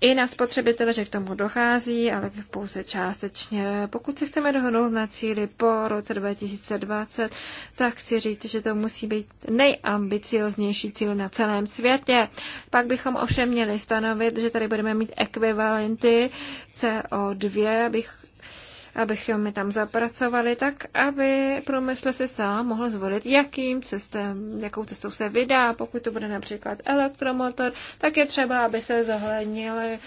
i na spotřebitele, že k tomu dochází, ale pouze částečně. Pokud se chceme dohodnout na cíli po roce 2020, tak chci říct, že to musí být nejambicioznější cíl na celém světě. Pak bychom ovšem měli stanovit, že tady budeme mít ekvivalenty CO2, abych abychom je tam zapracovali tak, aby průmysl si sám mohl zvolit, jakým cestem, jakou cestou se vydá. Pokud to bude například elektromotor, tak je třeba, aby se e,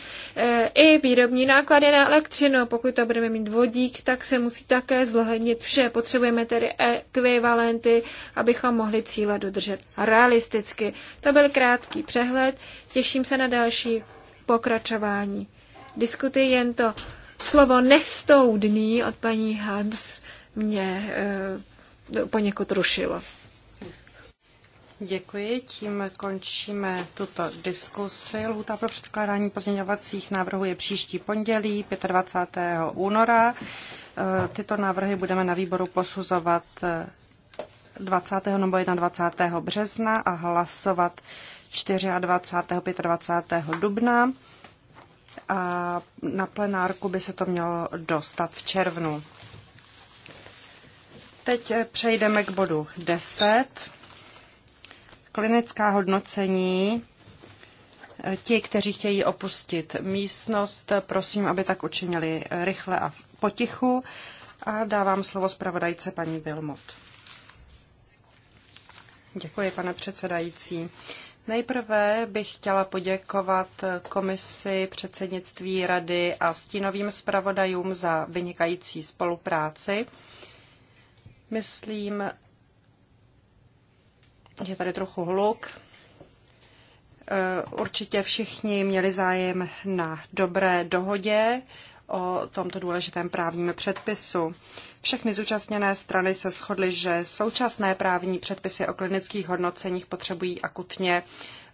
i výrobní náklady na elektřinu. Pokud to budeme mít vodík, tak se musí také zohlednit vše. Potřebujeme tedy ekvivalenty, abychom mohli cíle dodržet realisticky. To byl krátký přehled. Těším se na další pokračování. Diskutuji jen to Slovo nestoudný od paní Harms mě e, poněkud rušilo. Děkuji, tím končíme tuto diskusi. Lhuta pro předkládání pozměňovacích návrhů je příští pondělí 25. února. Eh, tyto návrhy budeme na výboru posuzovat eh, 20. nebo 21. března a hlasovat 24. 25. dubna a na plenárku by se to mělo dostat v červnu. Teď eh, přejdeme k bodu 10. Klinická hodnocení. Eh, ti, kteří chtějí opustit místnost, prosím, aby tak učinili eh, rychle a potichu. A dávám slovo zpravodajce paní Vilmot. Děkuji, pane předsedající. Nejprve bych chtěla poděkovat komisi předsednictví rady a stínovým zpravodajům za vynikající spolupráci. Myslím, je tady trochu hluk. Určitě všichni měli zájem na dobré dohodě o tomto důležitém právním předpisu. Všechny zúčastněné strany se shodly, že současné právní předpisy o klinických hodnoceních potřebují akutně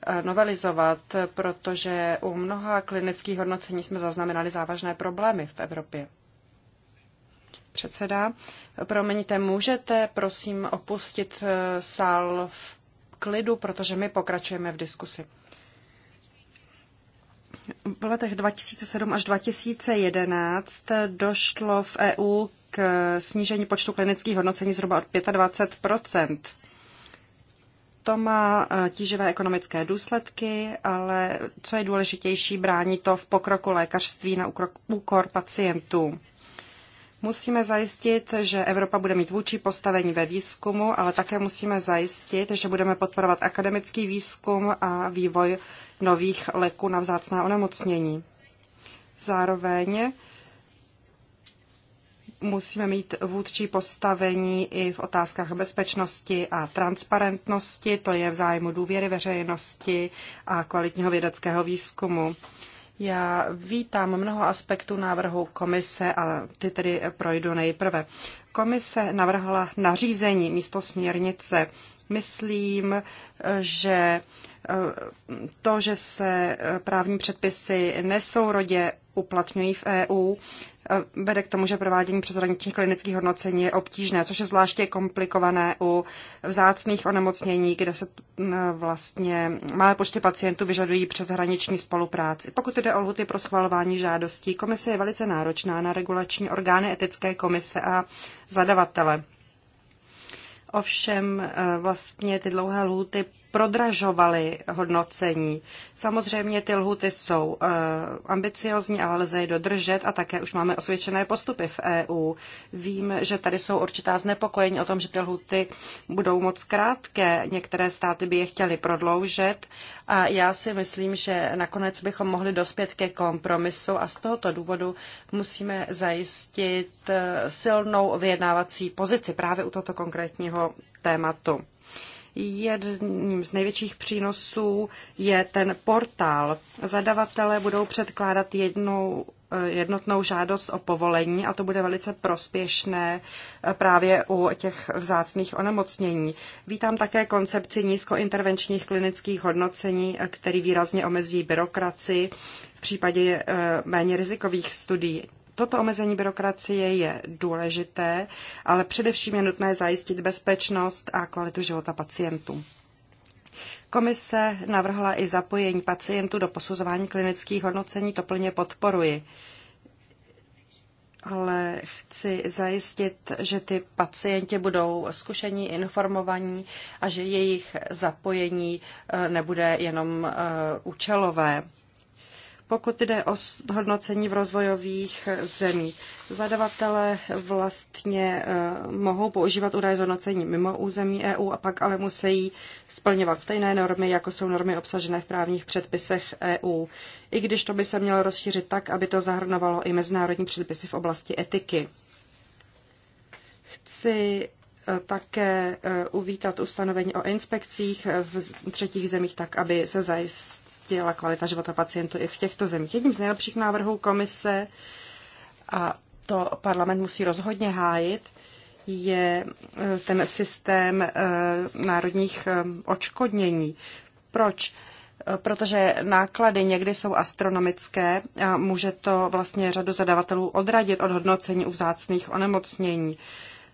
e, novelizovat, protože u mnoha klinických hodnocení jsme zaznamenali závažné problémy v Evropě. Předseda, promiňte, můžete prosím opustit e, sál v klidu, protože my pokračujeme v diskusi v letech 2007 až 2011 došlo v EU k snížení počtu klinických hodnocení zhruba od 25 To má eh, tíživé ekonomické důsledky, ale co je důležitější, brání to v pokroku lékařství na úkor pacientů. Musíme zajistit, že Evropa bude mít vůči postavení ve výzkumu, ale také musíme zajistit, že budeme podporovat akademický výzkum a vývoj nových léků na vzácná onemocnění. Zároveň musíme mít vůdčí postavení i v otázkách bezpečnosti a transparentnosti, to je v zájmu důvěry veřejnosti a kvalitního vědeckého výzkumu. Já vítám mnoho aspektů návrhu komise a ty tedy projdu nejprve. Komise navrhla nařízení místo směrnice. Myslím, že to, že se eh, právní předpisy nesourodě uplatňují v EU, eh, vede k tomu, že provádění přeshraničních klinických hodnocení je obtížné, což je zvláště komplikované u vzácných onemocnění, kde se mm, eh, vlastně malé počty pacientů vyžadují přeshraniční spolupráci. Pokud jde o lhuty pro schvalování žádostí, komise je velice náročná na regulační orgány etické komise a zadavatele. Ovšem vlastně ty dlouhé lhuty prodražovaly hodnocení. Samozřejmě ty lhuty jsou eh, ambiciozní, ale lze je dodržet a také už máme osvědčené postupy v EU. Vím, že tady jsou určitá znepokojení o tom, že ty lhuty budou moc krátké. Některé státy by je chtěly prodloužit a já si myslím, že nakonec bychom mohli dospět ke kompromisu a z tohoto důvodu musíme zajistit eh, silnou vyjednávací pozici právě u tohoto konkrétního tématu. Jedním z největších přínosů je ten portál. Zadavatelé budou předkládat jednou eh, jednotnou žádost o povolení a to bude velice prospěšné eh, právě u těch vzácných onemocnění. Vítám také koncepci nízkointervenčních klinických hodnocení, eh, který výrazně omezí byrokraci v případě méně rizikových studií. Toto omezení byrokracie je důležité, ale především je nutné zajistit bezpečnost a kvalitu života pacientů. Komise navrhla i zapojení pacientů do posuzování klinických hodnocení, to plně podporuji. Ale chci zajistit, že ty pacienti budou zkušení, informovaní a že jejich zapojení eh, nebude jenom eh, účelové. Pokud jde o hodnocení v rozvojových zemích, zadavatele vlastně eh, mohou používat údaje z hodnocení mimo území EU a pak ale musí splňovat stejné normy, jako jsou normy obsažené v právních předpisech EU, i když to by se mělo rozšířit tak, aby to zahrnovalo i mezinárodní předpisy v oblasti etiky. Chci eh, také eh, uvítat ustanovení o inspekcích v třetích zemích tak, aby se zajistilo zlepšila kvalita života pacientů i v těchto zemích. Jedním z nejlepších návrhů komise, a to parlament musí rozhodně hájit, je eh, ten systém eh, národních eh, očkodnění. Proč? Protože náklady někdy jsou astronomické a může to vlastně řadu zadavatelů odradit od hodnocení vzácných onemocnění.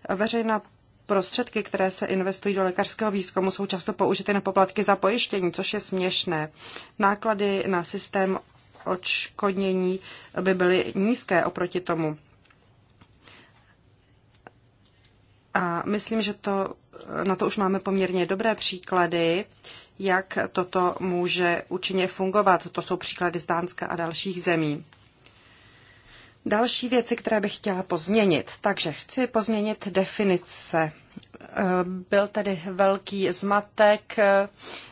Veřejná Prostředky, které se investují do lékařského výzkumu, jsou často použity na poplatky za pojištění, což je směšné. Náklady na systém odškodnění by byly nízké oproti tomu. A myslím, že to, na to už máme poměrně dobré příklady, jak toto může účinně fungovat. To jsou příklady z Dánska a dalších zemí další věci, které bych chtěla pozměnit. Takže chci pozměnit definice Eh, byl tady velký zmatek eh,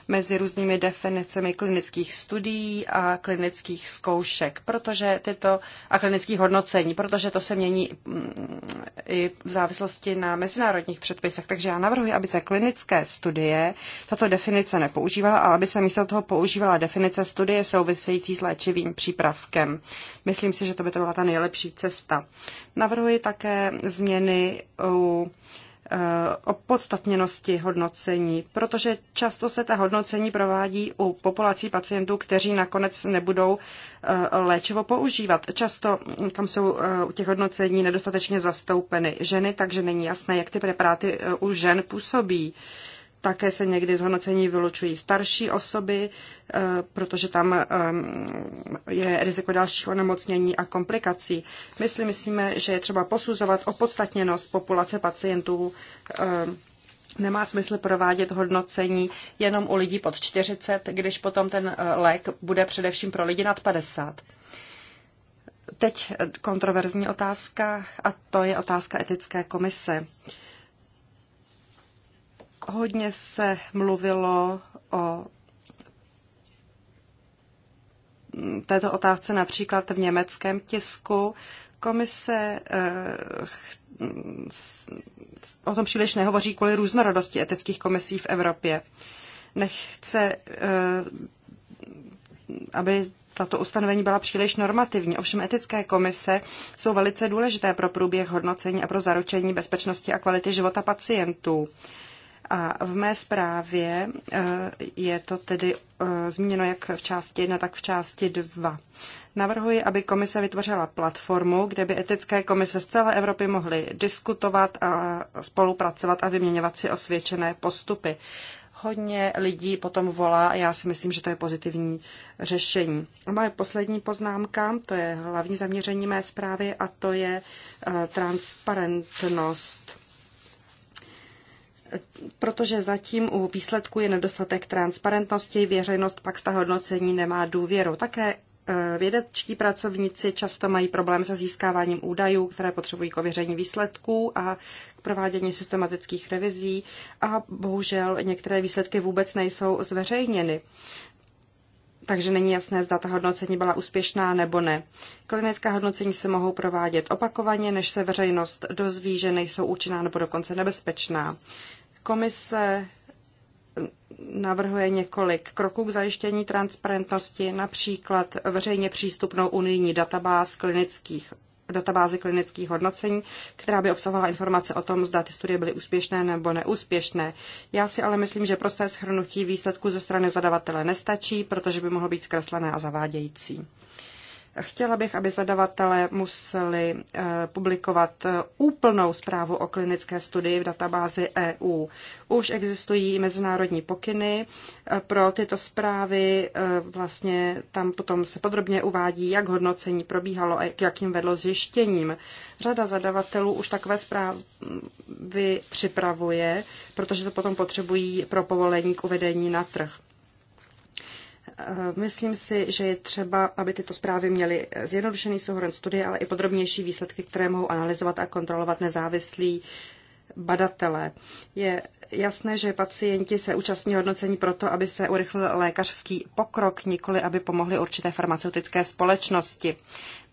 mezi různými definicemi klinických studií a klinických zkoušek, protože tyto a klinických hodnocení, protože to se mění mm, i v závislosti na mezinárodních předpisech. Takže já navrhuji, aby se klinické studie tato definice nepoužívala, ale aby se místo toho používala definice studie související s léčivým přípravkem. Myslím si, že to by to byla ta nejlepší cesta. Navrhuji také změny u Eh, o podstatněnosti hodnocení, protože často se ta hodnocení provádí u populací pacientů, kteří nakonec nebudou eh, léčivo používat. Často tam jsou eh, u těch hodnocení nedostatečně zastoupeny ženy, takže není jasné, jak ty preparáty u žen působí. Také se někdy z hodnocení vylučují starší osoby, eh, protože tam eh, je riziko dalších onemocnění a komplikací. My si myslíme, že je třeba posuzovat opodstatněnost populace pacientů. Eh, nemá smysl provádět hodnocení jenom u lidí pod 40, když potom ten lék bude především pro lidi nad 50. Teď kontroverzní otázka a to je otázka etické komise. Hodně se mluvilo o této otázce například v německém tisku. Komise eh, o tom příliš nehovoří kvůli různorodosti etických komisí v Evropě. Nechce, eh, aby tato ustanovení byla příliš normativní. Ovšem etické komise jsou velice důležité pro průběh hodnocení a pro zaručení bezpečnosti a kvality života pacientů. A v mé zprávě eh, je to tedy eh, zmíněno jak v části 1, tak v části 2. Navrhuji, aby komise vytvořila platformu, kde by etické komise z celé Evropy mohly diskutovat a spolupracovat a vyměňovat si osvědčené postupy. Hodně lidí potom volá a já si myslím, že to je pozitivní řešení. A moje poslední poznámka, to je hlavní zaměření mé zprávy a to je eh, transparentnost protože zatím u výsledku je nedostatek transparentnosti, věřejnost pak z toho hodnocení nemá důvěru. Také eh, vědečtí pracovníci často mají problém se získáváním údajů, které potřebují k ověření výsledků a k provádění systematických revizí a bohužel některé výsledky vůbec nejsou zveřejněny takže není jasné, zda ta hodnocení byla úspěšná nebo ne. Klinická hodnocení se mohou provádět opakovaně, než se veřejnost dozví, že nejsou účinná nebo dokonce nebezpečná. Komise navrhuje několik kroků k zajištění transparentnosti, například veřejně přístupnou unijní databáz klinických databázi klinických hodnocení, která by obsahovala informace o tom, zda ty studie byly úspěšné nebo neúspěšné. Já si ale myslím, že prosté shrnutí výsledků ze strany zadavatele nestačí, protože by mohlo být zkreslené a zavádějící. Chtěla bych, aby zadavatelé museli eh, publikovat eh, úplnou zprávu o klinické studii v databázi EU. Už existují mezinárodní pokyny eh, pro tyto zprávy. Vlastně tam potom se podrobně uvádí, jak hodnocení probíhalo a jakým vedlo zjištěním. Řada zadavatelů už takové zprávy připravuje, protože to potom potřebují pro povolení k uvedení na trh. Eh, myslím si, že je třeba, aby tyto zprávy měly zjednodušený souhrn studie, ale i podrobnější výsledky, které mohou analyzovat a kontrolovat nezávislí badatelé. Je jasné, že pacienti se účastní hodnocení proto, aby se urychlil lékařský pokrok, nikoli aby pomohli určité farmaceutické společnosti.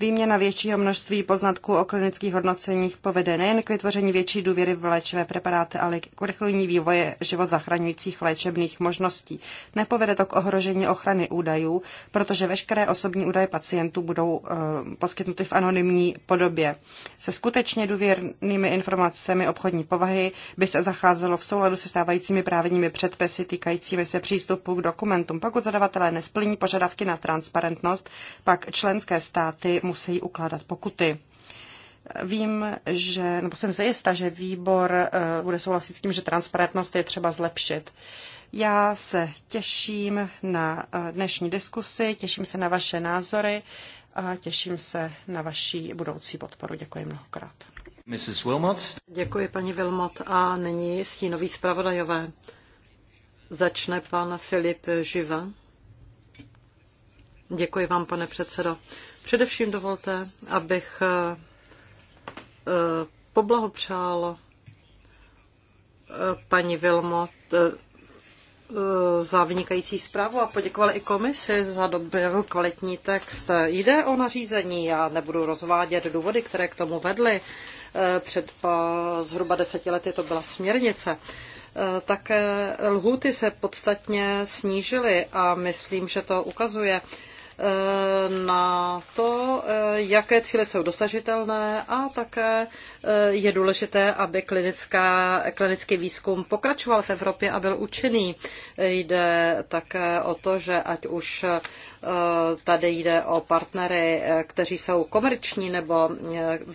Výměna většího množství poznatků o klinických hodnoceních povede nejen k vytvoření větší důvěry v léčivé preparáty, ale k urychlení vývoje život zachraňujících léčebných možností. Nepovede to k ohrožení ochrany údajů, protože veškeré osobní údaje pacientů budou e, poskytnuty v anonymní podobě. Se skutečně důvěrnými informacemi obchodní povahy by se zacházelo v souladu se stávajícími právními předpisy týkajícími se přístupu k dokumentům. Pokud zadavatelé nesplní požadavky na transparentnost, pak členské státy musí ukládat pokuty. Vím, že, nebo jsem se jista, že výbor eh, bude souhlasit s tím, že transparentnost je třeba zlepšit. Já se těším na eh, dnešní diskusi, těším se na vaše názory a těším se na vaši budoucí podporu. Děkuji mnohokrát. Mrs. Wilmot. Děkuji, paní Wilmot. A nyní stínový zpravodajové. Začne pan Filip Živa. Děkuji vám, pane předsedo. Především dovolte, abych eh, eh, poblahopřál eh, paní Vilmot za vynikající zprávu a poděkovali i komisi za dobrý kvalitní text. Jde o nařízení, já nebudu rozvádět důvody, které k tomu vedly. Před zhruba deseti lety to byla směrnice. Také lhuty se podstatně snížily a myslím, že to ukazuje, Eh, na to, eh, jaké cíle jsou dosažitelné a také eh, je důležité, aby klinická, klinický výzkum pokračoval v Evropě a byl účinný. Jde také o to, že ať už tady jde o partnery, kteří jsou komerční nebo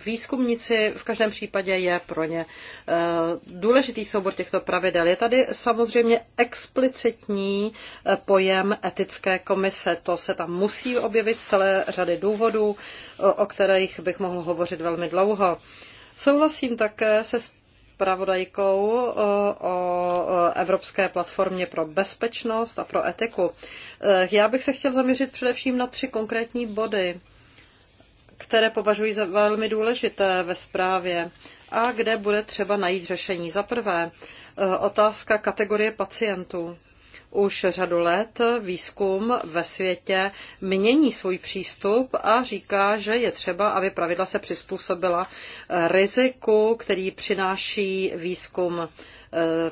výzkumníci, v každém případě je pro ně důležitý soubor těchto pravidel. Je tady samozřejmě explicitní pojem etické komise, to se tam musí musí objevit z celé řady důvodů, o kterých bych mohl hovořit velmi dlouho. Souhlasím také se spravodajkou o Evropské platformě pro bezpečnost a pro etiku. Eh, já bych se chtěl zaměřit především na tři konkrétní body, které považuji za velmi důležité ve zprávě a kde bude třeba najít řešení. Za prvé, eh, otázka kategorie pacientů už řadu let výzkum ve světě mění svůj přístup a říká, že je třeba, aby pravidla se přizpůsobila eh, riziku, který přináší výzkum. Eh,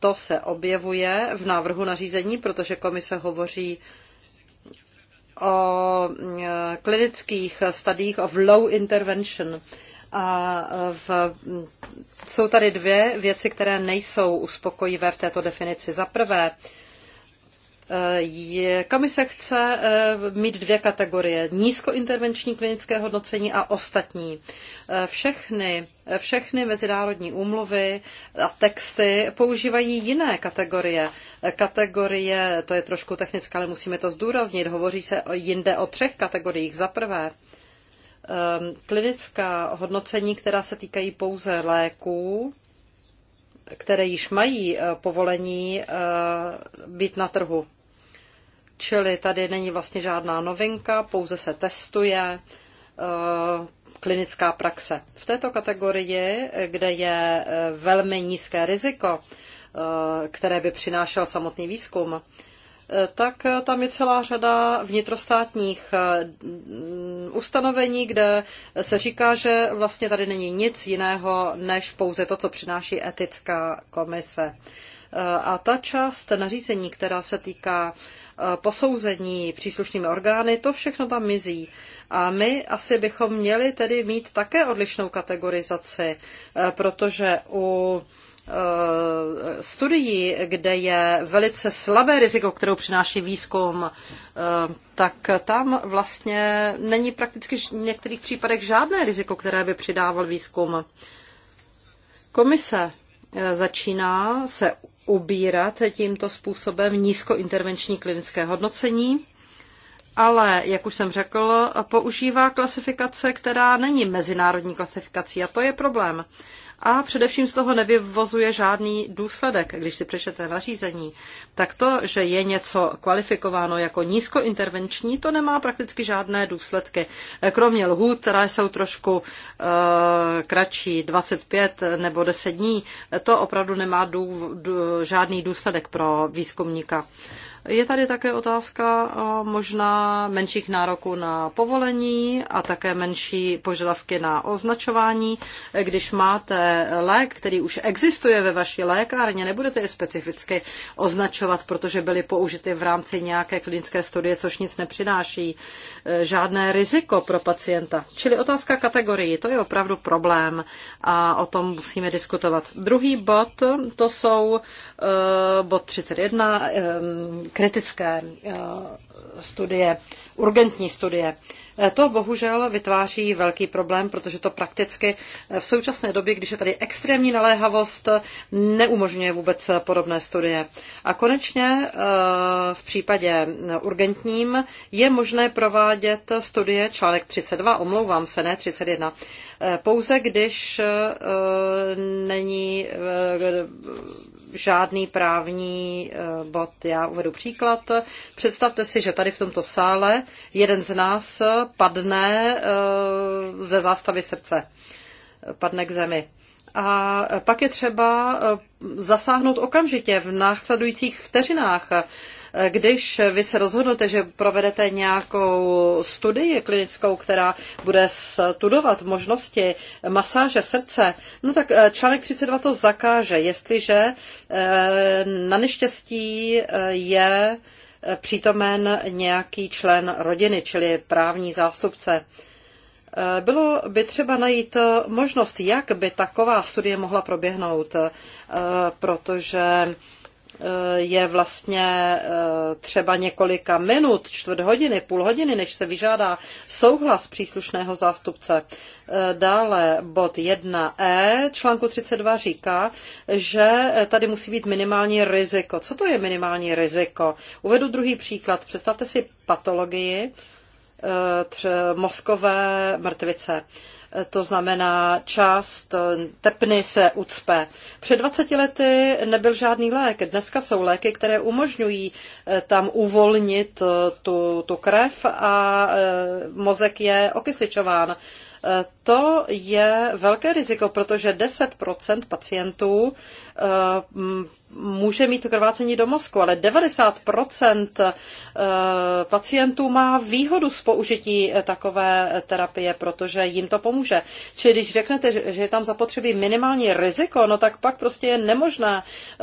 to se objevuje v návrhu nařízení, protože komise hovoří o eh, klinických studiích of low intervention. A v, jsou tady dvě věci, které nejsou uspokojivé v této definici. Za prvé, je, komise chce eh, mít dvě kategorie. Nízkointervenční klinické hodnocení a ostatní. Eh, všechny, eh, všechny mezinárodní úmluvy a texty používají jiné kategorie. Kategorie, to je trošku technické, ale musíme to zdůraznit, hovoří se jinde o třech kategoriích. Za prvé, ehm, klinická hodnocení, která se týkají pouze léků, které již mají povolení být na trhu. Čili tady není vlastně žádná novinka, pouze se testuje eh, klinická praxe. V této kategorii, kde je eh, velmi nízké riziko, eh, které by přinášel samotný výzkum, tak tam je celá řada vnitrostátních mm, ustanovení, kde se říká, že vlastně tady není nic jiného, než pouze to, co přináší etická komise. A ta část nařízení, která se týká e, posouzení příslušnými orgány, to všechno tam mizí. A my asi bychom měli tedy mít také odlišnou kategorizaci, e, protože u e, studií, kde je velice slabé riziko, kterou přináší výzkum, tak tam vlastně není prakticky v některých případech žádné riziko, které by přidával výzkum. Komise začíná se ubírat tímto způsobem nízkointervenční klinické hodnocení, ale, jak už jsem řekl, používá klasifikace, která není mezinárodní klasifikací a to je problém a především z toho nevyvozuje žádný důsledek. Když si přečete nařízení, tak to, že je něco kvalifikováno jako nízkointervenční, to nemá prakticky žádné důsledky. Kromě lhů, které jsou trošku e, kratší, 25 nebo 10 dní, to opravdu nemá dů, dů, žádný důsledek pro výzkumníka. Je tady také otázka možná menších nároků na povolení a také menší požadavky na označování. Když máte lék, který už existuje ve vaší lékárně, nebudete je specificky označovat, protože byly použity v rámci nějaké klinické studie, což nic nepřináší e, žádné riziko pro pacienta. Čili otázka kategorii, to je opravdu problém a o tom musíme diskutovat. Druhý bod, to jsou e, bod 31, kritické eh, studie, urgentní studie. Eh, to bohužel vytváří velký problém, protože to prakticky eh, v současné době, když je tady extrémní naléhavost, neumožňuje vůbec podobné studie. A konečně v případě urgentním je možné provádět studie článek 32, omlouvám se, ne 31, pouze když není žádný právní eh, bod. Já uvedu příklad. Představte si, že tady v tomto sále jeden z nás padne eh, ze zástavy srdce, padne k zemi. A pak je třeba eh, zasáhnout okamžitě v následujících vteřinách. Když vy se rozhodnete, že provedete nějakou studii klinickou, která bude studovat možnosti masáže srdce, no tak eh, článek 32 to zakáže, jestliže eh, na neštěstí eh, je přítomen nějaký člen rodiny, čili právní zástupce. Bylo by třeba najít možnost, jak by taková studie mohla proběhnout, protože Eh, je vlastně eh, třeba několika minut, čtvrt hodiny, půl hodiny, než se vyžádá souhlas příslušného zástupce. Eh, dále bod 1e článku 32 říká, že tady musí být minimální riziko. Co to je minimální riziko? Uvedu druhý příklad. Představte si patologii mozkové mrtvice to znamená část tepny se ucpe. Před 20 lety nebyl žádný lék. Dneska jsou léky, které umožňují eh, tam uvolnit eh, tu, tu krev a eh, mozek je okysličován. To je velké riziko, protože 10% pacientů Eh, mm, může mít krvácení do mozku, ale 90% eh, pacientů má výhodu z použití eh, takové terapie, protože jim to pomůže. Čili když řeknete, že je tam zapotřebí minimální riziko, no tak pak prostě je nemožné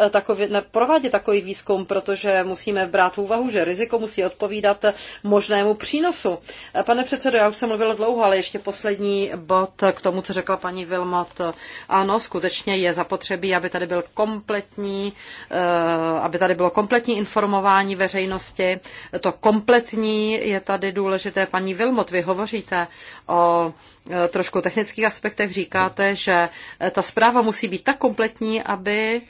takový, provádět takový výzkum, protože musíme brát v úvahu, že riziko musí odpovídat možnému přínosu. Pane předsedo, já už jsem mluvila dlouho, ale ještě poslední bod k tomu, co řekla paní Vilmot. Ano, skutečně je zapotřebí, aby tady byl kompletní, eh, aby tady bylo kompletní informování veřejnosti. To kompletní je tady důležité. Paní Vilmot, vy hovoříte o eh, trošku technických aspektech, říkáte, že eh, ta zpráva musí být tak kompletní, aby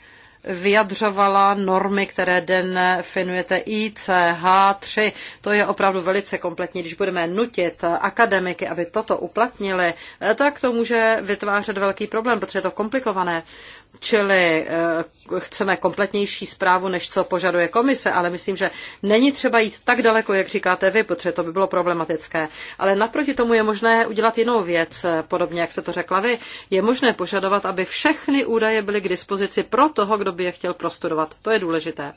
vyjadřovala normy, které definujete ICH3. To je opravdu velice kompletní. Když budeme nutit akademiky, aby toto uplatnili, tak to může vytvářet velký problém, protože je to komplikované. Čili eh, chceme kompletnější zprávu, než co požaduje komise, ale myslím, že není třeba jít tak daleko, jak říkáte vy, protože to by bylo problematické. Ale naproti tomu je možné udělat jinou věc, eh, podobně jak se to řekla vy. Je možné požadovat, aby všechny údaje byly k dispozici pro toho, kdo by je chtěl prostudovat. To je důležité.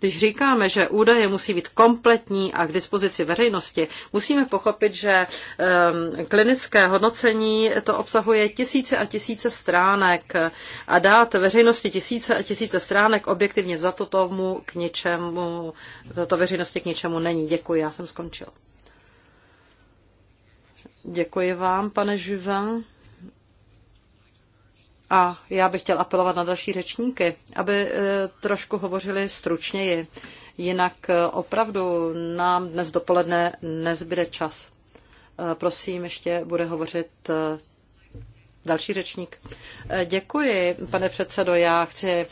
Když říkáme, že údaje musí být kompletní a k dispozici veřejnosti, musíme pochopit, že ehm, klinické hodnocení to obsahuje tisíce a tisíce stránek a dá dát veřejnosti tisíce a tisíce stránek, objektivně za to tomu k ničemu, to veřejnosti k ničemu není. Děkuji, já jsem skončil. Děkuji vám, pane Živin. A já bych chtěl apelovat na další řečníky, aby eh, trošku hovořili stručněji. Jinak eh, opravdu nám dnes dopoledne nezbyde čas. Eh, prosím, ještě bude hovořit Další řečník. Eh, děkuji, pane předsedo. Já chci eh,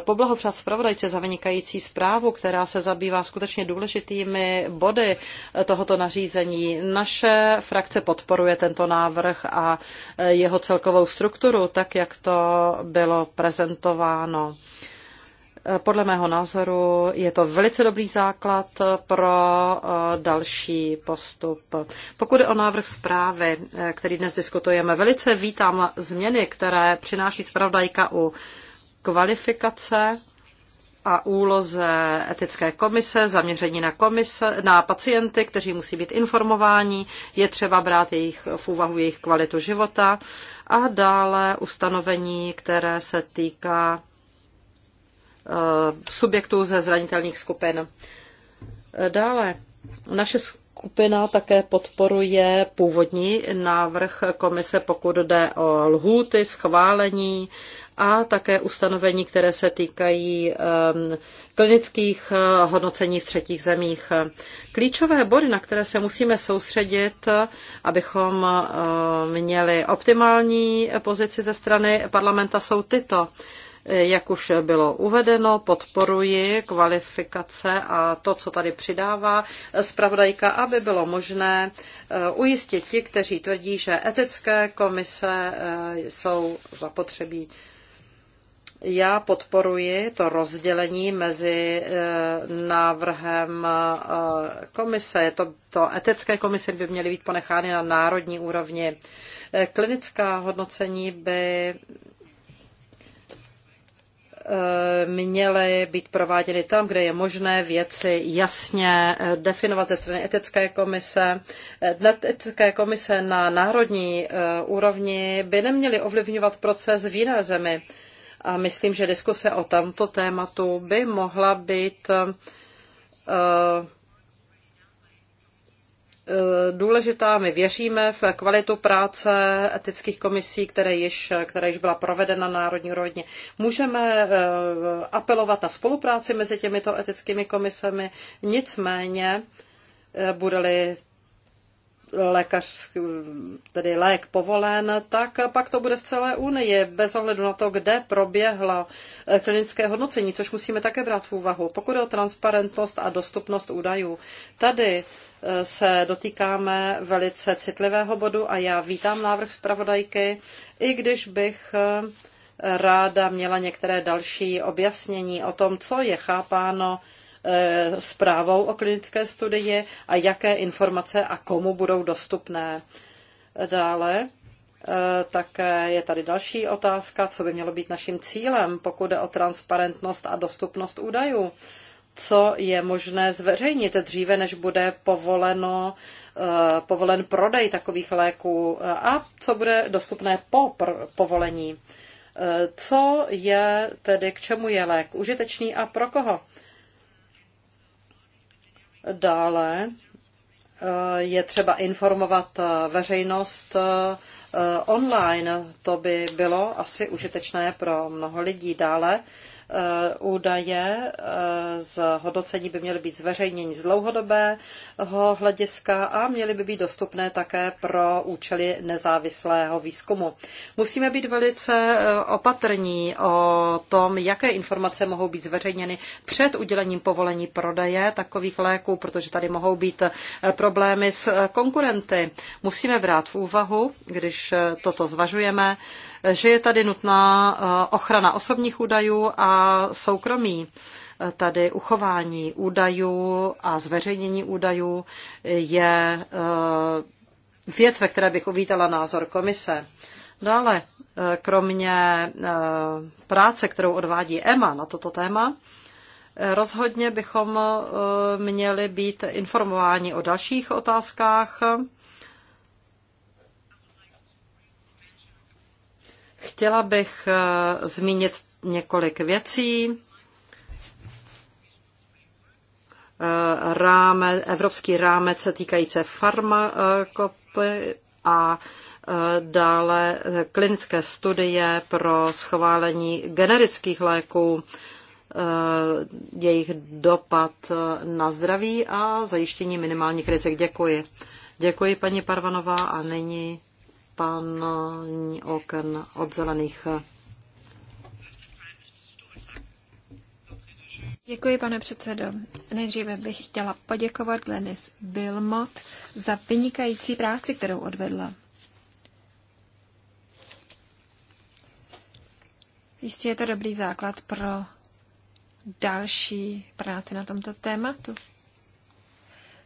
poblahopřát zpravodajce za vynikající zprávu, která se zabývá skutečně důležitými body eh, tohoto nařízení. Naše frakce podporuje tento návrh a jeho celkovou strukturu, tak jak to bylo prezentováno. Eh, podle mého názoru je to velice dobrý základ pro eh, další postup. Pokud je o návrh zprávy, eh, který dnes diskutujeme, velice vítám změny, které přináší zpravodajka u kvalifikace a úloze etické komise, zaměření na, komise, na pacienty, kteří musí být informováni, je třeba brát jejich, v úvahu jejich kvalitu života a dále ustanovení, které se týká Eh, subjektů ze zranitelných skupin. Dále, naše skupina také podporuje původní návrh komise, pokud jde o lhůty, schválení a také ustanovení, které se týkají eh, klinických eh, hodnocení v třetích zemích. Klíčové body, na které se musíme soustředit, abychom měli optimální pozici ze strany parlamenta, jsou tyto. Jak už bylo uvedeno, podporuji kvalifikace a to, co tady přidává zpravodajka, aby bylo možné eh, ujistit ti, kteří tvrdí, že etické komise eh, jsou zapotřebí. Já podporuji to rozdělení mezi eh, návrhem komise. Je to, to etické komise by měly být ponechány na národní úrovni. Klinická hodnocení by Eh, měly být prováděny tam, kde je možné věci jasně eh, definovat ze strany etické komise. Dne etické komise na národní eh, úrovni by neměly ovlivňovat proces v jiné zemi. A myslím, že diskuse o tomto tématu by mohla být Eh, důležitá. My věříme v kvalitu práce etických komisí, které již, která již byla provedena na národní úrovni. Můžeme eh, apelovat na spolupráci mezi těmito etickými komisemi, nicméně eh, bude-li lékař, tedy lék povolen, tak pak to bude v celé Unii, bez ohledu na to, kde proběhla eh, klinické hodnocení, což musíme také brát v úvahu. Pokud je o transparentnost a dostupnost údajů, tady eh, se dotýkáme velice citlivého bodu a já vítám návrh zpravodajky, i když bych eh, ráda měla některé další objasnění o tom, co je chápáno Eh, zprávou o klinické studii a jaké informace a komu budou dostupné. Dále eh, tak je tady další otázka, co by mělo být naším cílem, pokud jde o transparentnost a dostupnost údajů. Co je možné zveřejnit dříve, než bude povoleno, eh, povolen prodej takových léků a co bude dostupné po povolení. Co je tedy, k čemu je lék užitečný a pro koho? Dále eh, je třeba informovat eh, veřejnost eh, online. To by bylo asi užitečné pro mnoho lidí. Dále Eh, údaje eh, z hodnocení by měly být zveřejněny z dlouhodobého hlediska a měly by být dostupné také pro účely nezávislého výzkumu. Musíme být velice eh, opatrní o tom, jaké informace mohou být zveřejněny před udělením povolení prodeje takových léků, protože tady mohou být problémy s konkurenty. Musíme brát v úvahu, když toto zvažujeme, že je tady nutná eh, ochrana osobních údajů a soukromí. Eh, tady uchování údajů a zveřejnění údajů je eh, věc, ve které bych uvítala názor komise. Dále, kromě práce, kterou odvádí EMA na toto téma, rozhodně bychom měli být informováni o dalších otázkách, Chtěla bych eh, zmínit několik věcí. Eh, ráme, evropský rámec se týkající farmakopy a eh, dále klinické studie pro schválení generických léků, jejich dopad na zdraví a zajištění minimálních rizik. Děkuji. Děkuji paní Parvanová a nyní pan Oken od Zelených. Děkuji, pane předsedo. Nejdříve bych chtěla poděkovat Lenis Bilmot za vynikající práci, kterou odvedla. Jistě je to dobrý základ pro další práci na tomto tématu.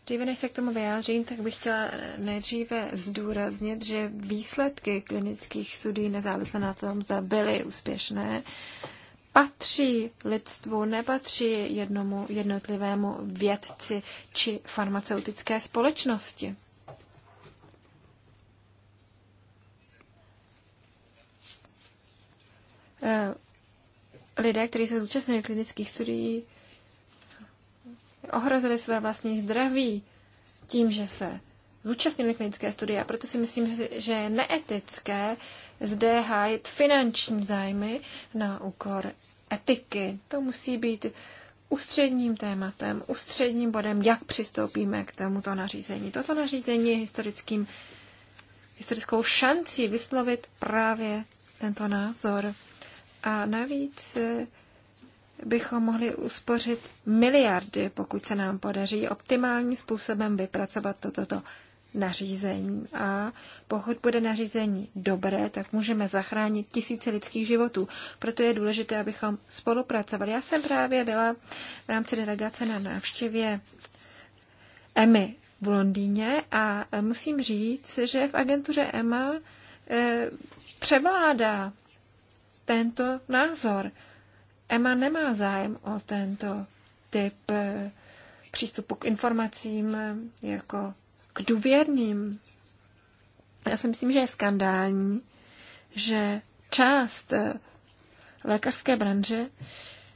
Dříve než se k tomu vyjádřím, tak bych chtěla nejdříve zdůraznit, že výsledky klinických studií nezávisle na tom, zda byly úspěšné, patří lidstvu, nepatří jednomu jednotlivému vědci či farmaceutické společnosti. Eh, lidé, kteří se zúčastnili klinických studií, ohrozili své vlastní zdraví tím, že se zúčastnili klinické studie. A proto si myslím, že je neetické zde hájit finanční zájmy na úkor etiky. To musí být ústředním tématem, ústředním bodem, jak přistoupíme k tomuto nařízení. Toto nařízení je historickým, historickou šancí vyslovit právě tento názor. A navíc eh, bychom mohli uspořit miliardy, pokud se nám podaří optimálním způsobem vypracovat toto to, to nařízení. A pokud bude nařízení dobré, tak můžeme zachránit tisíce lidských životů. Proto je důležité, abychom spolupracovali. Já jsem právě byla v rámci delegace na návštěvě EMI v Londýně a musím říct, že v agentuře EMA eh, převládá tento názor. Emma nemá zájem o tento typ eh, přístupu k informacím eh, jako k důvěrným. Já si myslím, že je skandální, že část eh, lékařské branže,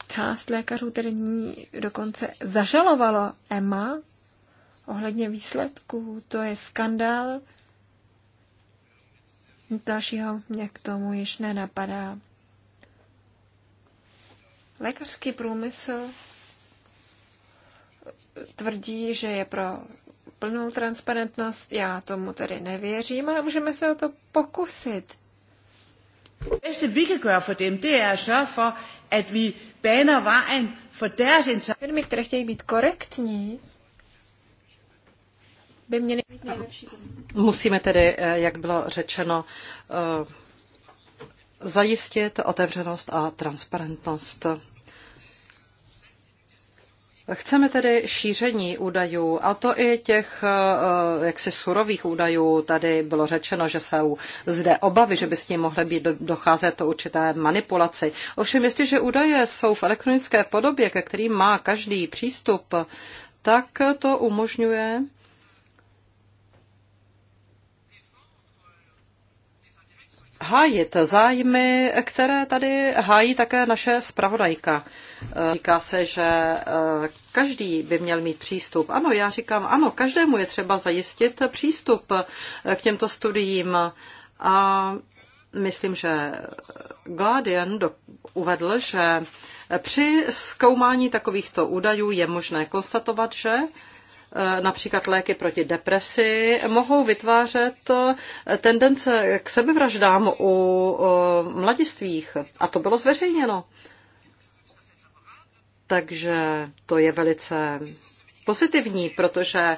část lékařů tedy ní dokonce zažalovalo Emma ohledně výsledků. To je skandál. Dalšího mě k tomu již nenapadá. Lékařský průmysl tvrdí, že je pro plnou transparentnost. Já tomu tedy nevěřím, ale můžeme se o to pokusit. Bedste vi kan gøre for dem, det er at sørge for, at vi baner vejen for deres Firmy, které chtějí být korektní, by měly být nejlepší. Musíme tedy, eh, jak bylo řečeno, eh, zajistit otevřenost a transparentnost. Chceme tedy šíření údajů, a to i těch eh, jaksi surových údajů. Tady bylo řečeno, že jsou zde obavy, že by s ním mohly být docházet o určité manipulaci. Ovšem, jestliže údaje jsou v elektronické podobě, ke kterým má každý přístup, tak to umožňuje hájit zájmy, které tady hájí také naše spravodajka. Eh, říká se, že eh, každý by měl mít přístup. Ano, já říkám, ano, každému je třeba zajistit přístup eh, k těmto studiím. A myslím, že Guardian uvedl, že při zkoumání takovýchto údajů je možné konstatovat, že Eh, například léky proti depresi, mohou vytvářet eh, tendence k sebevraždám u eh, mladistvých. A to bylo zveřejněno. Takže to je velice pozitivní, protože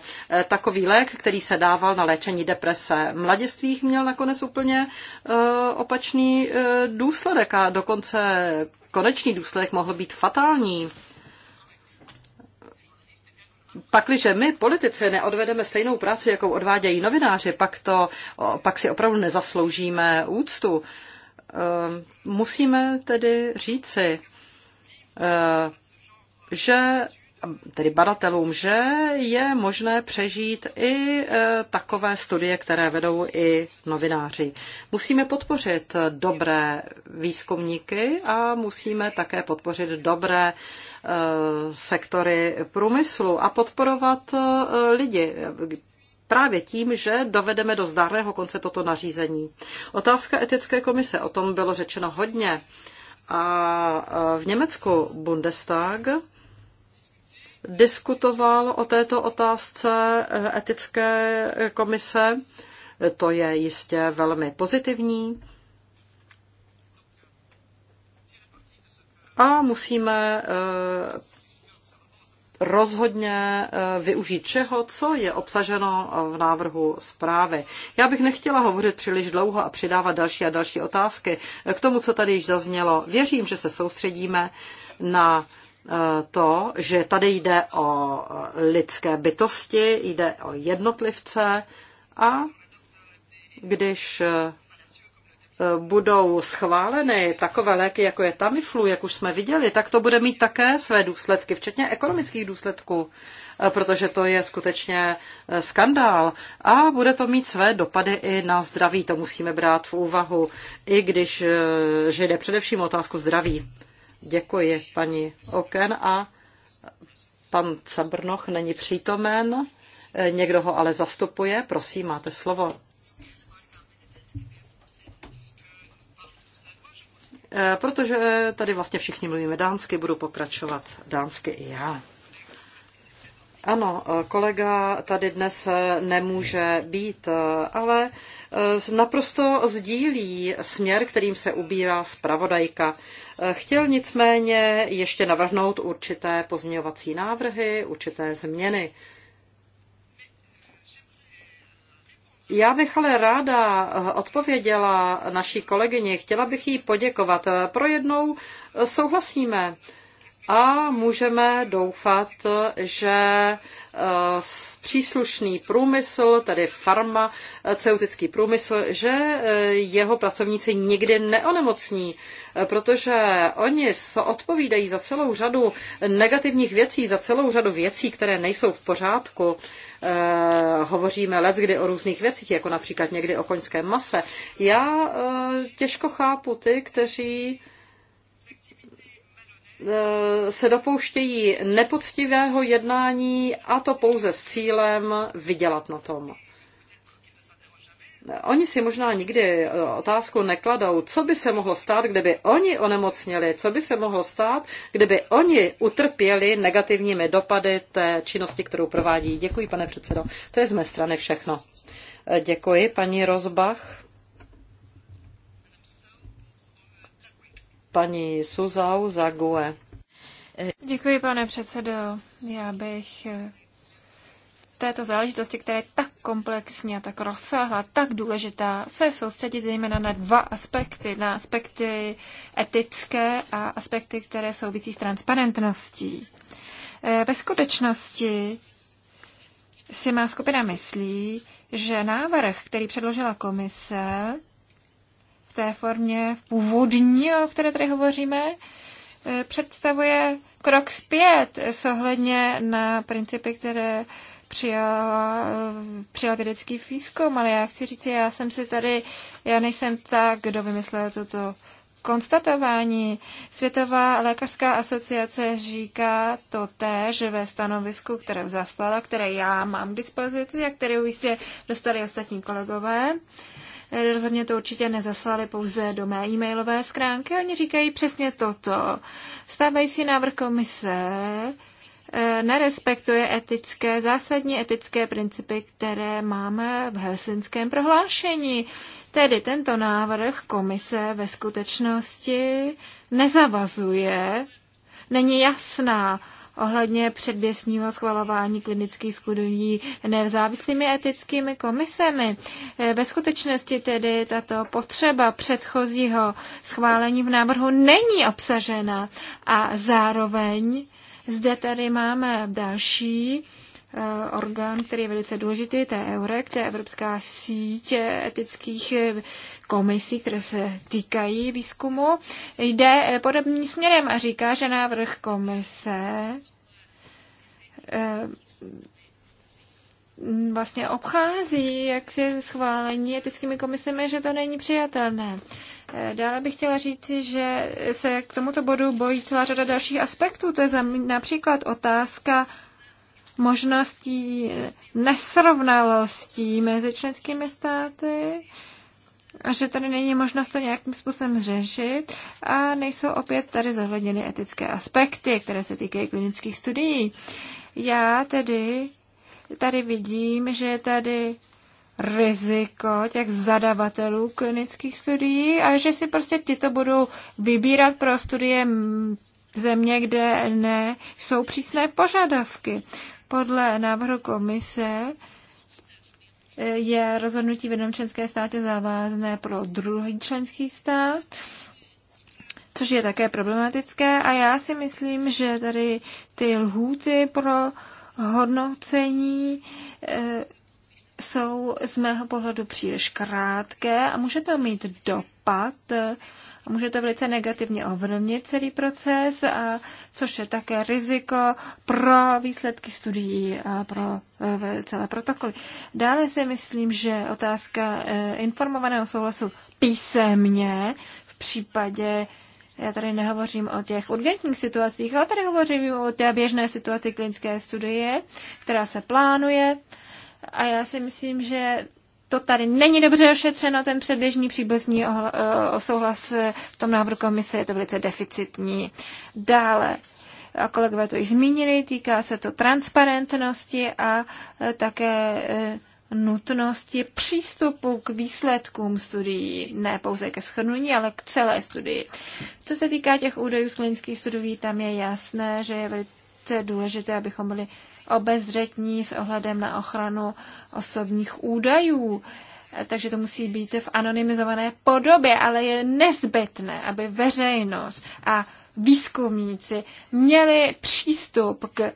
takový lék, který se dával na léčení deprese mladistvých, měl nakonec úplně opačný důsledek a dokonce konečný důsledek mohl být fatální pakliže my, politici, neodvedeme stejnou práci, jakou odvádějí novináři, pak, to, pak si opravdu nezasloužíme úctu. E, musíme tedy říci, e, že tedy badatelům, že je možné přežít i e, takové studie, které vedou i novináři. Musíme podpořit dobré výzkumníky a musíme také podpořit dobré Eh, sektory průmyslu a podporovat eh, lidi právě tím, že dovedeme do zdárného konce toto nařízení. Otázka etické komise, o tom bylo řečeno hodně. A eh, v Německu Bundestag diskutoval o této otázce etické komise. To je jistě velmi pozitivní. a musíme eh, rozhodně eh, využít všeho, co je obsaženo eh, v návrhu zprávy. Já bych nechtěla hovořit příliš dlouho a přidávat další a další otázky k tomu, co tady již zaznělo. Věřím, že se soustředíme na to, že tady jde o lidské bytosti, jde o jednotlivce a když Eh, budou schváleny takové léky, jako je Tamiflu, jak už jsme viděli, tak to bude mít také své důsledky, včetně ekonomických důsledků, eh, protože to je skutečně eh, skandál. A bude to mít své dopady i na zdraví, to musíme brát v úvahu, i když že jde především o otázku zdraví. Děkuji, paní Oken. A pan Cabrnoch není přítomen, někdo ho ale zastupuje. Prosím, máte slovo. Eh, protože tady vlastně všichni mluvíme dánsky, budu pokračovat dánsky i já. Ano, eh, kolega tady dnes eh, nemůže být, ale naprosto sdílí směr, kterým se ubírá zpravodajka. Chtěl nicméně ještě navrhnout určité pozměňovací návrhy, určité změny. Já bych ale ráda eh, odpověděla naší kolegyně. Chtěla bych jí poděkovat. Eh, pro jednou eh, souhlasíme a můžeme doufat, že příslušný průmysl, tedy farmaceutický průmysl, že jeho pracovníci nikdy neonemocní protože oni se odpovídají za celou řadu negativních věcí, za celou řadu věcí, které nejsou v pořádku. Eh, hovoříme let, kdy o různých věcích, jako například někdy o koňském mase. Já eh, těžko chápu ty, kteří eh, se dopouštějí nepoctivého jednání a to pouze s cílem vydělat na tom. Oni si možná nikdy e, otázku nekladou, co by se mohlo stát, kdyby oni onemocněli, co by se mohlo stát, kdyby oni utrpěli negativními dopady té činnosti, kterou provádí. Děkuji, pane předsedo. To je z mé strany všechno. E, děkuji, paní Rozbach. Paní Suzau Zague. Děkuji, pane předsedo. Já bych e, této záležitosti, která je tak komplexní a tak rozsáhlá, tak důležitá, se soustředit zejména na dva aspekty. Na aspekty etické a aspekty, které souvisí s transparentností. E, ve skutečnosti si má skupina myslí, že návrh, který předložila komise v té formě původní, o které tady hovoříme, e, představuje krok zpět sohledně na principy, které přijala, přijala vědecký výzkum, ale já chci říct, já jsem si tady, já nejsem tak, kdo vymyslel toto konstatování. Světová lékařská asociace říká to že ve stanovisku, které zaslala, které já mám k dispozici a které už si dostali ostatní kolegové. Rozhodně to určitě nezaslali pouze do mé e-mailové schránky. Oni říkají přesně toto. Stávající návrh komise E, nerespektuje etické, zásadní etické principy, které máme v Helsinském prohlášení. Tedy tento návrh komise ve skutečnosti nezavazuje, není jasná ohledně předběsního schvalování klinických studií nezávislými etickými komisemi. E, ve skutečnosti tedy tato potřeba předchozího schválení v návrhu není obsažena a zároveň zde tady máme další eh, orgán, který je velice důležitý, to je EUREK, to je Evropská síť etických eh, komisí, které se týkají výzkumu, jde eh, podobným směrem a říká, že návrh komise vlastně obchází jak se schválení etickými komisemi, že to není přijatelné. Eh, dále bych chtěla říci, že se k tomuto bodu bojí celá řada dalších aspektů. To je například otázka možností nesrovnalostí mezi členskými státy a že tady není možnost to nějakým způsobem řešit a nejsou opět tady zohledněny etické aspekty, které se týkají klinických studií. Já tedy tady vidím, že je tady riziko těch zadavatelů klinických studií a že si prostě tyto budou vybírat pro studie země, kde ne, jsou přísné požadavky. Podle návrhu komise eh, je rozhodnutí v jednom členské státě závazné pro druhý členský stát, což je také problematické. A já si myslím, že tady ty lhůty pro hodnocení eh, jsou z mého pohledu příliš krátké a může to mít dopad a může to velice negativně ovlivnit celý proces, a což je také riziko pro výsledky studií a pro e, celé protokoly. Dále si myslím, že otázka e, informovaného souhlasu písemně v případě já tady nehovořím o těch urgentních situacích, ale tady hovořím o té běžné situaci klinické studie, která se plánuje a já si myslím, že to tady není dobře ošetřeno, ten předběžný příbuzný eh, souhlas eh, v tom návrhu komise je to velice deficitní. Dále, a kolegové to již zmínili, týká se to transparentnosti a eh, také nutnosti přístupu k výsledkům studií, ne pouze ke shrnutí, ale k celé studii. Co se týká těch údajů z klinických studií, tam je jasné, že je velice důležité, abychom byli obezřetní s ohledem na ochranu osobních údajů. Takže to musí být v anonymizované podobě, ale je nezbytné, aby veřejnost a výzkumníci měli přístup k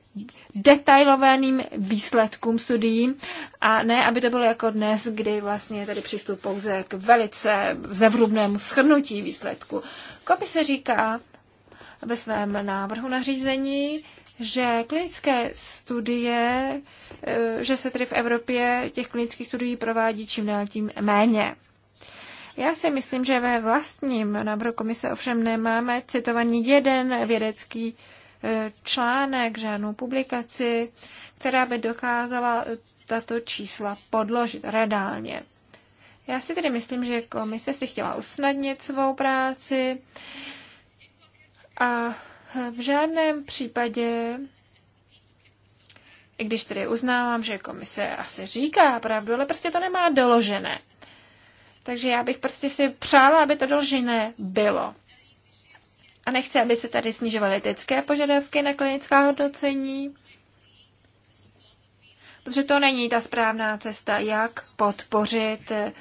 detailovaným výsledkům studií a ne, aby to bylo jako dnes, kdy vlastně je tady přístup pouze k velice zevrubnému schrnutí výsledku. Komise říká ve svém návrhu nařízení, že klinické studie, eh, že se tedy v Evropě těch klinických studií provádí čím dál tím méně. Já si myslím, že ve vlastním návrhu komise ovšem nemáme citovaný jeden vědecký eh, článek, žádnou publikaci, která by dokázala eh, tato čísla podložit radálně. Já si tedy myslím, že komise si chtěla usnadnit svou práci a v žádném případě, i když tedy uznávám, že komise asi říká pravdu, ale prostě to nemá doložené. Takže já bych prostě si přála, aby to doložené bylo. A nechci, aby se tady snižovaly etické požadavky na klinická hodnocení protože to není ta správná cesta, jak podpořit eh,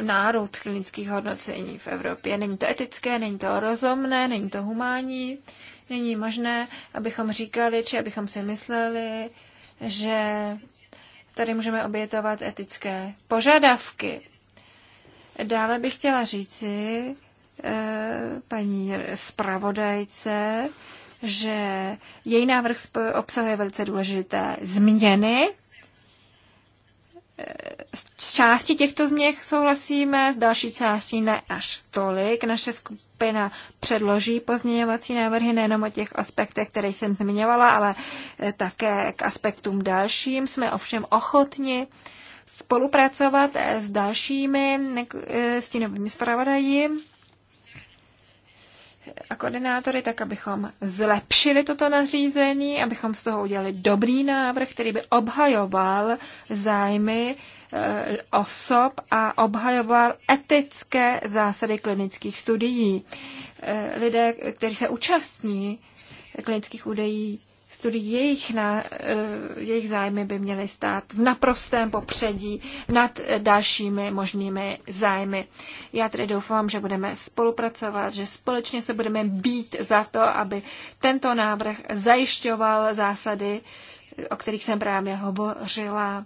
nárůst klinických hodnocení v Evropě. Není to etické, není to rozumné, není to humánní, není možné, abychom říkali, či abychom si mysleli, že tady můžeme obětovat etické požadavky. Dále bych chtěla říci eh, paní zpravodajce, že její návrh obsahuje velice důležité změny. S e, části těchto změn souhlasíme, s další částí ne až tolik. Naše skupina předloží pozměňovací návrhy nejenom o těch aspektech, které jsem zmiňovala, ale e, také k aspektům dalším. Jsme ovšem ochotni spolupracovat e, s dalšími stínovými zpravodaji a koordinátory, tak abychom zlepšili toto nařízení, abychom z toho udělali dobrý návrh, který by obhajoval zájmy e, osob a obhajoval etické zásady klinických studií. E, lidé, kteří se účastní klinických údejí, studií jejich, na, eh, jejich zájmy by měly stát v naprostém popředí nad dalšími možnými zájmy. Já tedy doufám, že budeme spolupracovat, že společně se budeme být za to, aby tento návrh zajišťoval zásady, o kterých jsem právě hovořila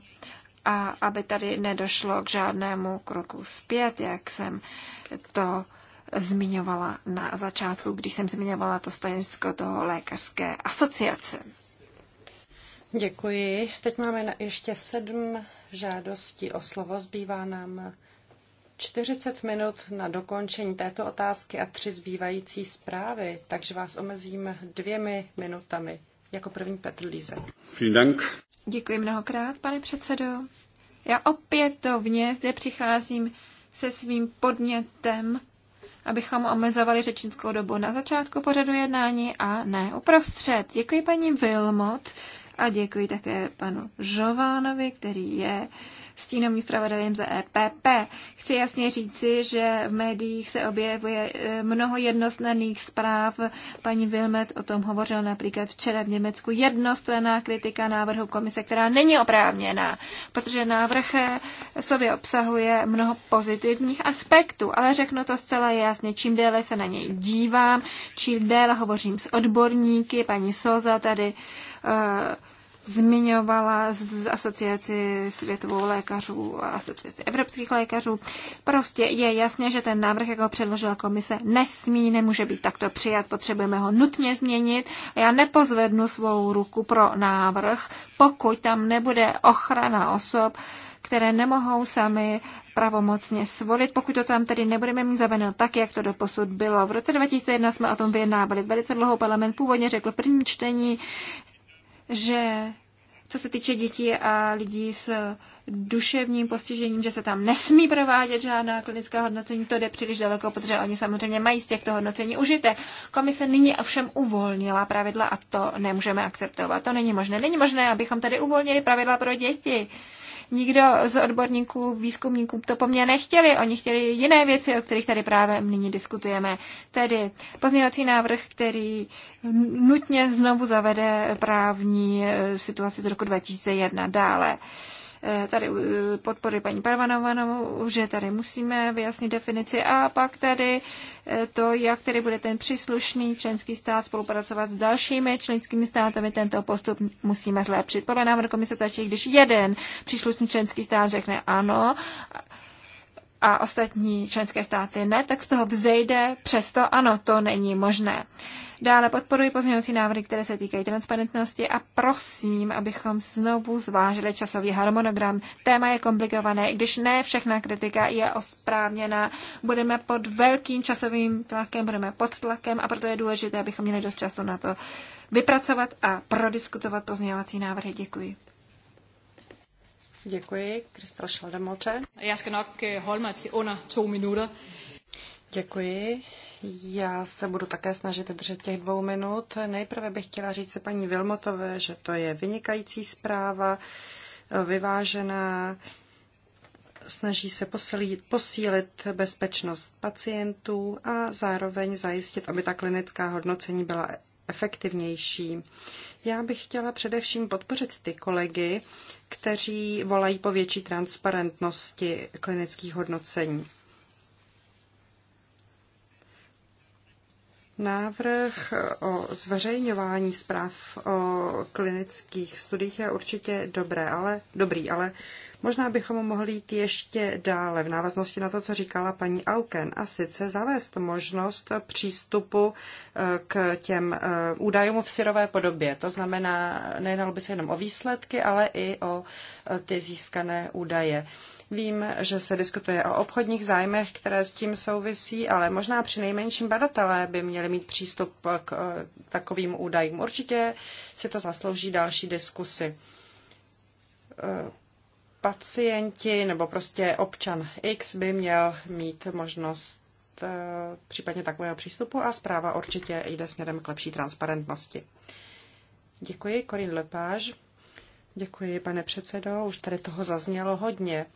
a aby tady nedošlo k žádnému kroku zpět, jak jsem to zmiňovala na začátku, když jsem zmiňovala to stanisko toho lékařské asociace. Děkuji. Teď máme na ještě sedm žádostí o slovo. Zbývá nám 40 minut na dokončení této otázky a tři zbývající zprávy, takže vás omezím dvěmi minutami. Jako první Petr Líze. Děkuji mnohokrát, pane předsedo. Já opětovně zde přicházím se svým podnětem abychom omezovali řečnickou dobu na začátku pořadu jednání a ne uprostřed. Děkuji paní Vilmot a děkuji také panu Žovánovi, který je uh, stínovým zpravodajem za EPP. Chci jasně říci, že v médiích se objevuje eh, mnoho jednostranných zpráv. Paní Wilmet o tom hovořila například včera v Německu. Jednostranná kritika návrhu komise, která není oprávněná, protože návrh eh, v sobě obsahuje mnoho pozitivních aspektů, ale řeknu to zcela jasně, čím déle se na něj dívám, čím déle hovořím s odborníky, paní Soza tady uh, zmiňovala z asociaci světovou lékařů a asociaci evropských lékařů. Prostě je jasné, že ten návrh, jak ho předložila komise, nesmí, nemůže být takto přijat, potřebujeme ho nutně změnit já nepozvednu svou ruku pro návrh, pokud tam nebude ochrana osob, které nemohou sami pravomocně svolit, pokud to tam tedy nebudeme mít zavedeno tak, jak to doposud bylo. V roce 2001 jsme o tom vyjednávali velice dlouho. Parlament původně řekl v prvním čtení, že co se týče dětí a lidí s duševním postižením, že se tam nesmí provádět žádná klinická hodnocení, to jde příliš daleko, protože oni samozřejmě mají z těchto hodnocení užitek. Komise nyní ovšem uvolnila pravidla a to nemůžeme akceptovat. To není možné. Není možné, abychom tady uvolnili pravidla pro děti nikdo z odborníků, výzkumníků to po mně nechtěli. Oni chtěli jiné věci, o kterých tady právě nyní diskutujeme. Tedy pozměňovací návrh, který nutně znovu zavede právní eh, situaci z roku 2001 dále tady podpory paní Parvanovanou, že tady musíme vyjasnit definici a pak tady eh, to, jak tedy bude ten příslušný členský stát spolupracovat s dalšími členskými státami, tento postup musíme zlepšit. Podle návrhu komise stačí, když jeden příslušný členský stát řekne ano, a ostatní členské státy ne, tak z toho vzejde přesto ano, to není možné. Uh, Dále podporuji pozměňovací návrhy, které se týkají transparentnosti a prosím, abychom znovu zvážili časový harmonogram. Téma je komplikované, i když ne všechna kritika je osprávněná. Budeme pod velkým časovým tlakem, budeme pod tlakem a proto je důležité, abychom měli dost času na to vypracovat a prodiskutovat pozměňovací návrhy. Děkuji. Děkuji, Kristra Šaldemote. Já skal nok eh, holde mig til to Děkuji. Já se budu také snažit držet těch dvou minut. Nejprve bych chtěla říct se paní Vilmotové, že to je vynikající zpráva, vyvážená, snaží se posilit, posílit bezpečnost pacientů a zároveň zajistit, aby ta klinická hodnocení byla efektivnější. Já bych chtěla především podpořit ty kolegy, kteří volají po větší transparentnosti klinických hodnocení. Návrh o zveřejňování zpráv o klinických studiích je určitě dobré, ale, dobrý, ale možná bychom mohli jít ještě dále v návaznosti na to, co říkala paní Auken, a sice zavést možnost přístupu eh, k těm eh, údajům v syrové podobě. To znamená, nejednalo by se jenom o výsledky, ale i o eh, ty získané údaje. Vím, že se diskutuje o obchodních zájmech, které s tím souvisí, ale možná při nejmenším badatelé by měli mít přístup k eh, takovým údajům. Určitě si to zaslouží další diskusy. Eh, pacienti nebo prostě občan X by měl mít možnost eh, případně takového přístupu a zpráva určitě jde směrem k lepší transparentnosti. Děkuji, Corinne Lepage. Děkuji, pane předsedo. Už tady toho zaznělo hodně.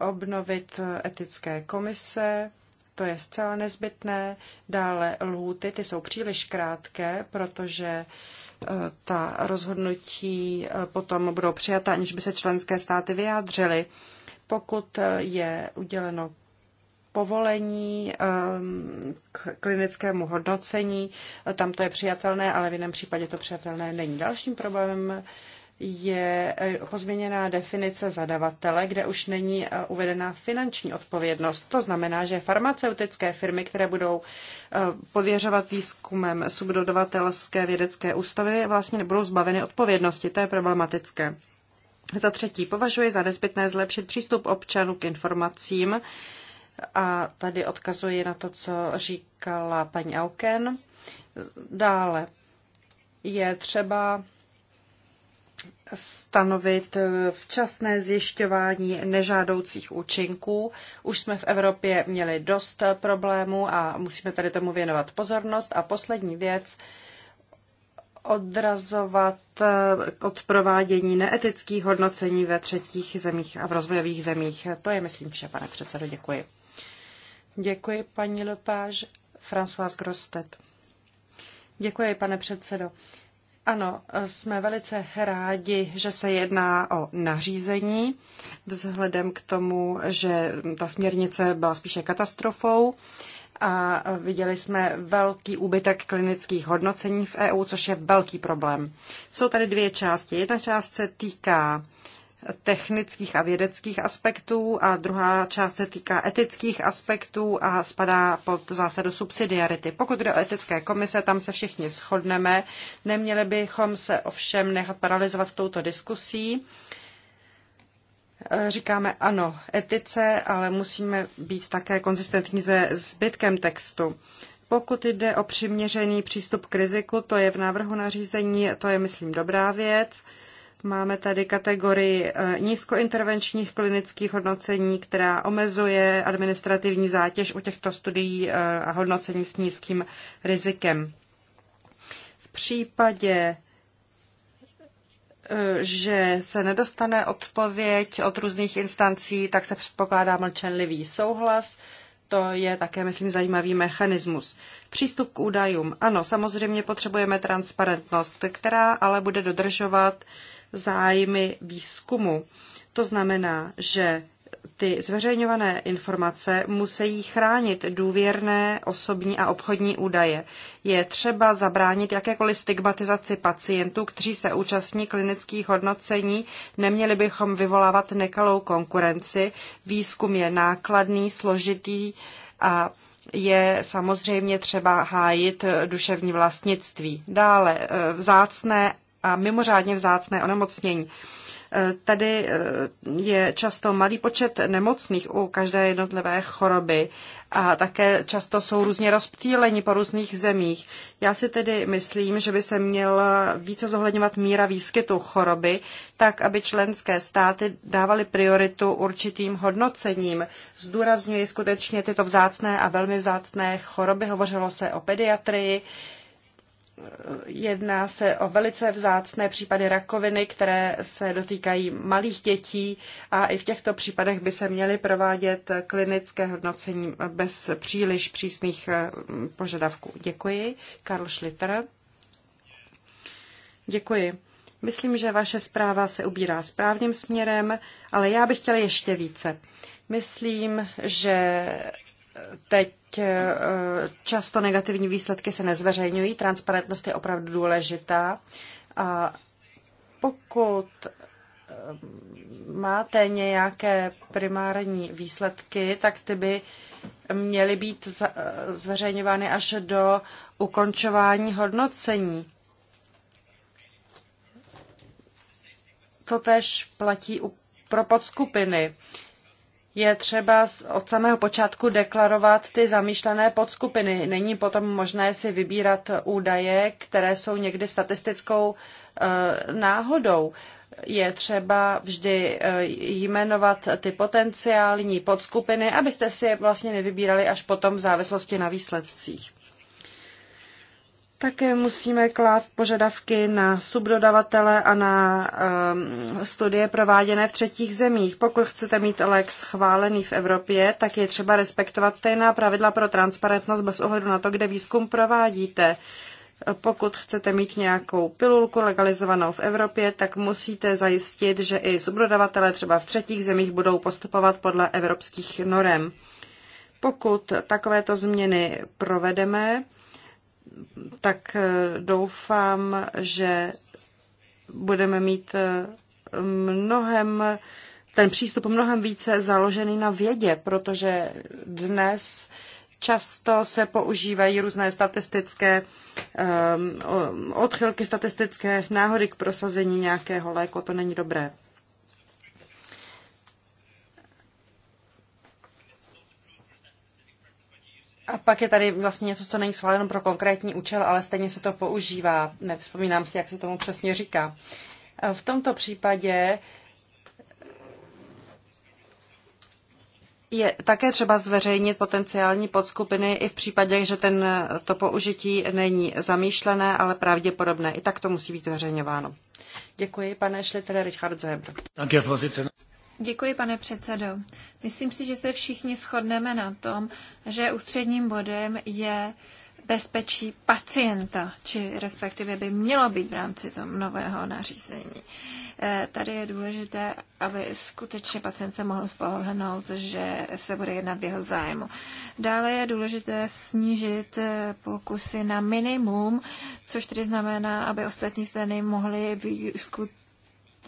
Obnovit etické komise, to je zcela nezbytné. Dále lhůty, ty jsou příliš krátké, protože e, ta rozhodnutí e, potom budou přijata, aniž by se členské státy vyjádřily. Pokud e, je uděleno povolení k klinickému hodnocení, tam to je přijatelné, ale v jiném případě to přijatelné není. Dalším problémem je pozměněná eh, definice zadavatele, kde už není eh, uvedena finanční odpovědnost. To znamená, že farmaceutické firmy, které budou eh, pověřovat výzkumem subdodavatelské vědecké ústavy, vlastně nebudou zbaveny odpovědnosti. To je problematické. Za třetí, považuji za nezbytné zlepšit přístup občanů k informacím. A tady odkazuji na to, co říkala paní Auken. Dále je třeba stanovit eh, včasné zjišťování nežádoucích účinků. Už jsme v Evropě měli dost problémů a musíme tady tomu věnovat pozornost. A poslední věc, odrazovat eh, od provádění neetických hodnocení ve třetích zemích a v rozvojových zemích. To je, myslím, vše, pane předsedo. Děkuji. Děkuji, paní Lepáž. François Grostet. Děkuji, pane předsedo. Ano, jsme velice rádi, že se jedná o nařízení, vzhledem k tomu, že ta směrnice byla spíše katastrofou a viděli jsme velký úbytek klinických hodnocení v EU, což je velký problém. Jsou tady dvě části. Jedna část se týká uh, technických a vědeckých aspektů a druhá část se týká etických aspektů a spadá pod zásadu subsidiarity. Pokud jde o etické komise, tam se všichni shodneme. Neměli bychom se ovšem nechat paralizovat touto diskusí. Říkáme ano etice, ale musíme být také konzistentní se zbytkem textu. Pokud jde o přiměřený přístup k riziku, to je v návrhu nařízení, to je, myslím, dobrá věc. Máme tady kategorii eh, nízkointervenčních klinických hodnocení, která omezuje administrativní zátěž u těchto studií eh, a hodnocení s nízkým rizikem. V případě eh, že se nedostane odpověď od různých instancí, tak se předpokládá mlčenlivý souhlas. To je také, myslím, zajímavý mechanismus. Přístup k údajům. Ano, samozřejmě potřebujeme transparentnost, která ale bude dodržovat uh, zájmy výzkumu. To znamená, že ty zveřejňované informace musí chránit důvěrné osobní a obchodní údaje. Je třeba zabránit jakékoliv stigmatizaci pacientů, kteří se účastní klinických hodnocení. Neměli bychom vyvolávat nekalou konkurenci. Výzkum je nákladný, složitý a je samozřejmě třeba hájit duševní vlastnictví. Dále e, vzácné a mimořádně vzácné onemocnění. E, tady e, je často malý počet nemocných u každé jednotlivé choroby a také často jsou různě rozptýleni po různých zemích. Já si tedy myslím, že by se měl více zohledňovat míra výskytu choroby, tak aby členské státy dávaly prioritu určitým hodnocením. Zdůrazňuji skutečně tyto vzácné a velmi vzácné choroby. Hovořilo se o pediatrii, jedná se o velice vzácné případy rakoviny, které se dotýkají malých dětí a i v těchto případech by se měly provádět klinické hodnocení bez příliš přísných eh, požadavků. Děkuji. Karl Schlitter. Děkuji. Myslím, že vaše zpráva se ubírá správným směrem, ale já bych chtěla ještě více. Myslím, že teď Eh, často negativní výsledky se nezveřejňují, transparentnost je opravdu důležitá. A pokud eh, máte nějaké primární výsledky, tak ty by měly být eh, zveřejňovány až do ukončování hodnocení. To tež platí pro podskupiny je třeba od samého počátku deklarovat ty zamýšlené podskupiny. Není potom možné si vybírat údaje, které jsou někdy statistickou eh, náhodou je třeba vždy eh, jmenovat ty potenciální podskupiny, abyste si je vlastně nevybírali až potom v závislosti na výsledcích. Také musíme klást požadavky na subdodavatele a na um, studie prováděné v třetích zemích. Pokud chcete mít lék schválený v Evropě, tak je třeba respektovat stejná pravidla pro transparentnost bez ohledu na to, kde výzkum provádíte. Pokud chcete mít nějakou pilulku legalizovanou v Evropě, tak musíte zajistit, že i subdodavatele třeba v třetích zemích budou postupovat podle evropských norem. Pokud takovéto změny provedeme, tak eh, doufám, že budeme mít eh, mnohem ten přístup mnohem více založený na vědě, protože dnes často se používají různé statistické um, odchylky, statistické náhody k prosazení nějakého léku. To není dobré. A pak je tady vlastně něco, co není schváleno pro konkrétní účel, ale stejně se to používá. Nevzpomínám si, jak se tomu přesně říká. V tomto případě Je také třeba zveřejnit potenciální podskupiny i v případě, že ten, to použití není zamýšlené, ale pravděpodobné. I tak to musí být zveřejňováno. Děkuji, pane Schlitter, Richard Zebr. Děkuji, pane předsedo. Myslím si, že se všichni shodneme na tom, že ústředním bodem je bezpečí pacienta, či respektive by mělo být v rámci toho nového nařízení. Eh, tady je důležité, aby skutečně pacient se mohl spolehnout, že se bude jednat v jeho zájmu. Dále je důležité snížit eh, pokusy na minimum, což tedy znamená, aby ostatní strany mohly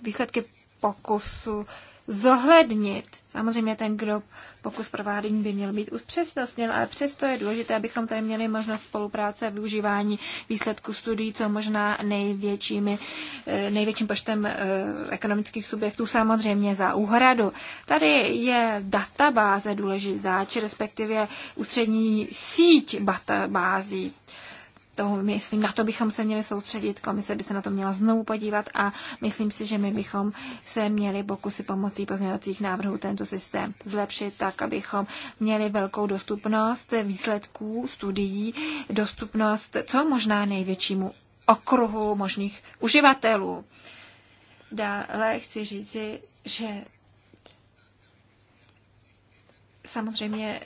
výsledky pokusu zohlednit. Samozřejmě ten, kdo pokus provádění by měl být upřesnostněn, ale přesto je důležité, abychom tady měli možnost spolupráce a využívání výsledků studií, co možná největšími, eh, největším počtem eh, ekonomických subjektů, samozřejmě za úhradu. Tady je databáze důležitá, či respektive ústřední síť databází toho myslím, na to bychom se měli soustředit, komise by se na to měla znovu podívat a myslím si, že my bychom se měli pokusy pomocí pozměňovacích návrhů tento systém zlepšit tak, abychom měli velkou dostupnost výsledků studií, dostupnost co možná největšímu okruhu možných uživatelů. Dále chci říci, že samozřejmě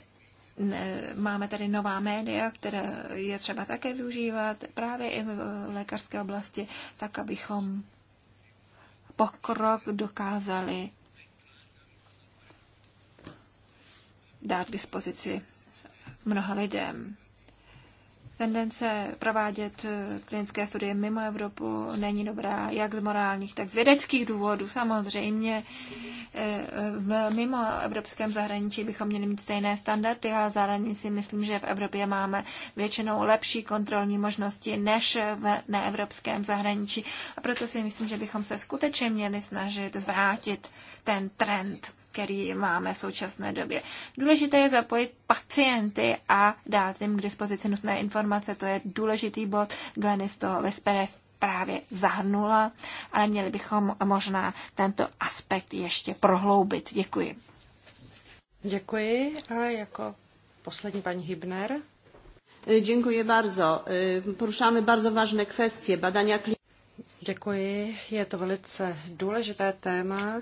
Máme tady nová média, které je třeba také využívat právě i v lékařské oblasti, tak abychom pokrok dokázali dát k dispozici mnoha lidem. Tendence provádět klinické studie mimo Evropu není dobrá, jak z morálních, tak z vědeckých důvodů samozřejmě v mimo evropském zahraničí bychom měli mít stejné standardy a zároveň si myslím, že v Evropě máme většinou lepší kontrolní možnosti než v neevropském zahraničí. A proto si myslím, že bychom se skutečně měli snažit zvrátit ten trend který máme v současné době. Důležité je zapojit pacienty a dát jim k dispozici nutné informace. To je důležitý bod Glenis toho Vesperes právě zahrnula, ale měli bychom možná tento aspekt ještě prohloubit. Děkuji. Děkuji a jako poslední paní Hybner. E, Děkuji bardzo. E, poruszamy bardzo ważne kwestie badania kliniczne. Děkuji, je to velice důležité téma e,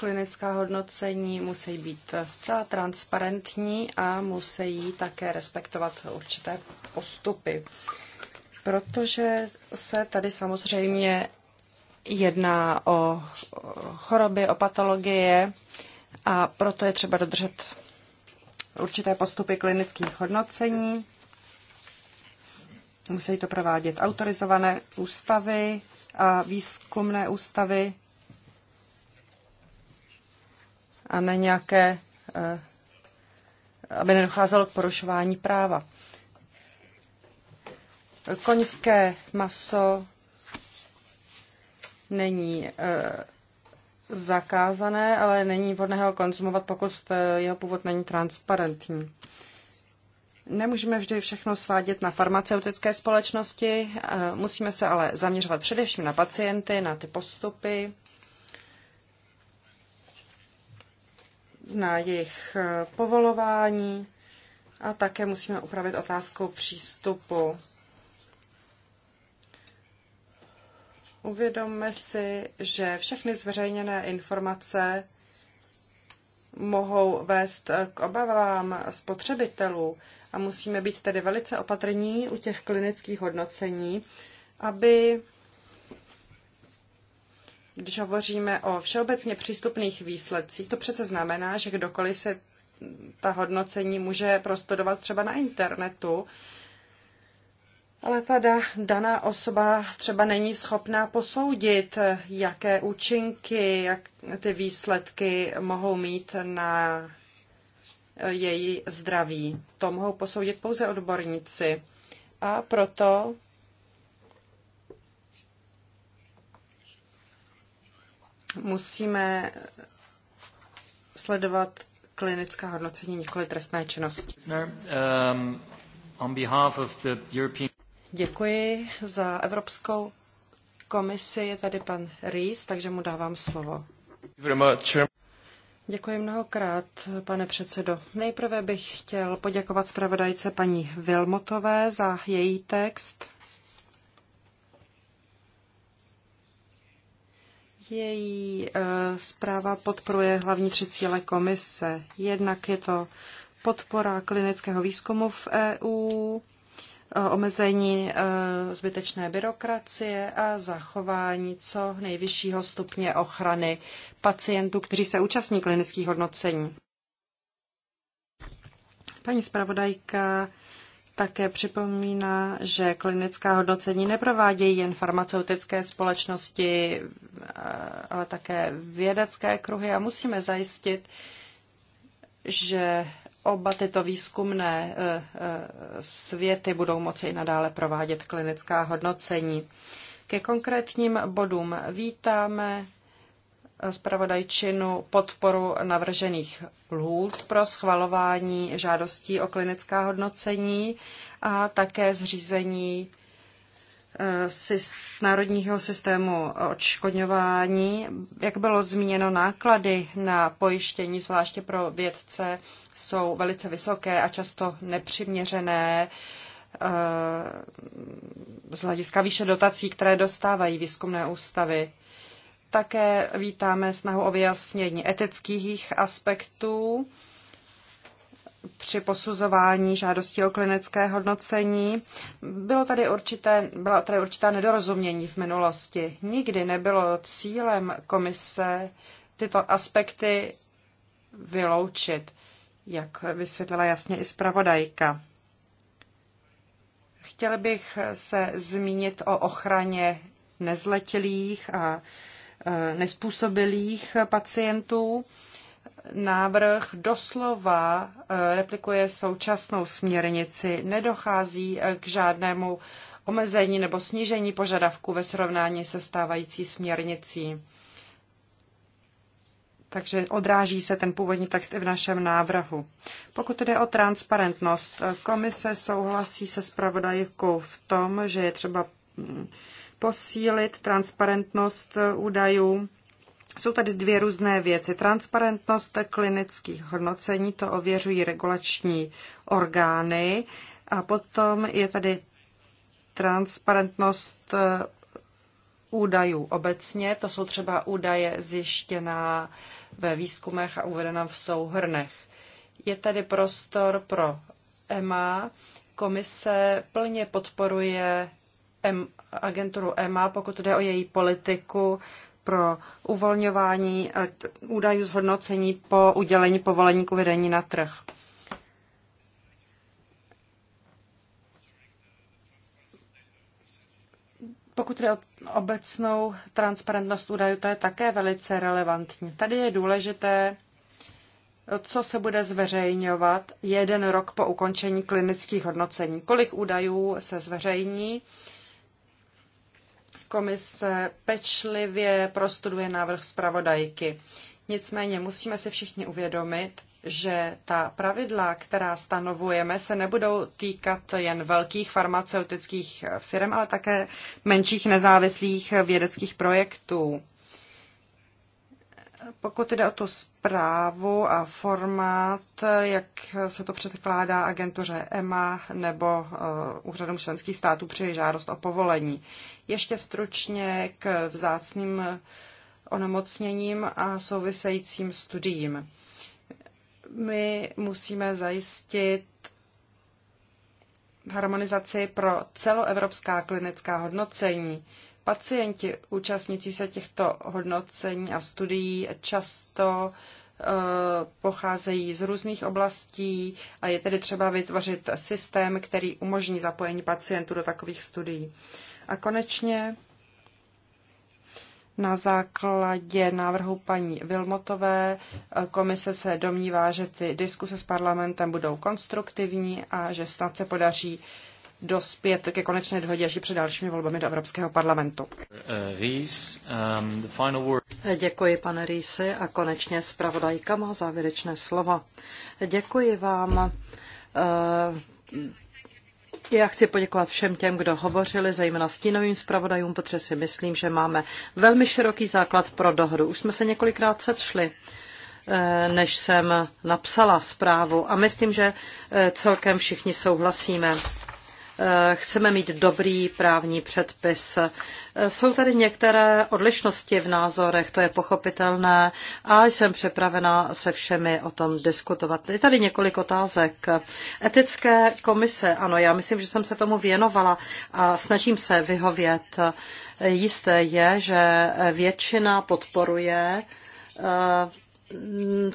klinická hodnocení musí být zcela transparentní a musí také respektovat určité postupy. Protože se tady samozřejmě jedná o choroby, o patologie a proto je třeba dodržet určité postupy klinických hodnocení. Musí to provádět autorizované ústavy a výzkumné ústavy a na nějaké, eh, aby nedocházelo k porušování práva. Koňské maso není eh, zakázané, ale není vhodné ho konzumovat, pokud jeho původ není transparentní. Nemůžeme vždy všechno svádět na farmaceutické společnosti, eh, musíme se ale zaměřovat především na pacienty, na ty postupy, na jejich eh, povolování a také musíme upravit otázku přístupu. Uvědomme si, že všechny zveřejněné informace mohou vést k obavám spotřebitelů a musíme být tedy velice opatrní u těch klinických hodnocení, aby když hovoříme o všeobecně přístupných výsledcích, to přece znamená, že kdokoliv se ta hodnocení může prostudovat třeba na internetu, ale ta daná osoba třeba není schopná posoudit, jaké účinky, jak ty výsledky mohou mít na její zdraví. To mohou posoudit pouze odborníci. A proto musíme sledovat klinická hodnocení, nikoli trestné činnosti. Um, Děkuji za Evropskou komisi. Je tady pan Rees, takže mu dávám slovo. Děkuji mnohokrát, pane předsedo. Nejprve bych chtěl poděkovat zpravodajce paní Vilmotové za její text. Její eh, zpráva podporuje hlavní tři cíle komise. Jednak je to podpora klinického výzkumu v EU, eh, omezení eh, zbytečné byrokracie a zachování co nejvyššího stupně ochrany pacientů, kteří se účastní klinických hodnocení. Paní zpravodajka také připomíná, že klinická hodnocení neprovádějí jen farmaceutické společnosti, eh, ale také vědecké kruhy a musíme zajistit, že oba tyto výzkumné eh, eh, světy budou moci i nadále provádět klinická hodnocení. Ke konkrétním bodům vítáme zpravodajčinu podporu navržených lhůt pro schvalování žádostí o klinická hodnocení a také zřízení eh, národního systému odškodňování. Jak bylo zmíněno, náklady na pojištění, zvláště pro vědce, jsou velice vysoké a často nepřiměřené eh, z hlediska výše dotací, které dostávají výzkumné ústavy. Také vítáme snahu o vyjasnění etických aspektů při posuzování žádosti o klinické hodnocení. Bylo tady určité, byla tady určitá nedorozumění v minulosti. Nikdy nebylo cílem komise tyto aspekty vyloučit, jak vysvětlila jasně i zpravodajka. Chtěl bych se zmínit o ochraně nezletilých a Eh, nespůsobilých pacientů. Návrh doslova eh, replikuje současnou směrnici, nedochází eh, k žádnému omezení nebo snížení požadavku ve srovnání se stávající směrnicí. Takže odráží se ten původní text i v našem návrhu. Pokud jde o transparentnost, komise souhlasí se spravodajkou v tom, že je třeba mm, posílit transparentnost údajů. Jsou tady dvě různé věci. Transparentnost klinických hodnocení, to ověřují regulační orgány. A potom je tady transparentnost eh, údajů obecně. To jsou třeba údaje zjištěná ve výzkumech a uvedena v souhrnech. Je tady prostor pro EMA. Komise plně podporuje agenturu EMA, pokud jde o její politiku pro uvolňování eh, údajů z hodnocení po udělení povolení k uvedení na trh. Pokud jde o obecnou transparentnost údajů, to je také velice relevantní. Tady je důležité, co se bude zveřejňovat jeden rok po ukončení klinických hodnocení. Kolik údajů se zveřejní, Komise pečlivě prostuduje návrh zpravodajky. Nicméně musíme si všichni uvědomit, že ta pravidla, která stanovujeme, se nebudou týkat jen velkých farmaceutických firm, ale také menších nezávislých vědeckých projektů. Pokud jde o tu zprávu a formát, jak se to předkládá agentuře EMA nebo eh, úřadům členských států při žádost o povolení. Ještě stručně k vzácným onemocněním a souvisejícím studiím. My musíme zajistit harmonizaci pro celoevropská klinická hodnocení. Pacienti účastníci se těchto hodnocení a studií často eh, pocházejí z různých oblastí a je tedy třeba vytvořit systém, který umožní zapojení pacientů do takových studií. A konečně na základě návrhu paní Vilmotové eh, komise se domnívá, že ty diskuse s parlamentem budou konstruktivní a že snad se podaří dospět ke konečné dohodě až před dalšími volbami do Evropského parlamentu. Eh, um, Děkuji, pane Rýsi, a konečně zpravodajka má závěrečné slovo. Děkuji vám. Eh, já chci poděkovat všem těm, kdo hovořili, zejména stínovým zpravodajům, protože si myslím, že máme velmi široký základ pro dohodu. Už jsme se několikrát sešli eh, než jsem napsala zprávu. A myslím, že celkem všichni souhlasíme. Eh, chceme mít dobrý právní předpis. Eh, jsou tady některé odlišnosti v názorech, to je pochopitelné a jsem připravena se všemi o tom diskutovat. Je tady několik otázek. Etické komise, ano, já myslím, že jsem se tomu věnovala a snažím se vyhovět. Eh, jisté je, že většina podporuje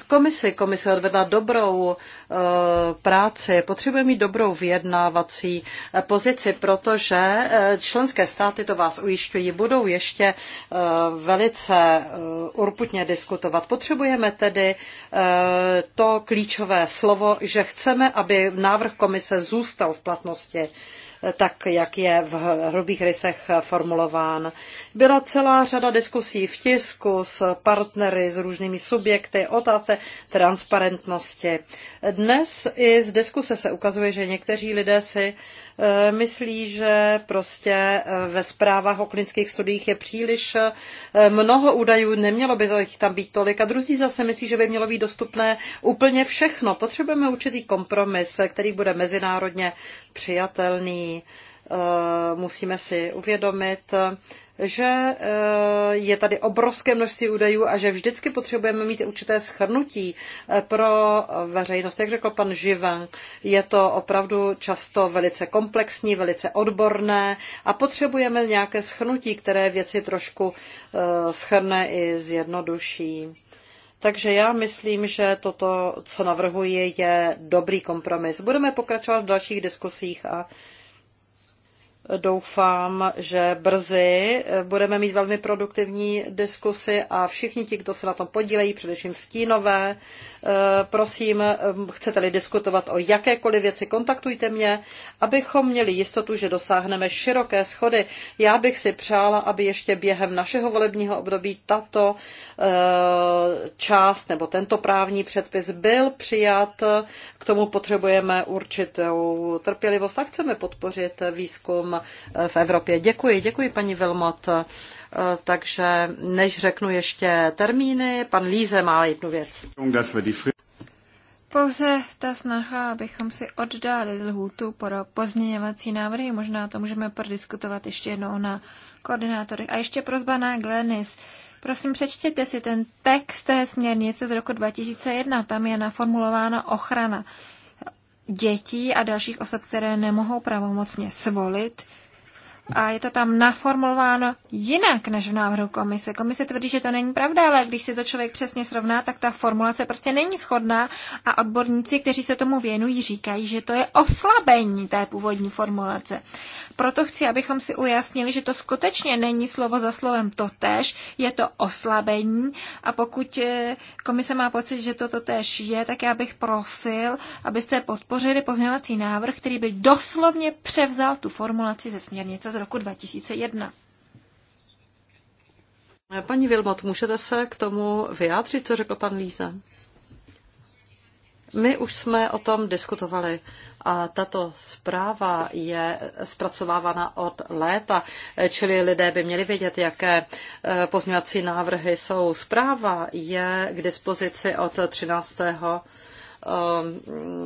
Komise, Komise odvedla dobrou eh, práci. Potřebuje mít dobrou vyjednávací eh, pozici, protože eh, členské státy, to vás ujišťují, budou ještě velice urputně diskutovat. Potřebujeme tedy to klíčové slovo, že chceme, aby návrh komise zůstal v platnosti tak jak je v hrubých rysech formulován. Byla celá řada diskusí v tisku s partnery, s různými subjekty, otázce transparentnosti. Dnes i z diskuse se ukazuje, že někteří lidé si E, myslí, že prostě e, ve zprávách o klinických studiích je příliš e, mnoho údajů, nemělo by to jich tam být tolik. A druzí zase myslí, že by mělo být dostupné úplně všechno. Potřebujeme určitý kompromis, který bude mezinárodně přijatelný musíme si uvědomit, že eh, je tady obrovské množství údajů a že vždycky potřebujeme mít určité schrnutí eh, pro veřejnost. Jak řekl pan Živan, je to opravdu často velice komplexní, velice odborné a potřebujeme nějaké schrnutí, které věci trošku eh, schrne i zjednoduší. Takže já myslím, že toto, co navrhuji, je dobrý kompromis. Budeme pokračovat v dalších diskusích a Doufám, že brzy eh, budeme mít velmi produktivní diskusy a všichni ti, kdo se na tom podílejí, především stínové, eh, prosím, eh, chcete-li diskutovat o jakékoliv věci, kontaktujte mě, abychom měli jistotu, že dosáhneme široké schody. Já bych si přála, aby ještě během našeho volebního období tato část nebo tento právní předpis byl přijat tomu potřebujeme určitou trpělivost a chceme podpořit výzkum v Evropě. Děkuji, děkuji paní Vilmot. Eh, takže než řeknu ještě termíny, pan Líze má jednu věc. Pouze ta snaha, abychom si oddali lhůtu pro pozměňovací návrhy, možná to můžeme prodiskutovat ještě jednou na koordinátory. A ještě prozba na Glenis. Prosím, přečtěte si ten text té směrnice z roku 2001. Tam je naformulována ochrana dětí a dalších osob, které nemohou pravomocně svolit. A je to tam naformulováno jinak než v návrhu komise. Komise tvrdí, že to není pravda, ale když si to člověk přesně srovná, tak ta formulace prostě není shodná a odborníci, kteří se tomu věnují, říkají, že to je oslabení té původní formulace. Proto chci, abychom si ujasnili, že to skutečně není slovo za slovem totéž, je to oslabení a pokud eh, komise má pocit, že to totéž je, tak já bych prosil, abyste podpořili pozměňovací návrh, který by doslovně převzal tu formulaci ze směrnice z roku 2001. Paní Vilmot, můžete se k tomu vyjádřit, co řekl pan Líze? My už jsme o tom diskutovali. A tato zpráva je zpracovávána od léta, čili lidé by měli vědět, jaké eh, pozměňovací návrhy jsou. Zpráva je k dispozici od 13 eh,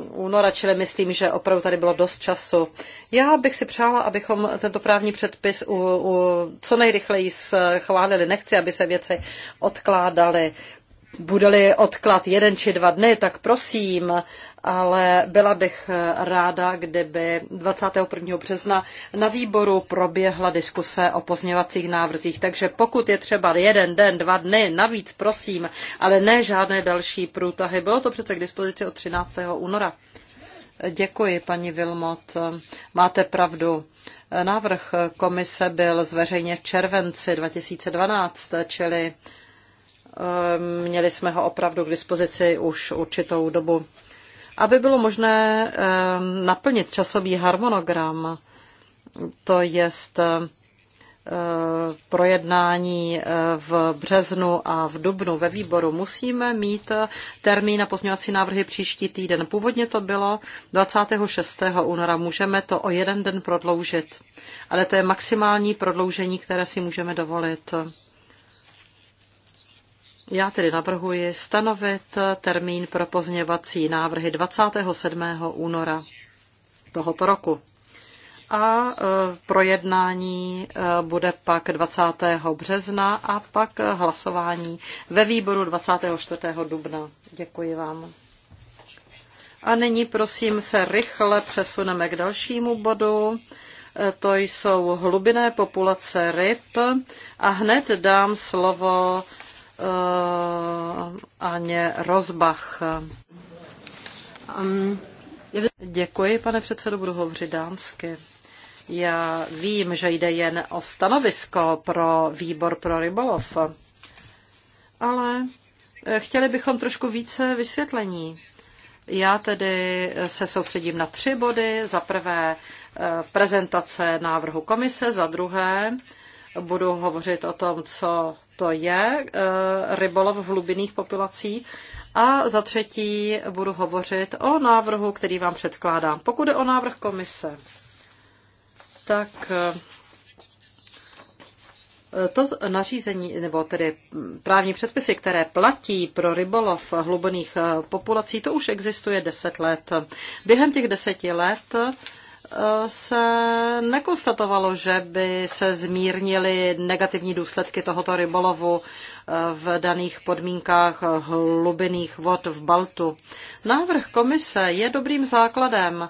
února, čili myslím, že opravdu tady bylo dost času. Já bych si přála, abychom tento právní předpis u, u, co nejrychleji schválili. Nechci, aby se věci odkládaly. Bude-li odklad jeden či dva dny, tak prosím, ale byla bych ráda, kdyby 21. března na výboru proběhla diskuse o pozněvacích návrzích. Takže pokud je třeba jeden den, dva dny, navíc prosím, ale ne žádné další průtahy. Bylo to přece k dispozici od 13. února. Děkuji, paní Vilmot. Máte pravdu. Návrh komise byl zveřejně v červenci 2012, čili eh, měli jsme ho opravdu k dispozici už určitou dobu aby bylo možné ehm, naplnit časový harmonogram, to jest ehm, projednání ehm, v březnu a v dubnu ve výboru. Musíme mít eh, termín na pozměňovací návrhy příští týden. Původně to bylo 26. února. Můžeme to o jeden den prodloužit, ale to je maximální prodloužení, které si můžeme dovolit. Já tedy navrhuji stanovit termín pro pozněvací návrhy 27. února tohoto roku. A e, projednání e, bude pak 20. března a pak hlasování ve výboru 24. dubna. Děkuji vám. A nyní prosím se rychle přesuneme k dalšímu bodu. E, to jsou hlubinné populace ryb. A hned dám slovo Eh, Aně Rozbach. Děkuji, pane předsedo, budu hovořit dánsky. Já vím, že jde jen o stanovisko pro výbor pro rybolov, ale eh, chtěli bychom trošku více vysvětlení. Já tedy se soustředím na tři body. Za prvé eh, prezentace návrhu komise, za druhé budu hovořit o tom, co to je eh, rybolov v hlubinných populací. A za třetí budu hovořit o návrhu, který vám předkládám. Pokud je o návrh komise, tak eh, to nařízení, nebo tedy právní předpisy, které platí pro rybolov hlubinných eh, populací, to už existuje deset let. Během těch deseti let se nekonstatovalo, že by se zmírnily negativní důsledky tohoto rybolovu eh, v daných podmínkách hlubiných vod v Baltu. Návrh komise je dobrým základem eh,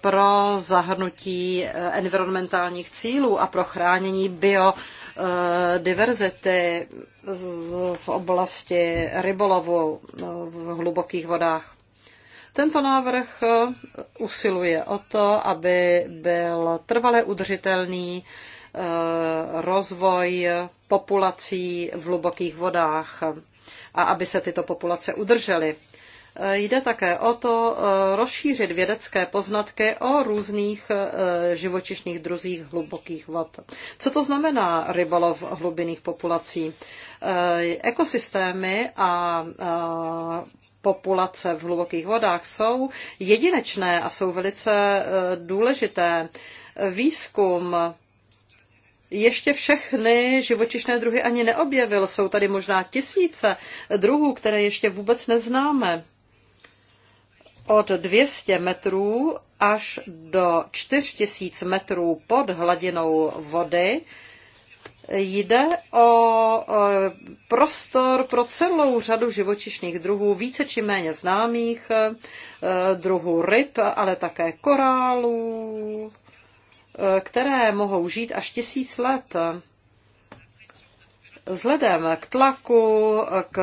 pro zahrnutí eh, environmentálních cílů a pro chránění biodiverzity v oblasti rybolovu v hlubokých vodách. Tento návrh eh, usiluje o to, aby byl trvale udržitelný eh, rozvoj populací v hlubokých vodách a aby se tyto populace udržely. Eh, jde také o to rozšířit vědecké poznatky o různých živočišných druzích hlubokých vod. Co to znamená rybolov hlubinných populací? Ekosystémy a populace v hlubokých vodách jsou jedinečné a jsou velice e, důležité. Výzkum ještě všechny živočišné druhy ani neobjevil. Jsou tady možná tisíce druhů, které ještě vůbec neznáme. Od 200 metrů až do 4000 metrů pod hladinou vody Jde o prostor pro celou řadu živočišných druhů, více či méně známých, e, druhů ryb, ale také korálů, e, které mohou žít až tisíc let. Vzhledem k tlaku, k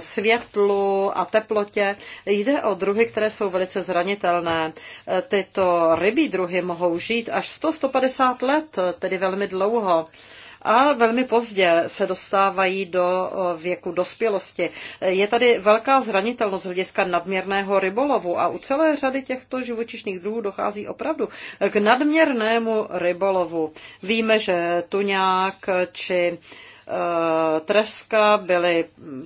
světlu a teplotě jde o druhy, které jsou velice zranitelné. E, tyto rybí druhy mohou žít až 100-150 let, tedy velmi dlouho a velmi pozdě se dostávají do věku dospělosti. Je tady velká zranitelnost z hlediska nadměrného rybolovu a u celé řady těchto živočišných druhů dochází opravdu k nadměrnému rybolovu. Víme, že tuňák či e, treska byly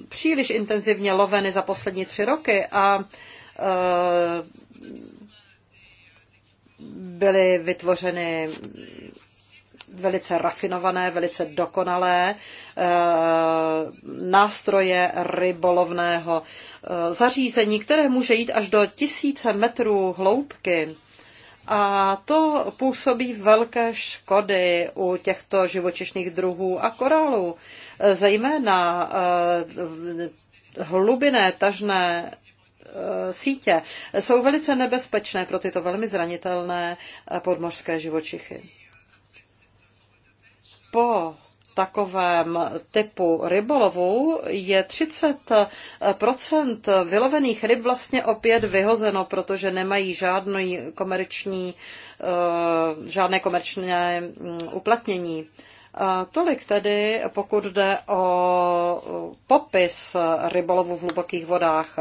příliš intenzivně loveny za poslední tři roky a e, byly vytvořeny velice rafinované, velice dokonalé eh, nástroje rybolovného eh, zařízení, které může jít až do tisíce metrů hloubky. A to působí velké škody u těchto živočišných druhů a korálů, eh, zejména hlubiné tažné sítě jsou velice nebezpečné pro tyto velmi zranitelné podmořské živočichy po takovém typu rybolovu je 30 vylovených ryb vlastně opět vyhozeno, protože nemají žádný komerční, eh, žádné komerční mm, uplatnění. Eh, tolik tedy, pokud jde o popis rybolovu v hlubokých vodách.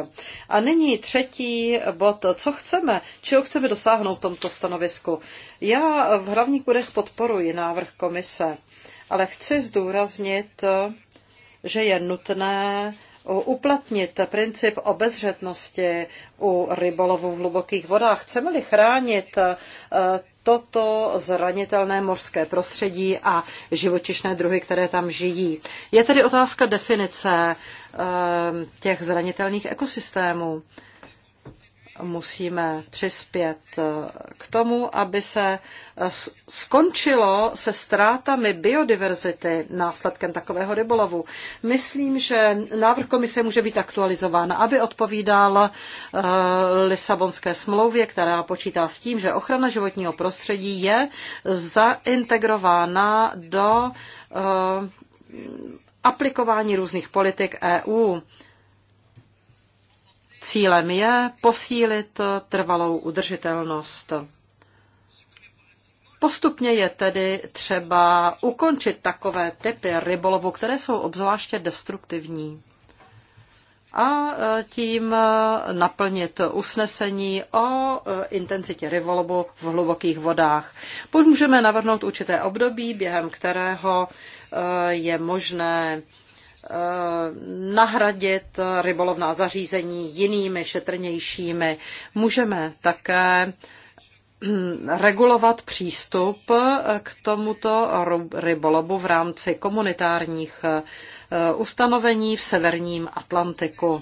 A nyní třetí bod, co chceme, čeho chceme dosáhnout v tomto stanovisku. Já v hlavních bodech podporuji návrh komise ale chci zdůraznit, že je nutné uplatnit princip obezřetnosti u rybolovu v hlubokých vodách. Chceme-li chránit eh, toto zranitelné mořské prostředí a živočišné druhy, které tam žijí. Je tedy otázka definice eh, těch zranitelných ekosystémů musíme přispět eh, k tomu, aby se eh, skončilo se ztrátami biodiverzity následkem takového rybolovu. Myslím, že návrh komise může být aktualizován, aby odpovídal eh, Lisabonské smlouvě, která počítá s tím, že ochrana životního prostředí je zaintegrována do aplikování různých politik EU. Cílem je posílit trvalou udržitelnost. Postupně je tedy třeba ukončit takové typy rybolovu, které jsou obzvláště destruktivní. A e, tím e, naplnit usnesení o e, intenzitě rybolovu v hlubokých vodách. Můžeme navrhnout určité období, během kterého je možné Eh, nahradit rybolovná zařízení jinými šetrnějšími. Můžeme také eh, regulovat přístup eh, k tomuto rybolobu v rámci komunitárních ustanovení v severním Atlantiku.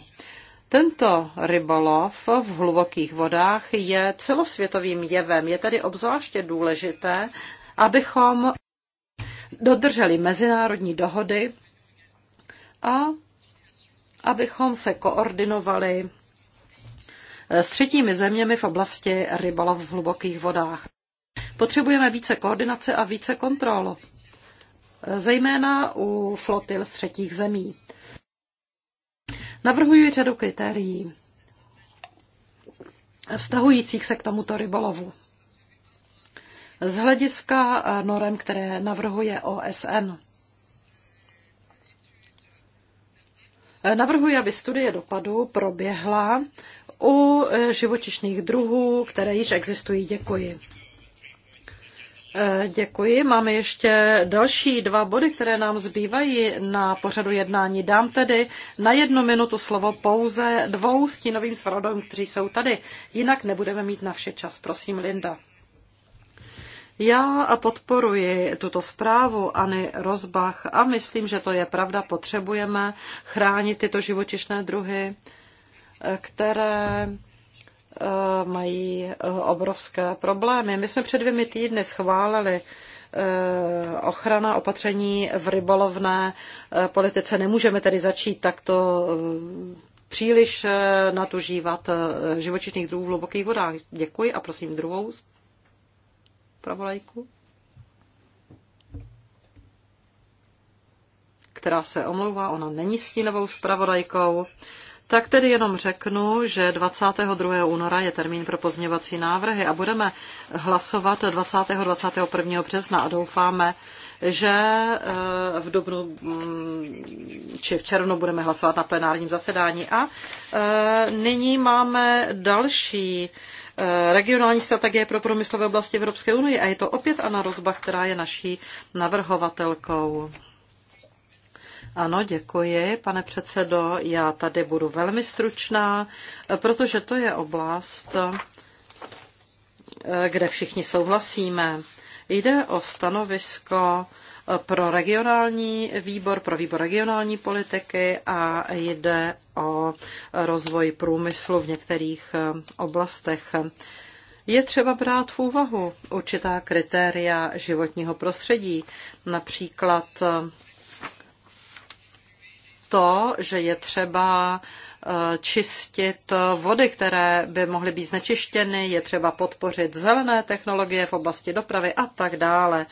Tento rybolov v hlubokých vodách je celosvětovým jevem. Je tedy obzvláště důležité, abychom dodrželi mezinárodní dohody a abychom se koordinovali eh, s třetími zeměmi v oblasti rybalov v hlubokých vodách. Potřebujeme více koordinace a více kontrol, eh, zejména u flotil z třetích zemí. Navrhuji řadu kritérií vztahujících se k tomuto rybolovu. Z hlediska eh, norem, které navrhuje OSN. Navrhuji, aby studie dopadu proběhla u e, živočišných druhů, které již existují. Děkuji. E, děkuji. Máme ještě další dva body, které nám zbývají na pořadu jednání. Dám tedy na jednu minutu slovo pouze dvou stínovým zpravodajům, kteří jsou tady. Jinak nebudeme mít na vše čas. Prosím, Linda. Já podporuji tuto zprávu Ani Rozbach a myslím, že to je pravda. Potřebujeme chránit tyto živočišné druhy, které eh, mají eh, obrovské problémy. My jsme před dvěmi týdny schválili eh, ochrana opatření v rybolovné politice. Nemůžeme tedy začít takto příliš natužívat živočišných druhů v hlubokých vodách. Děkuji a prosím druhou pravolajku, která se omlouvá, ona není stínovou zpravodajkou. Tak tedy jenom řeknu, že 22. února je termín pro pozměňovací návrhy a budeme hlasovat 20. 21. března a doufáme, že eh, v dubnu mm, či v červnu budeme hlasovat na plenárním zasedání. A eh, nyní máme další Eh, regionální strategie pro průmyslové oblasti Evropské unie a je to opět Anna Rozbach, která je naší navrhovatelkou. Ano, děkuji, pane předsedo. Já tady budu velmi stručná, protože to je oblast, eh, kde všichni souhlasíme. Jde o stanovisko pro regionální výbor, pro výbor regionální politiky a jde o rozvoj průmyslu v některých eh, oblastech. Je třeba brát v úvahu určitá kritéria životního prostředí, například eh, to, že je třeba eh, čistit vody, které by mohly být znečištěny, je třeba podpořit zelené technologie v oblasti dopravy a tak dále.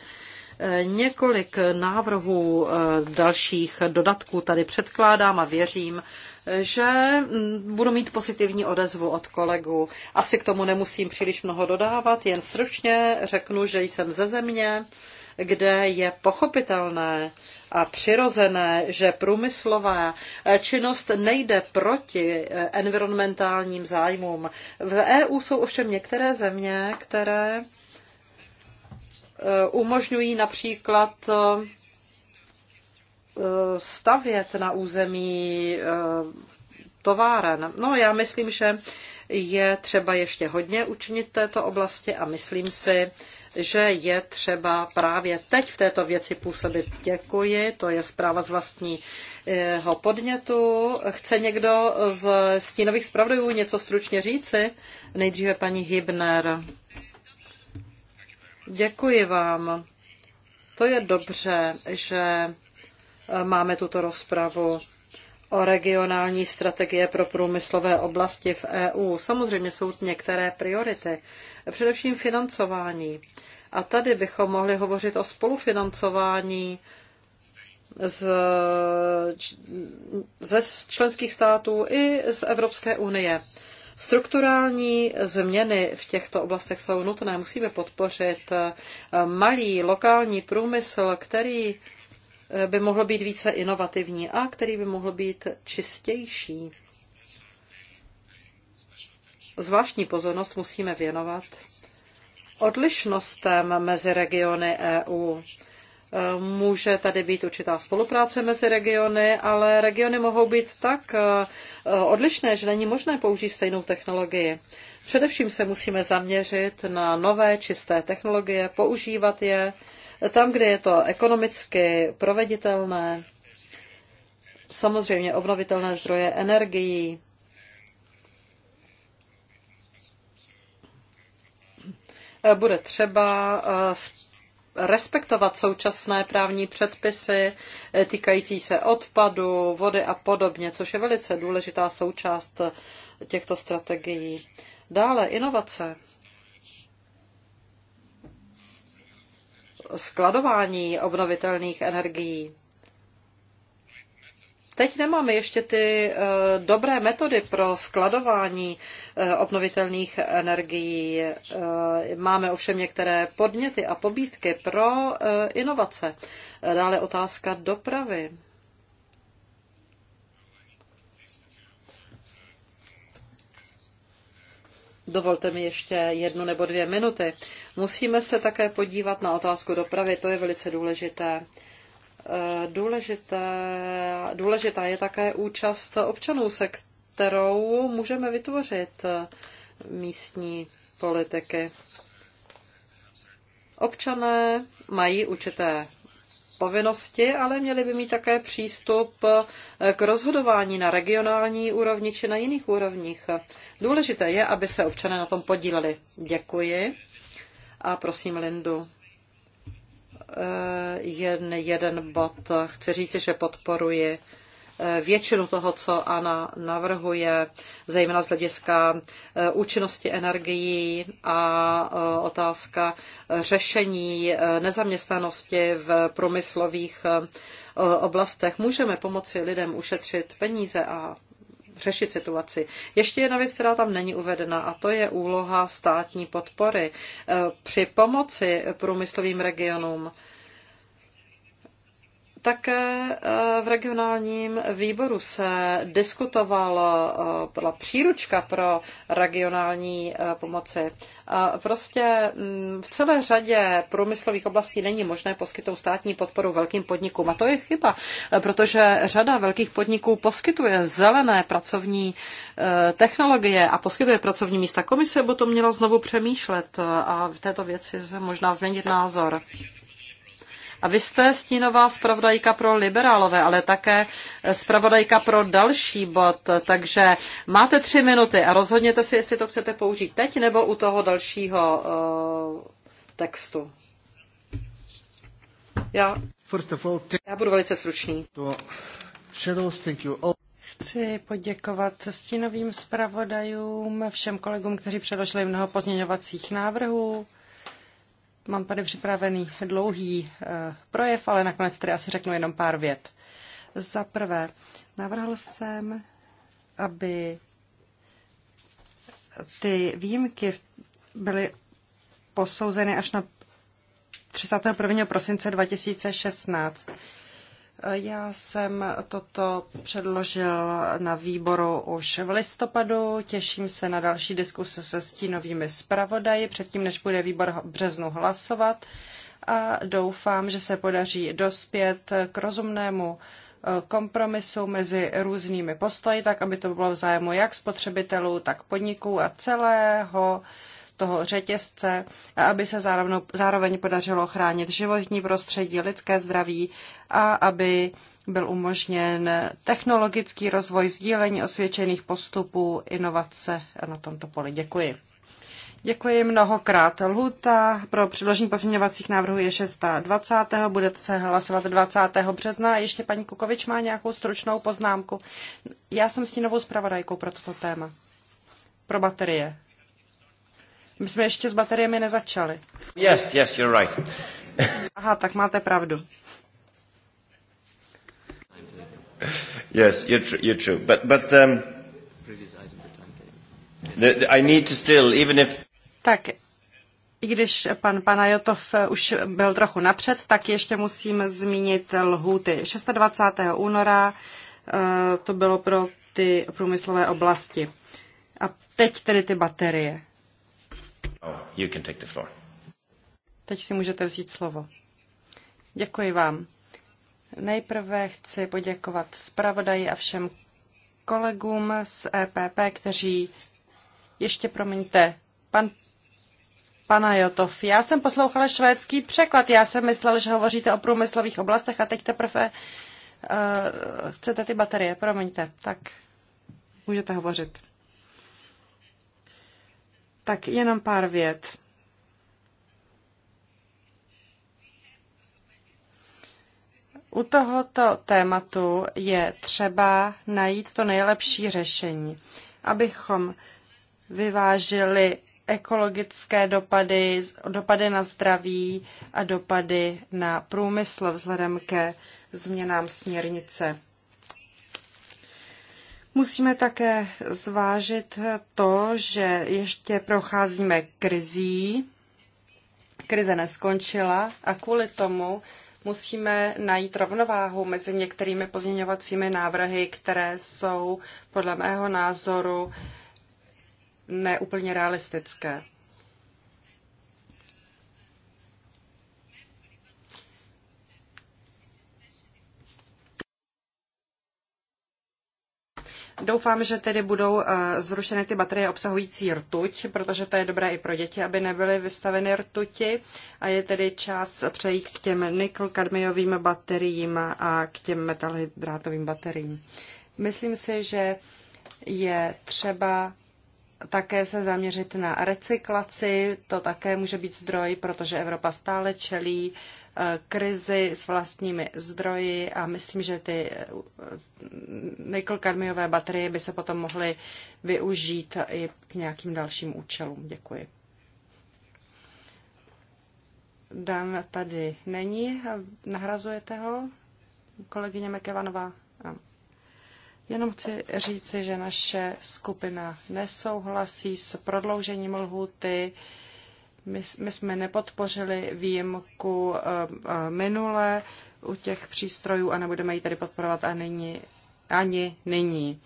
Několik návrhů eh, dalších dodatků tady předkládám a věřím, že mm, budu mít pozitivní odezvu od kolegů. Asi k tomu nemusím příliš mnoho dodávat, jen stručně řeknu, že jsem ze země, kde je pochopitelné a přirozené, že průmyslová eh, činnost nejde proti eh, environmentálním zájmům. V EU jsou ovšem některé země, které Eh, umožňují například eh, stavět na území eh, továren. No, já myslím, že je třeba ještě hodně učinit v této oblasti a myslím si, že je třeba právě teď v této věci působit. Děkuji, to je zpráva z vlastního podnětu. Chce někdo z stínových zpravodajů něco stručně říci? Nejdříve paní Hibner. Děkuji vám. To je dobře, že e, máme tuto rozpravu o regionální strategie pro průmyslové oblasti v EU. Samozřejmě jsou některé priority, především financování. A tady bychom mohli hovořit o spolufinancování z, ze členských států i z Evropské unie. Strukturální změny v těchto oblastech jsou nutné. Musíme podpořit eh, malý lokální průmysl, který eh, by mohl být více inovativní a který by mohl být čistější. Zvláštní pozornost musíme věnovat odlišnostem mezi regiony EU. Může tady být určitá spolupráce mezi regiony, ale regiony mohou být tak eh, odlišné, že není možné použít stejnou technologii. Především se musíme zaměřit na nové čisté technologie, používat je tam, kde je to ekonomicky proveditelné. Samozřejmě obnovitelné zdroje energií, bude třeba eh, respektovat současné právní předpisy eh, týkající se odpadu, vody a podobně, což je velice důležitá součást eh, těchto strategií. Dále inovace. Skladování obnovitelných energií. Teď nemáme ještě ty eh, dobré metody pro skladování eh, obnovitelných energií. Eh, máme ovšem některé podněty a pobídky pro inovace. Dále otázka dopravy. Dovolte mi ještě jednu nebo dvě minuty. Musíme se také podívat na otázku dopravy, to je velice důležité. Eh, důležité, důležitá je také účast občanů, se kterou můžeme vytvořit eh, místní politiky. Občané mají určité povinnosti, ale měli by mít také přístup eh, k rozhodování na regionální úrovni či na jiných úrovních. Důležité je, aby se občané na tom podíleli. Děkuji a prosím Lindu. Eh, jen jeden bod. Chci říct, že podporuji eh, většinu toho, co Ana navrhuje, zejména z hlediska eh, účinnosti energií a otázka řešení nezaměstnanosti v průmyslových oblastech. Můžeme pomoci lidem ušetřit peníze a řešit situaci. Ještě jedna věc, která tam není uvedena, a to je úloha státní podpory eh, při pomoci průmyslovým regionům. Také eh, v regionálním výboru se diskutovala eh, příručka pro regionální eh, pomoci. Prostě mm, v celé řadě průmyslových oblastí není možné poskytnout státní podporu velkým podnikům. A to je chyba, protože řada velkých podniků poskytuje zelené pracovní technologie a poskytuje pracovní místa. Komise by to měla znovu přemýšlet a v této věci se možná změnit názor. A vy jste stínová zpravodajka pro liberálové, ale také zpravodajka pro další bod, takže máte tři minuty a rozhodněte si, jestli to chcete použít teď nebo u toho dalšího uh, textu. Já, já budu velice stručný. Chci poděkovat stínovým zpravodajům, všem kolegům, kteří předložili mnoho pozměňovacích návrhů. Mám tady připravený dlouhý eh, projev, ale nakonec tady asi řeknu jenom pár vět. Za prvé, navrhl jsem, aby ty výjimky byly posouzeny až na 31. prosince 2016. Já jsem toto předložil na výboru už v listopadu. Těším se na další diskuse se stínovými zpravodaji, předtím, než bude výbor v březnu hlasovat. A doufám, že se podaří dospět k rozumnému eh, kompromisu mezi různými postoji, tak aby to bylo v zájmu jak spotřebitelů, tak podniků a celého toho řetězce a aby se zároveň, zároveň podařilo chránit životní prostředí, lidské zdraví a aby byl umožněn technologický rozvoj, sdílení osvědčených postupů, inovace na tomto poli. Děkuji. Děkuji mnohokrát. Lhuta pro předložení pozměňovacích návrhů je 620. Bude se hlasovat 20. března. Ještě paní Kukovič má nějakou stručnou poznámku. Já jsem s novou zpravodajkou pro toto téma. Pro baterie. My jsme ještě s bateriemi nezačali. Yes, yes, you're right. Aha, tak máte pravdu. Yes, you're, tr- you're true. But, but um, the, the, I need to still, even if... Tak, i když pan Panajotov eh, už byl trochu napřed, tak ještě musím zmínit lhůty. 26. února eh, to bylo pro ty průmyslové oblasti. A teď tedy ty baterie. Oh, you can take the floor. Teď si můžete vzít slovo. Děkuji vám. Nejprve chci poděkovat zpravodaji a všem kolegům z EPP, kteří ještě promiňte, pan Pana Jotov, já jsem poslouchala švédský překlad, já jsem myslela, že hovoříte o průmyslových oblastech a teď teprve uh, chcete ty baterie, promiňte, tak můžete hovořit. Tak jenom pár vět. U tohoto tématu je třeba najít to nejlepší řešení, abychom vyvážili ekologické dopady, dopady na zdraví a dopady na průmysl vzhledem ke změnám směrnice. Musíme také zvážit to, že ještě procházíme krizí, krize neskončila a kvůli tomu musíme najít rovnováhu mezi některými pozměňovacími návrhy, které jsou podle mého názoru neúplně realistické. Doufám, že tedy budou eh, zrušeny ty baterie obsahující rtuť, protože to je dobré i pro děti, aby nebyly vystaveny rtuti. A je tedy čas přejít k těm nikl-kadmiovým bateriím a k těm metalhydrátovým bateriím. Myslím si, že je třeba také se zaměřit na recyklaci. To také může být zdroj, protože Evropa stále čelí uh, krizi s vlastními zdroji a myslím, že ty eh, nikl-kadmiové baterie by se potom mohly využít i k nějakým dalším účelům. Děkuji. Dan tady není, nahrazujete ho? Kolegyně Mekevanová? Jenom chci říci, že naše skupina nesouhlasí s prodloužením lhuty my, my jsme nepodpořili výjimku eh, eh, minule u těch přístrojů a nebudeme ji tady podporovat a nyní, ani nyní.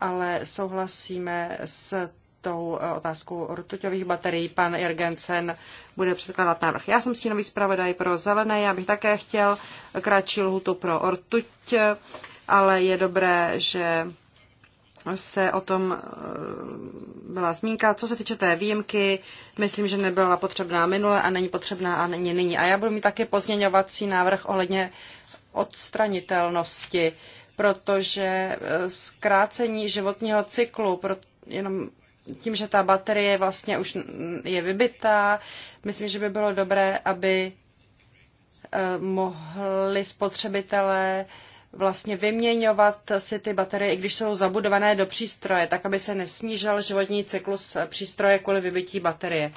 Ale souhlasíme s tou eh, otázkou rtuťových baterií. Pan Jergensen bude předkládat návrh. Já jsem stínový zpravodaj pro zelené, já bych také chtěl kratší lhutu pro rtuť, ale je dobré, že se o tom eh, byla zmínka. Co se týče té výjimky, myslím, že nebyla potřebná minule a není potřebná a není nyní. A já budu mít také pozměňovací návrh ohledně odstranitelnosti, protože eh, zkrácení životního cyklu, pro, jenom tím, že ta baterie vlastně už je vybitá, myslím, že by bylo dobré, aby eh, mohli spotřebitelé uh, vlastně vyměňovat si ty baterie, i když jsou zabudované do přístroje, tak aby se nesnížil životní cyklus přístroje kvůli vybití baterie.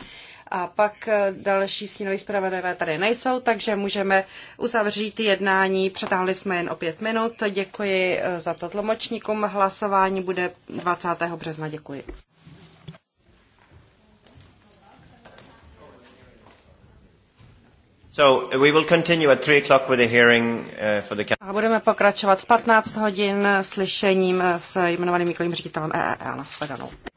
A pak eh, další stínové zpravodajové tady nejsou, takže můžeme uzavřít jednání. Přetáhli jsme jen o pět minut. Děkuji eh, za to tlumočníkům. Hlasování bude 20. března. Děkuji. So we will continue at 3 o'clock with a hearing uh, for the... A budeme pokračovat v 15 hodin slyšením s jmenovaným výkonným ředitelem EEE. Nasledanou.